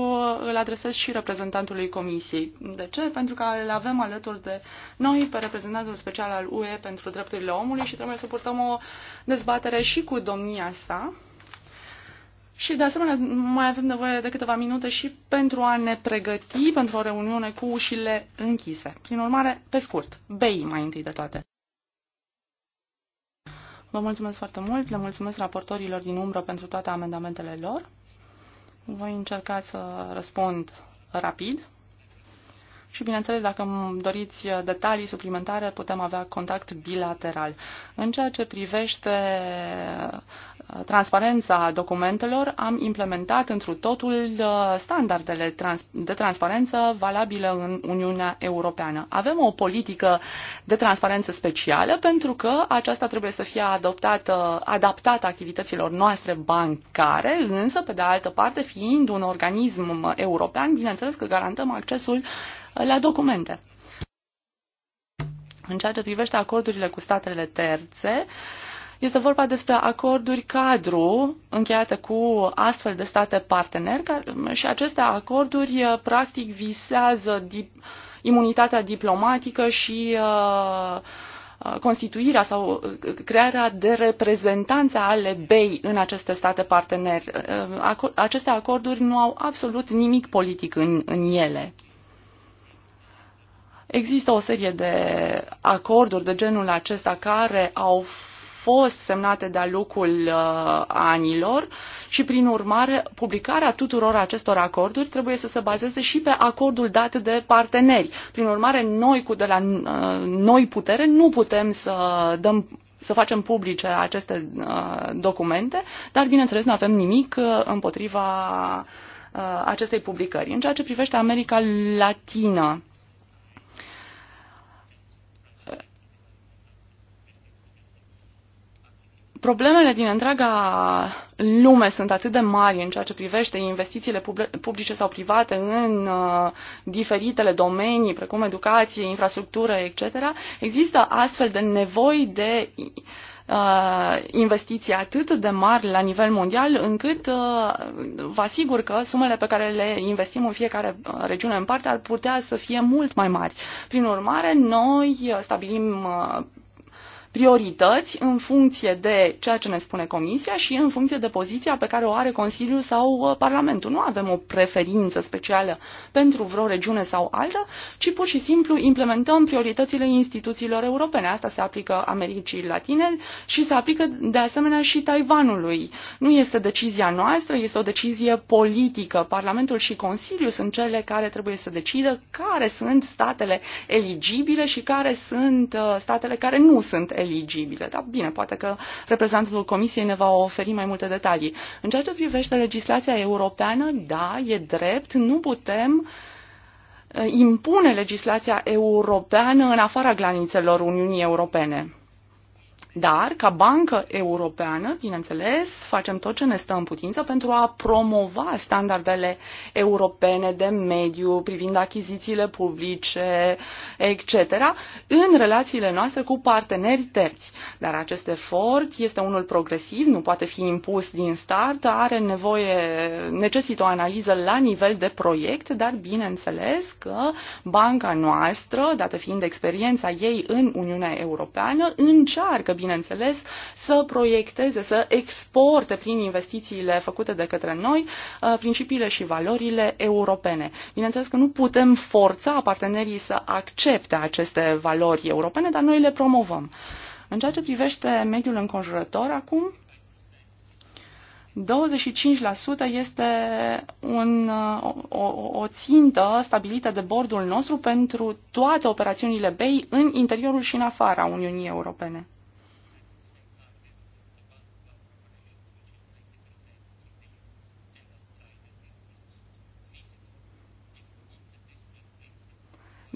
îl adresez și reprezentantului Comisiei. De ce? Pentru că îl avem alături de noi pe reprezentantul special al UE pentru drepturile omului și trebuie să purtăm o dezbatere și cu domnia sa. Și, de asemenea, mai avem nevoie de câteva minute și pentru a ne pregăti pentru o reuniune cu ușile închise. Prin urmare, pe scurt, bei mai întâi de toate. Vă mulțumesc foarte mult, le mulțumesc raportorilor din umbră pentru toate amendamentele lor. Voi încerca să răspund rapid și, bineînțeles, dacă îmi doriți detalii suplimentare, putem avea contact bilateral. În ceea ce privește uh, transparența documentelor, am implementat întru totul uh, standardele de transparență valabile în Uniunea Europeană. Avem o politică de transparență specială pentru că aceasta trebuie să fie adoptată, adaptată activităților noastre bancare, însă, pe de altă parte, fiind un organism european, bineînțeles că garantăm accesul la documente. În ceea ce privește acordurile cu statele terțe, este vorba despre acorduri cadru încheiate cu astfel de state parteneri și aceste acorduri uh, practic visează dip- imunitatea diplomatică și uh, uh constituirea sau uh, crearea de reprezentanțe ale BEI în aceste state parteneri. Aceste acorduri nu au absolut nimic politic în, în ele. Există o serie de acorduri de genul acesta care au fost semnate de-a lucrul uh, anilor și, prin urmare, publicarea tuturor acestor acorduri trebuie să se bazeze și pe acordul dat de parteneri. Prin urmare, noi cu de la uh, noi putere nu putem să dăm să facem publice aceste uh, documente, dar, bineînțeles, nu avem nimic uh, împotriva uh, acestei publicări. În ceea ce privește America Latină, problemele din întreaga lume sunt atât de mari în ceea ce privește investițiile publice sau private în uh, diferitele domenii, precum educație, infrastructură, etc., există astfel de nevoi de uh, investiții atât de mari la nivel mondial, încât uh, vă asigur că sumele pe care le investim în fiecare regiune în parte ar putea să fie mult mai mari. Prin urmare, noi stabilim priorități în funcție de ceea ce ne spune Comisia și în funcție de poziția pe care o are Consiliul sau uh, Parlamentul. Nu avem o preferință specială pentru vreo regiune sau alta, ci pur și simplu implementăm prioritățile instituțiilor europene. Asta se aplică Americii Latine și se aplică de asemenea și Taiwanului. Nu este decizia noastră, este o decizie politică. Parlamentul și Consiliul sunt cele care trebuie să decidă care sunt statele eligibile și care sunt uh, statele care nu sunt eligibile eligibile. Dar bine, poate că reprezentantul Comisiei ne va oferi mai multe detalii. În ceea ce privește legislația europeană, da, e drept, nu putem uh, impune legislația europeană în afara granițelor Uniunii Europene. Dar, ca bancă europeană, bineînțeles, facem tot ce ne stă în putință pentru a promova standardele europene de mediu privind achizițiile publice, etc., în relațiile noastre cu parteneri terți. Dar acest efort este unul progresiv, nu poate fi impus din start, are nevoie, necesită o analiză la nivel de proiect, dar bineînțeles că banca noastră, dată fiind experiența ei în Uniunea Europeană, încearcă, bineînțeles, să proiecteze, să exporte prin investițiile făcute de către noi uh, principiile și valorile europene. Bineînțeles că nu putem forța partenerii să accepte aceste valori europene, dar noi le promovăm. În ceea ce privește mediul înconjurător, acum 25% este un, o, o țintă stabilită de bordul nostru pentru toate operațiunile BEI în interiorul și în afara Uniunii Europene.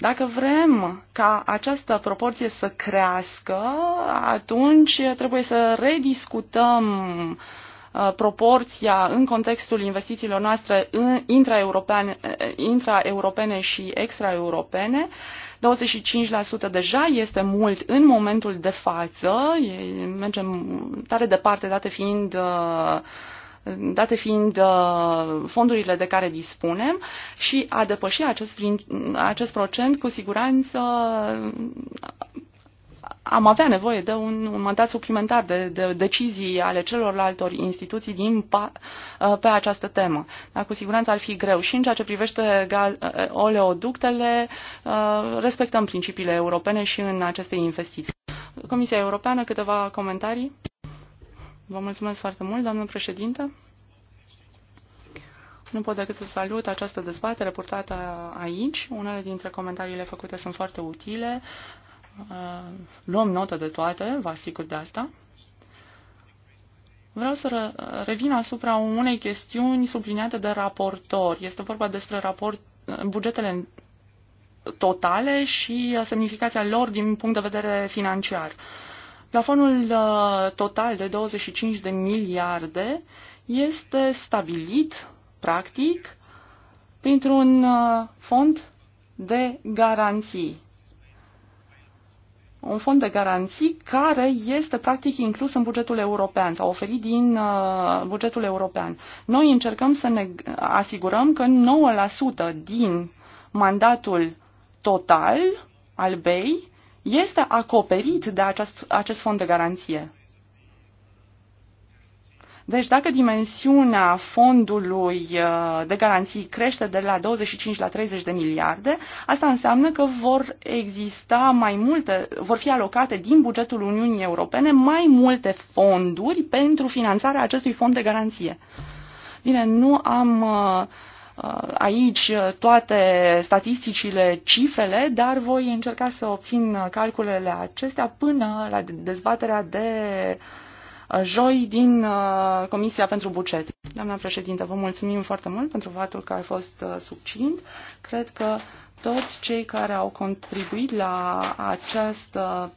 Dacă vrem ca această proporție să crească, atunci trebuie să rediscutăm uh, proporția în contextul investițiilor noastre intraeuropene, uh, intraeuropene și extraeuropene. 25% deja este mult în momentul de față, mergem tare departe, date fiind uh, date fiind uh, fondurile de care dispunem și a depăși acest, prin, acest procent, cu siguranță am avea nevoie de un, un mandat suplimentar de, de decizii ale celorlalte instituții din pa, uh, pe această temă. Dar cu siguranță ar fi greu. Și în ceea ce privește gaz, uh, oleoductele, respectăm principiile europene și în aceste investiții. Comisia Europeană, câteva comentarii? Vă mulțumesc foarte mult, doamnă președintă. Nu pot decât să salut această dezbatere purtată aici. Unele dintre comentariile făcute sunt foarte utile. Uh, luăm notă de toate, vă asigur de asta. Vreau să revin asupra unei chestiuni subliniate de raportor. Este vorba despre raport, bugetele totale și semnificația lor din punct de vedere financiar. Uh, Plafonul uh, total de 25 de miliarde este stabilit, practic, printr-un uh, fond de garanții. Un fond de garanții care este practic inclus în bugetul european sau oferit din uh, bugetul european. Noi încercăm să ne asigurăm că 9% din mandatul total al BEI este acoperit de acest, acest fond de garanție. Deci dacă dimensiunea fondului uh, de garanții crește de la 25 la 30 de miliarde, asta înseamnă că vor exista mai multe, vor fi alocate din bugetul Uniunii Europene mai multe fonduri pentru finanțarea acestui fond de garanție. Bine, nu am uh, Uh, aici uh, toate statisticile, cifrele, dar voi încerca să obțin uh, calculele acestea până la dezbaterea de joi din Comisia pentru Buget. Doamna președinte, vă mulțumim foarte mult pentru faptul că a fost succint. Cred că toți cei care au contribuit la această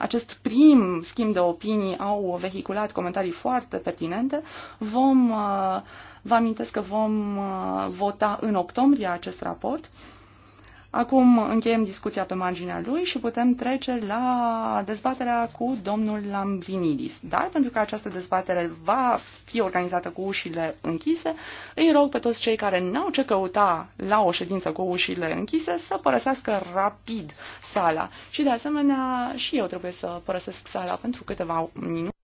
acest prim schimb de opinii au vehiculat comentarii foarte pertinente. Vom, uh, vă amintesc că vom uh, vota în octombrie acest raport Acum încheiem discuția pe marginea lui și putem trece la dezbaterea cu domnul Lambrinidis. Dar pentru că această dezbatere va fi organizată cu ușile închise, îi rog pe toți cei care n-au ce căuta la o ședință cu ușile închise să părăsească rapid sala. Și de asemenea și eu trebuie să părăsesc sala pentru câteva minute.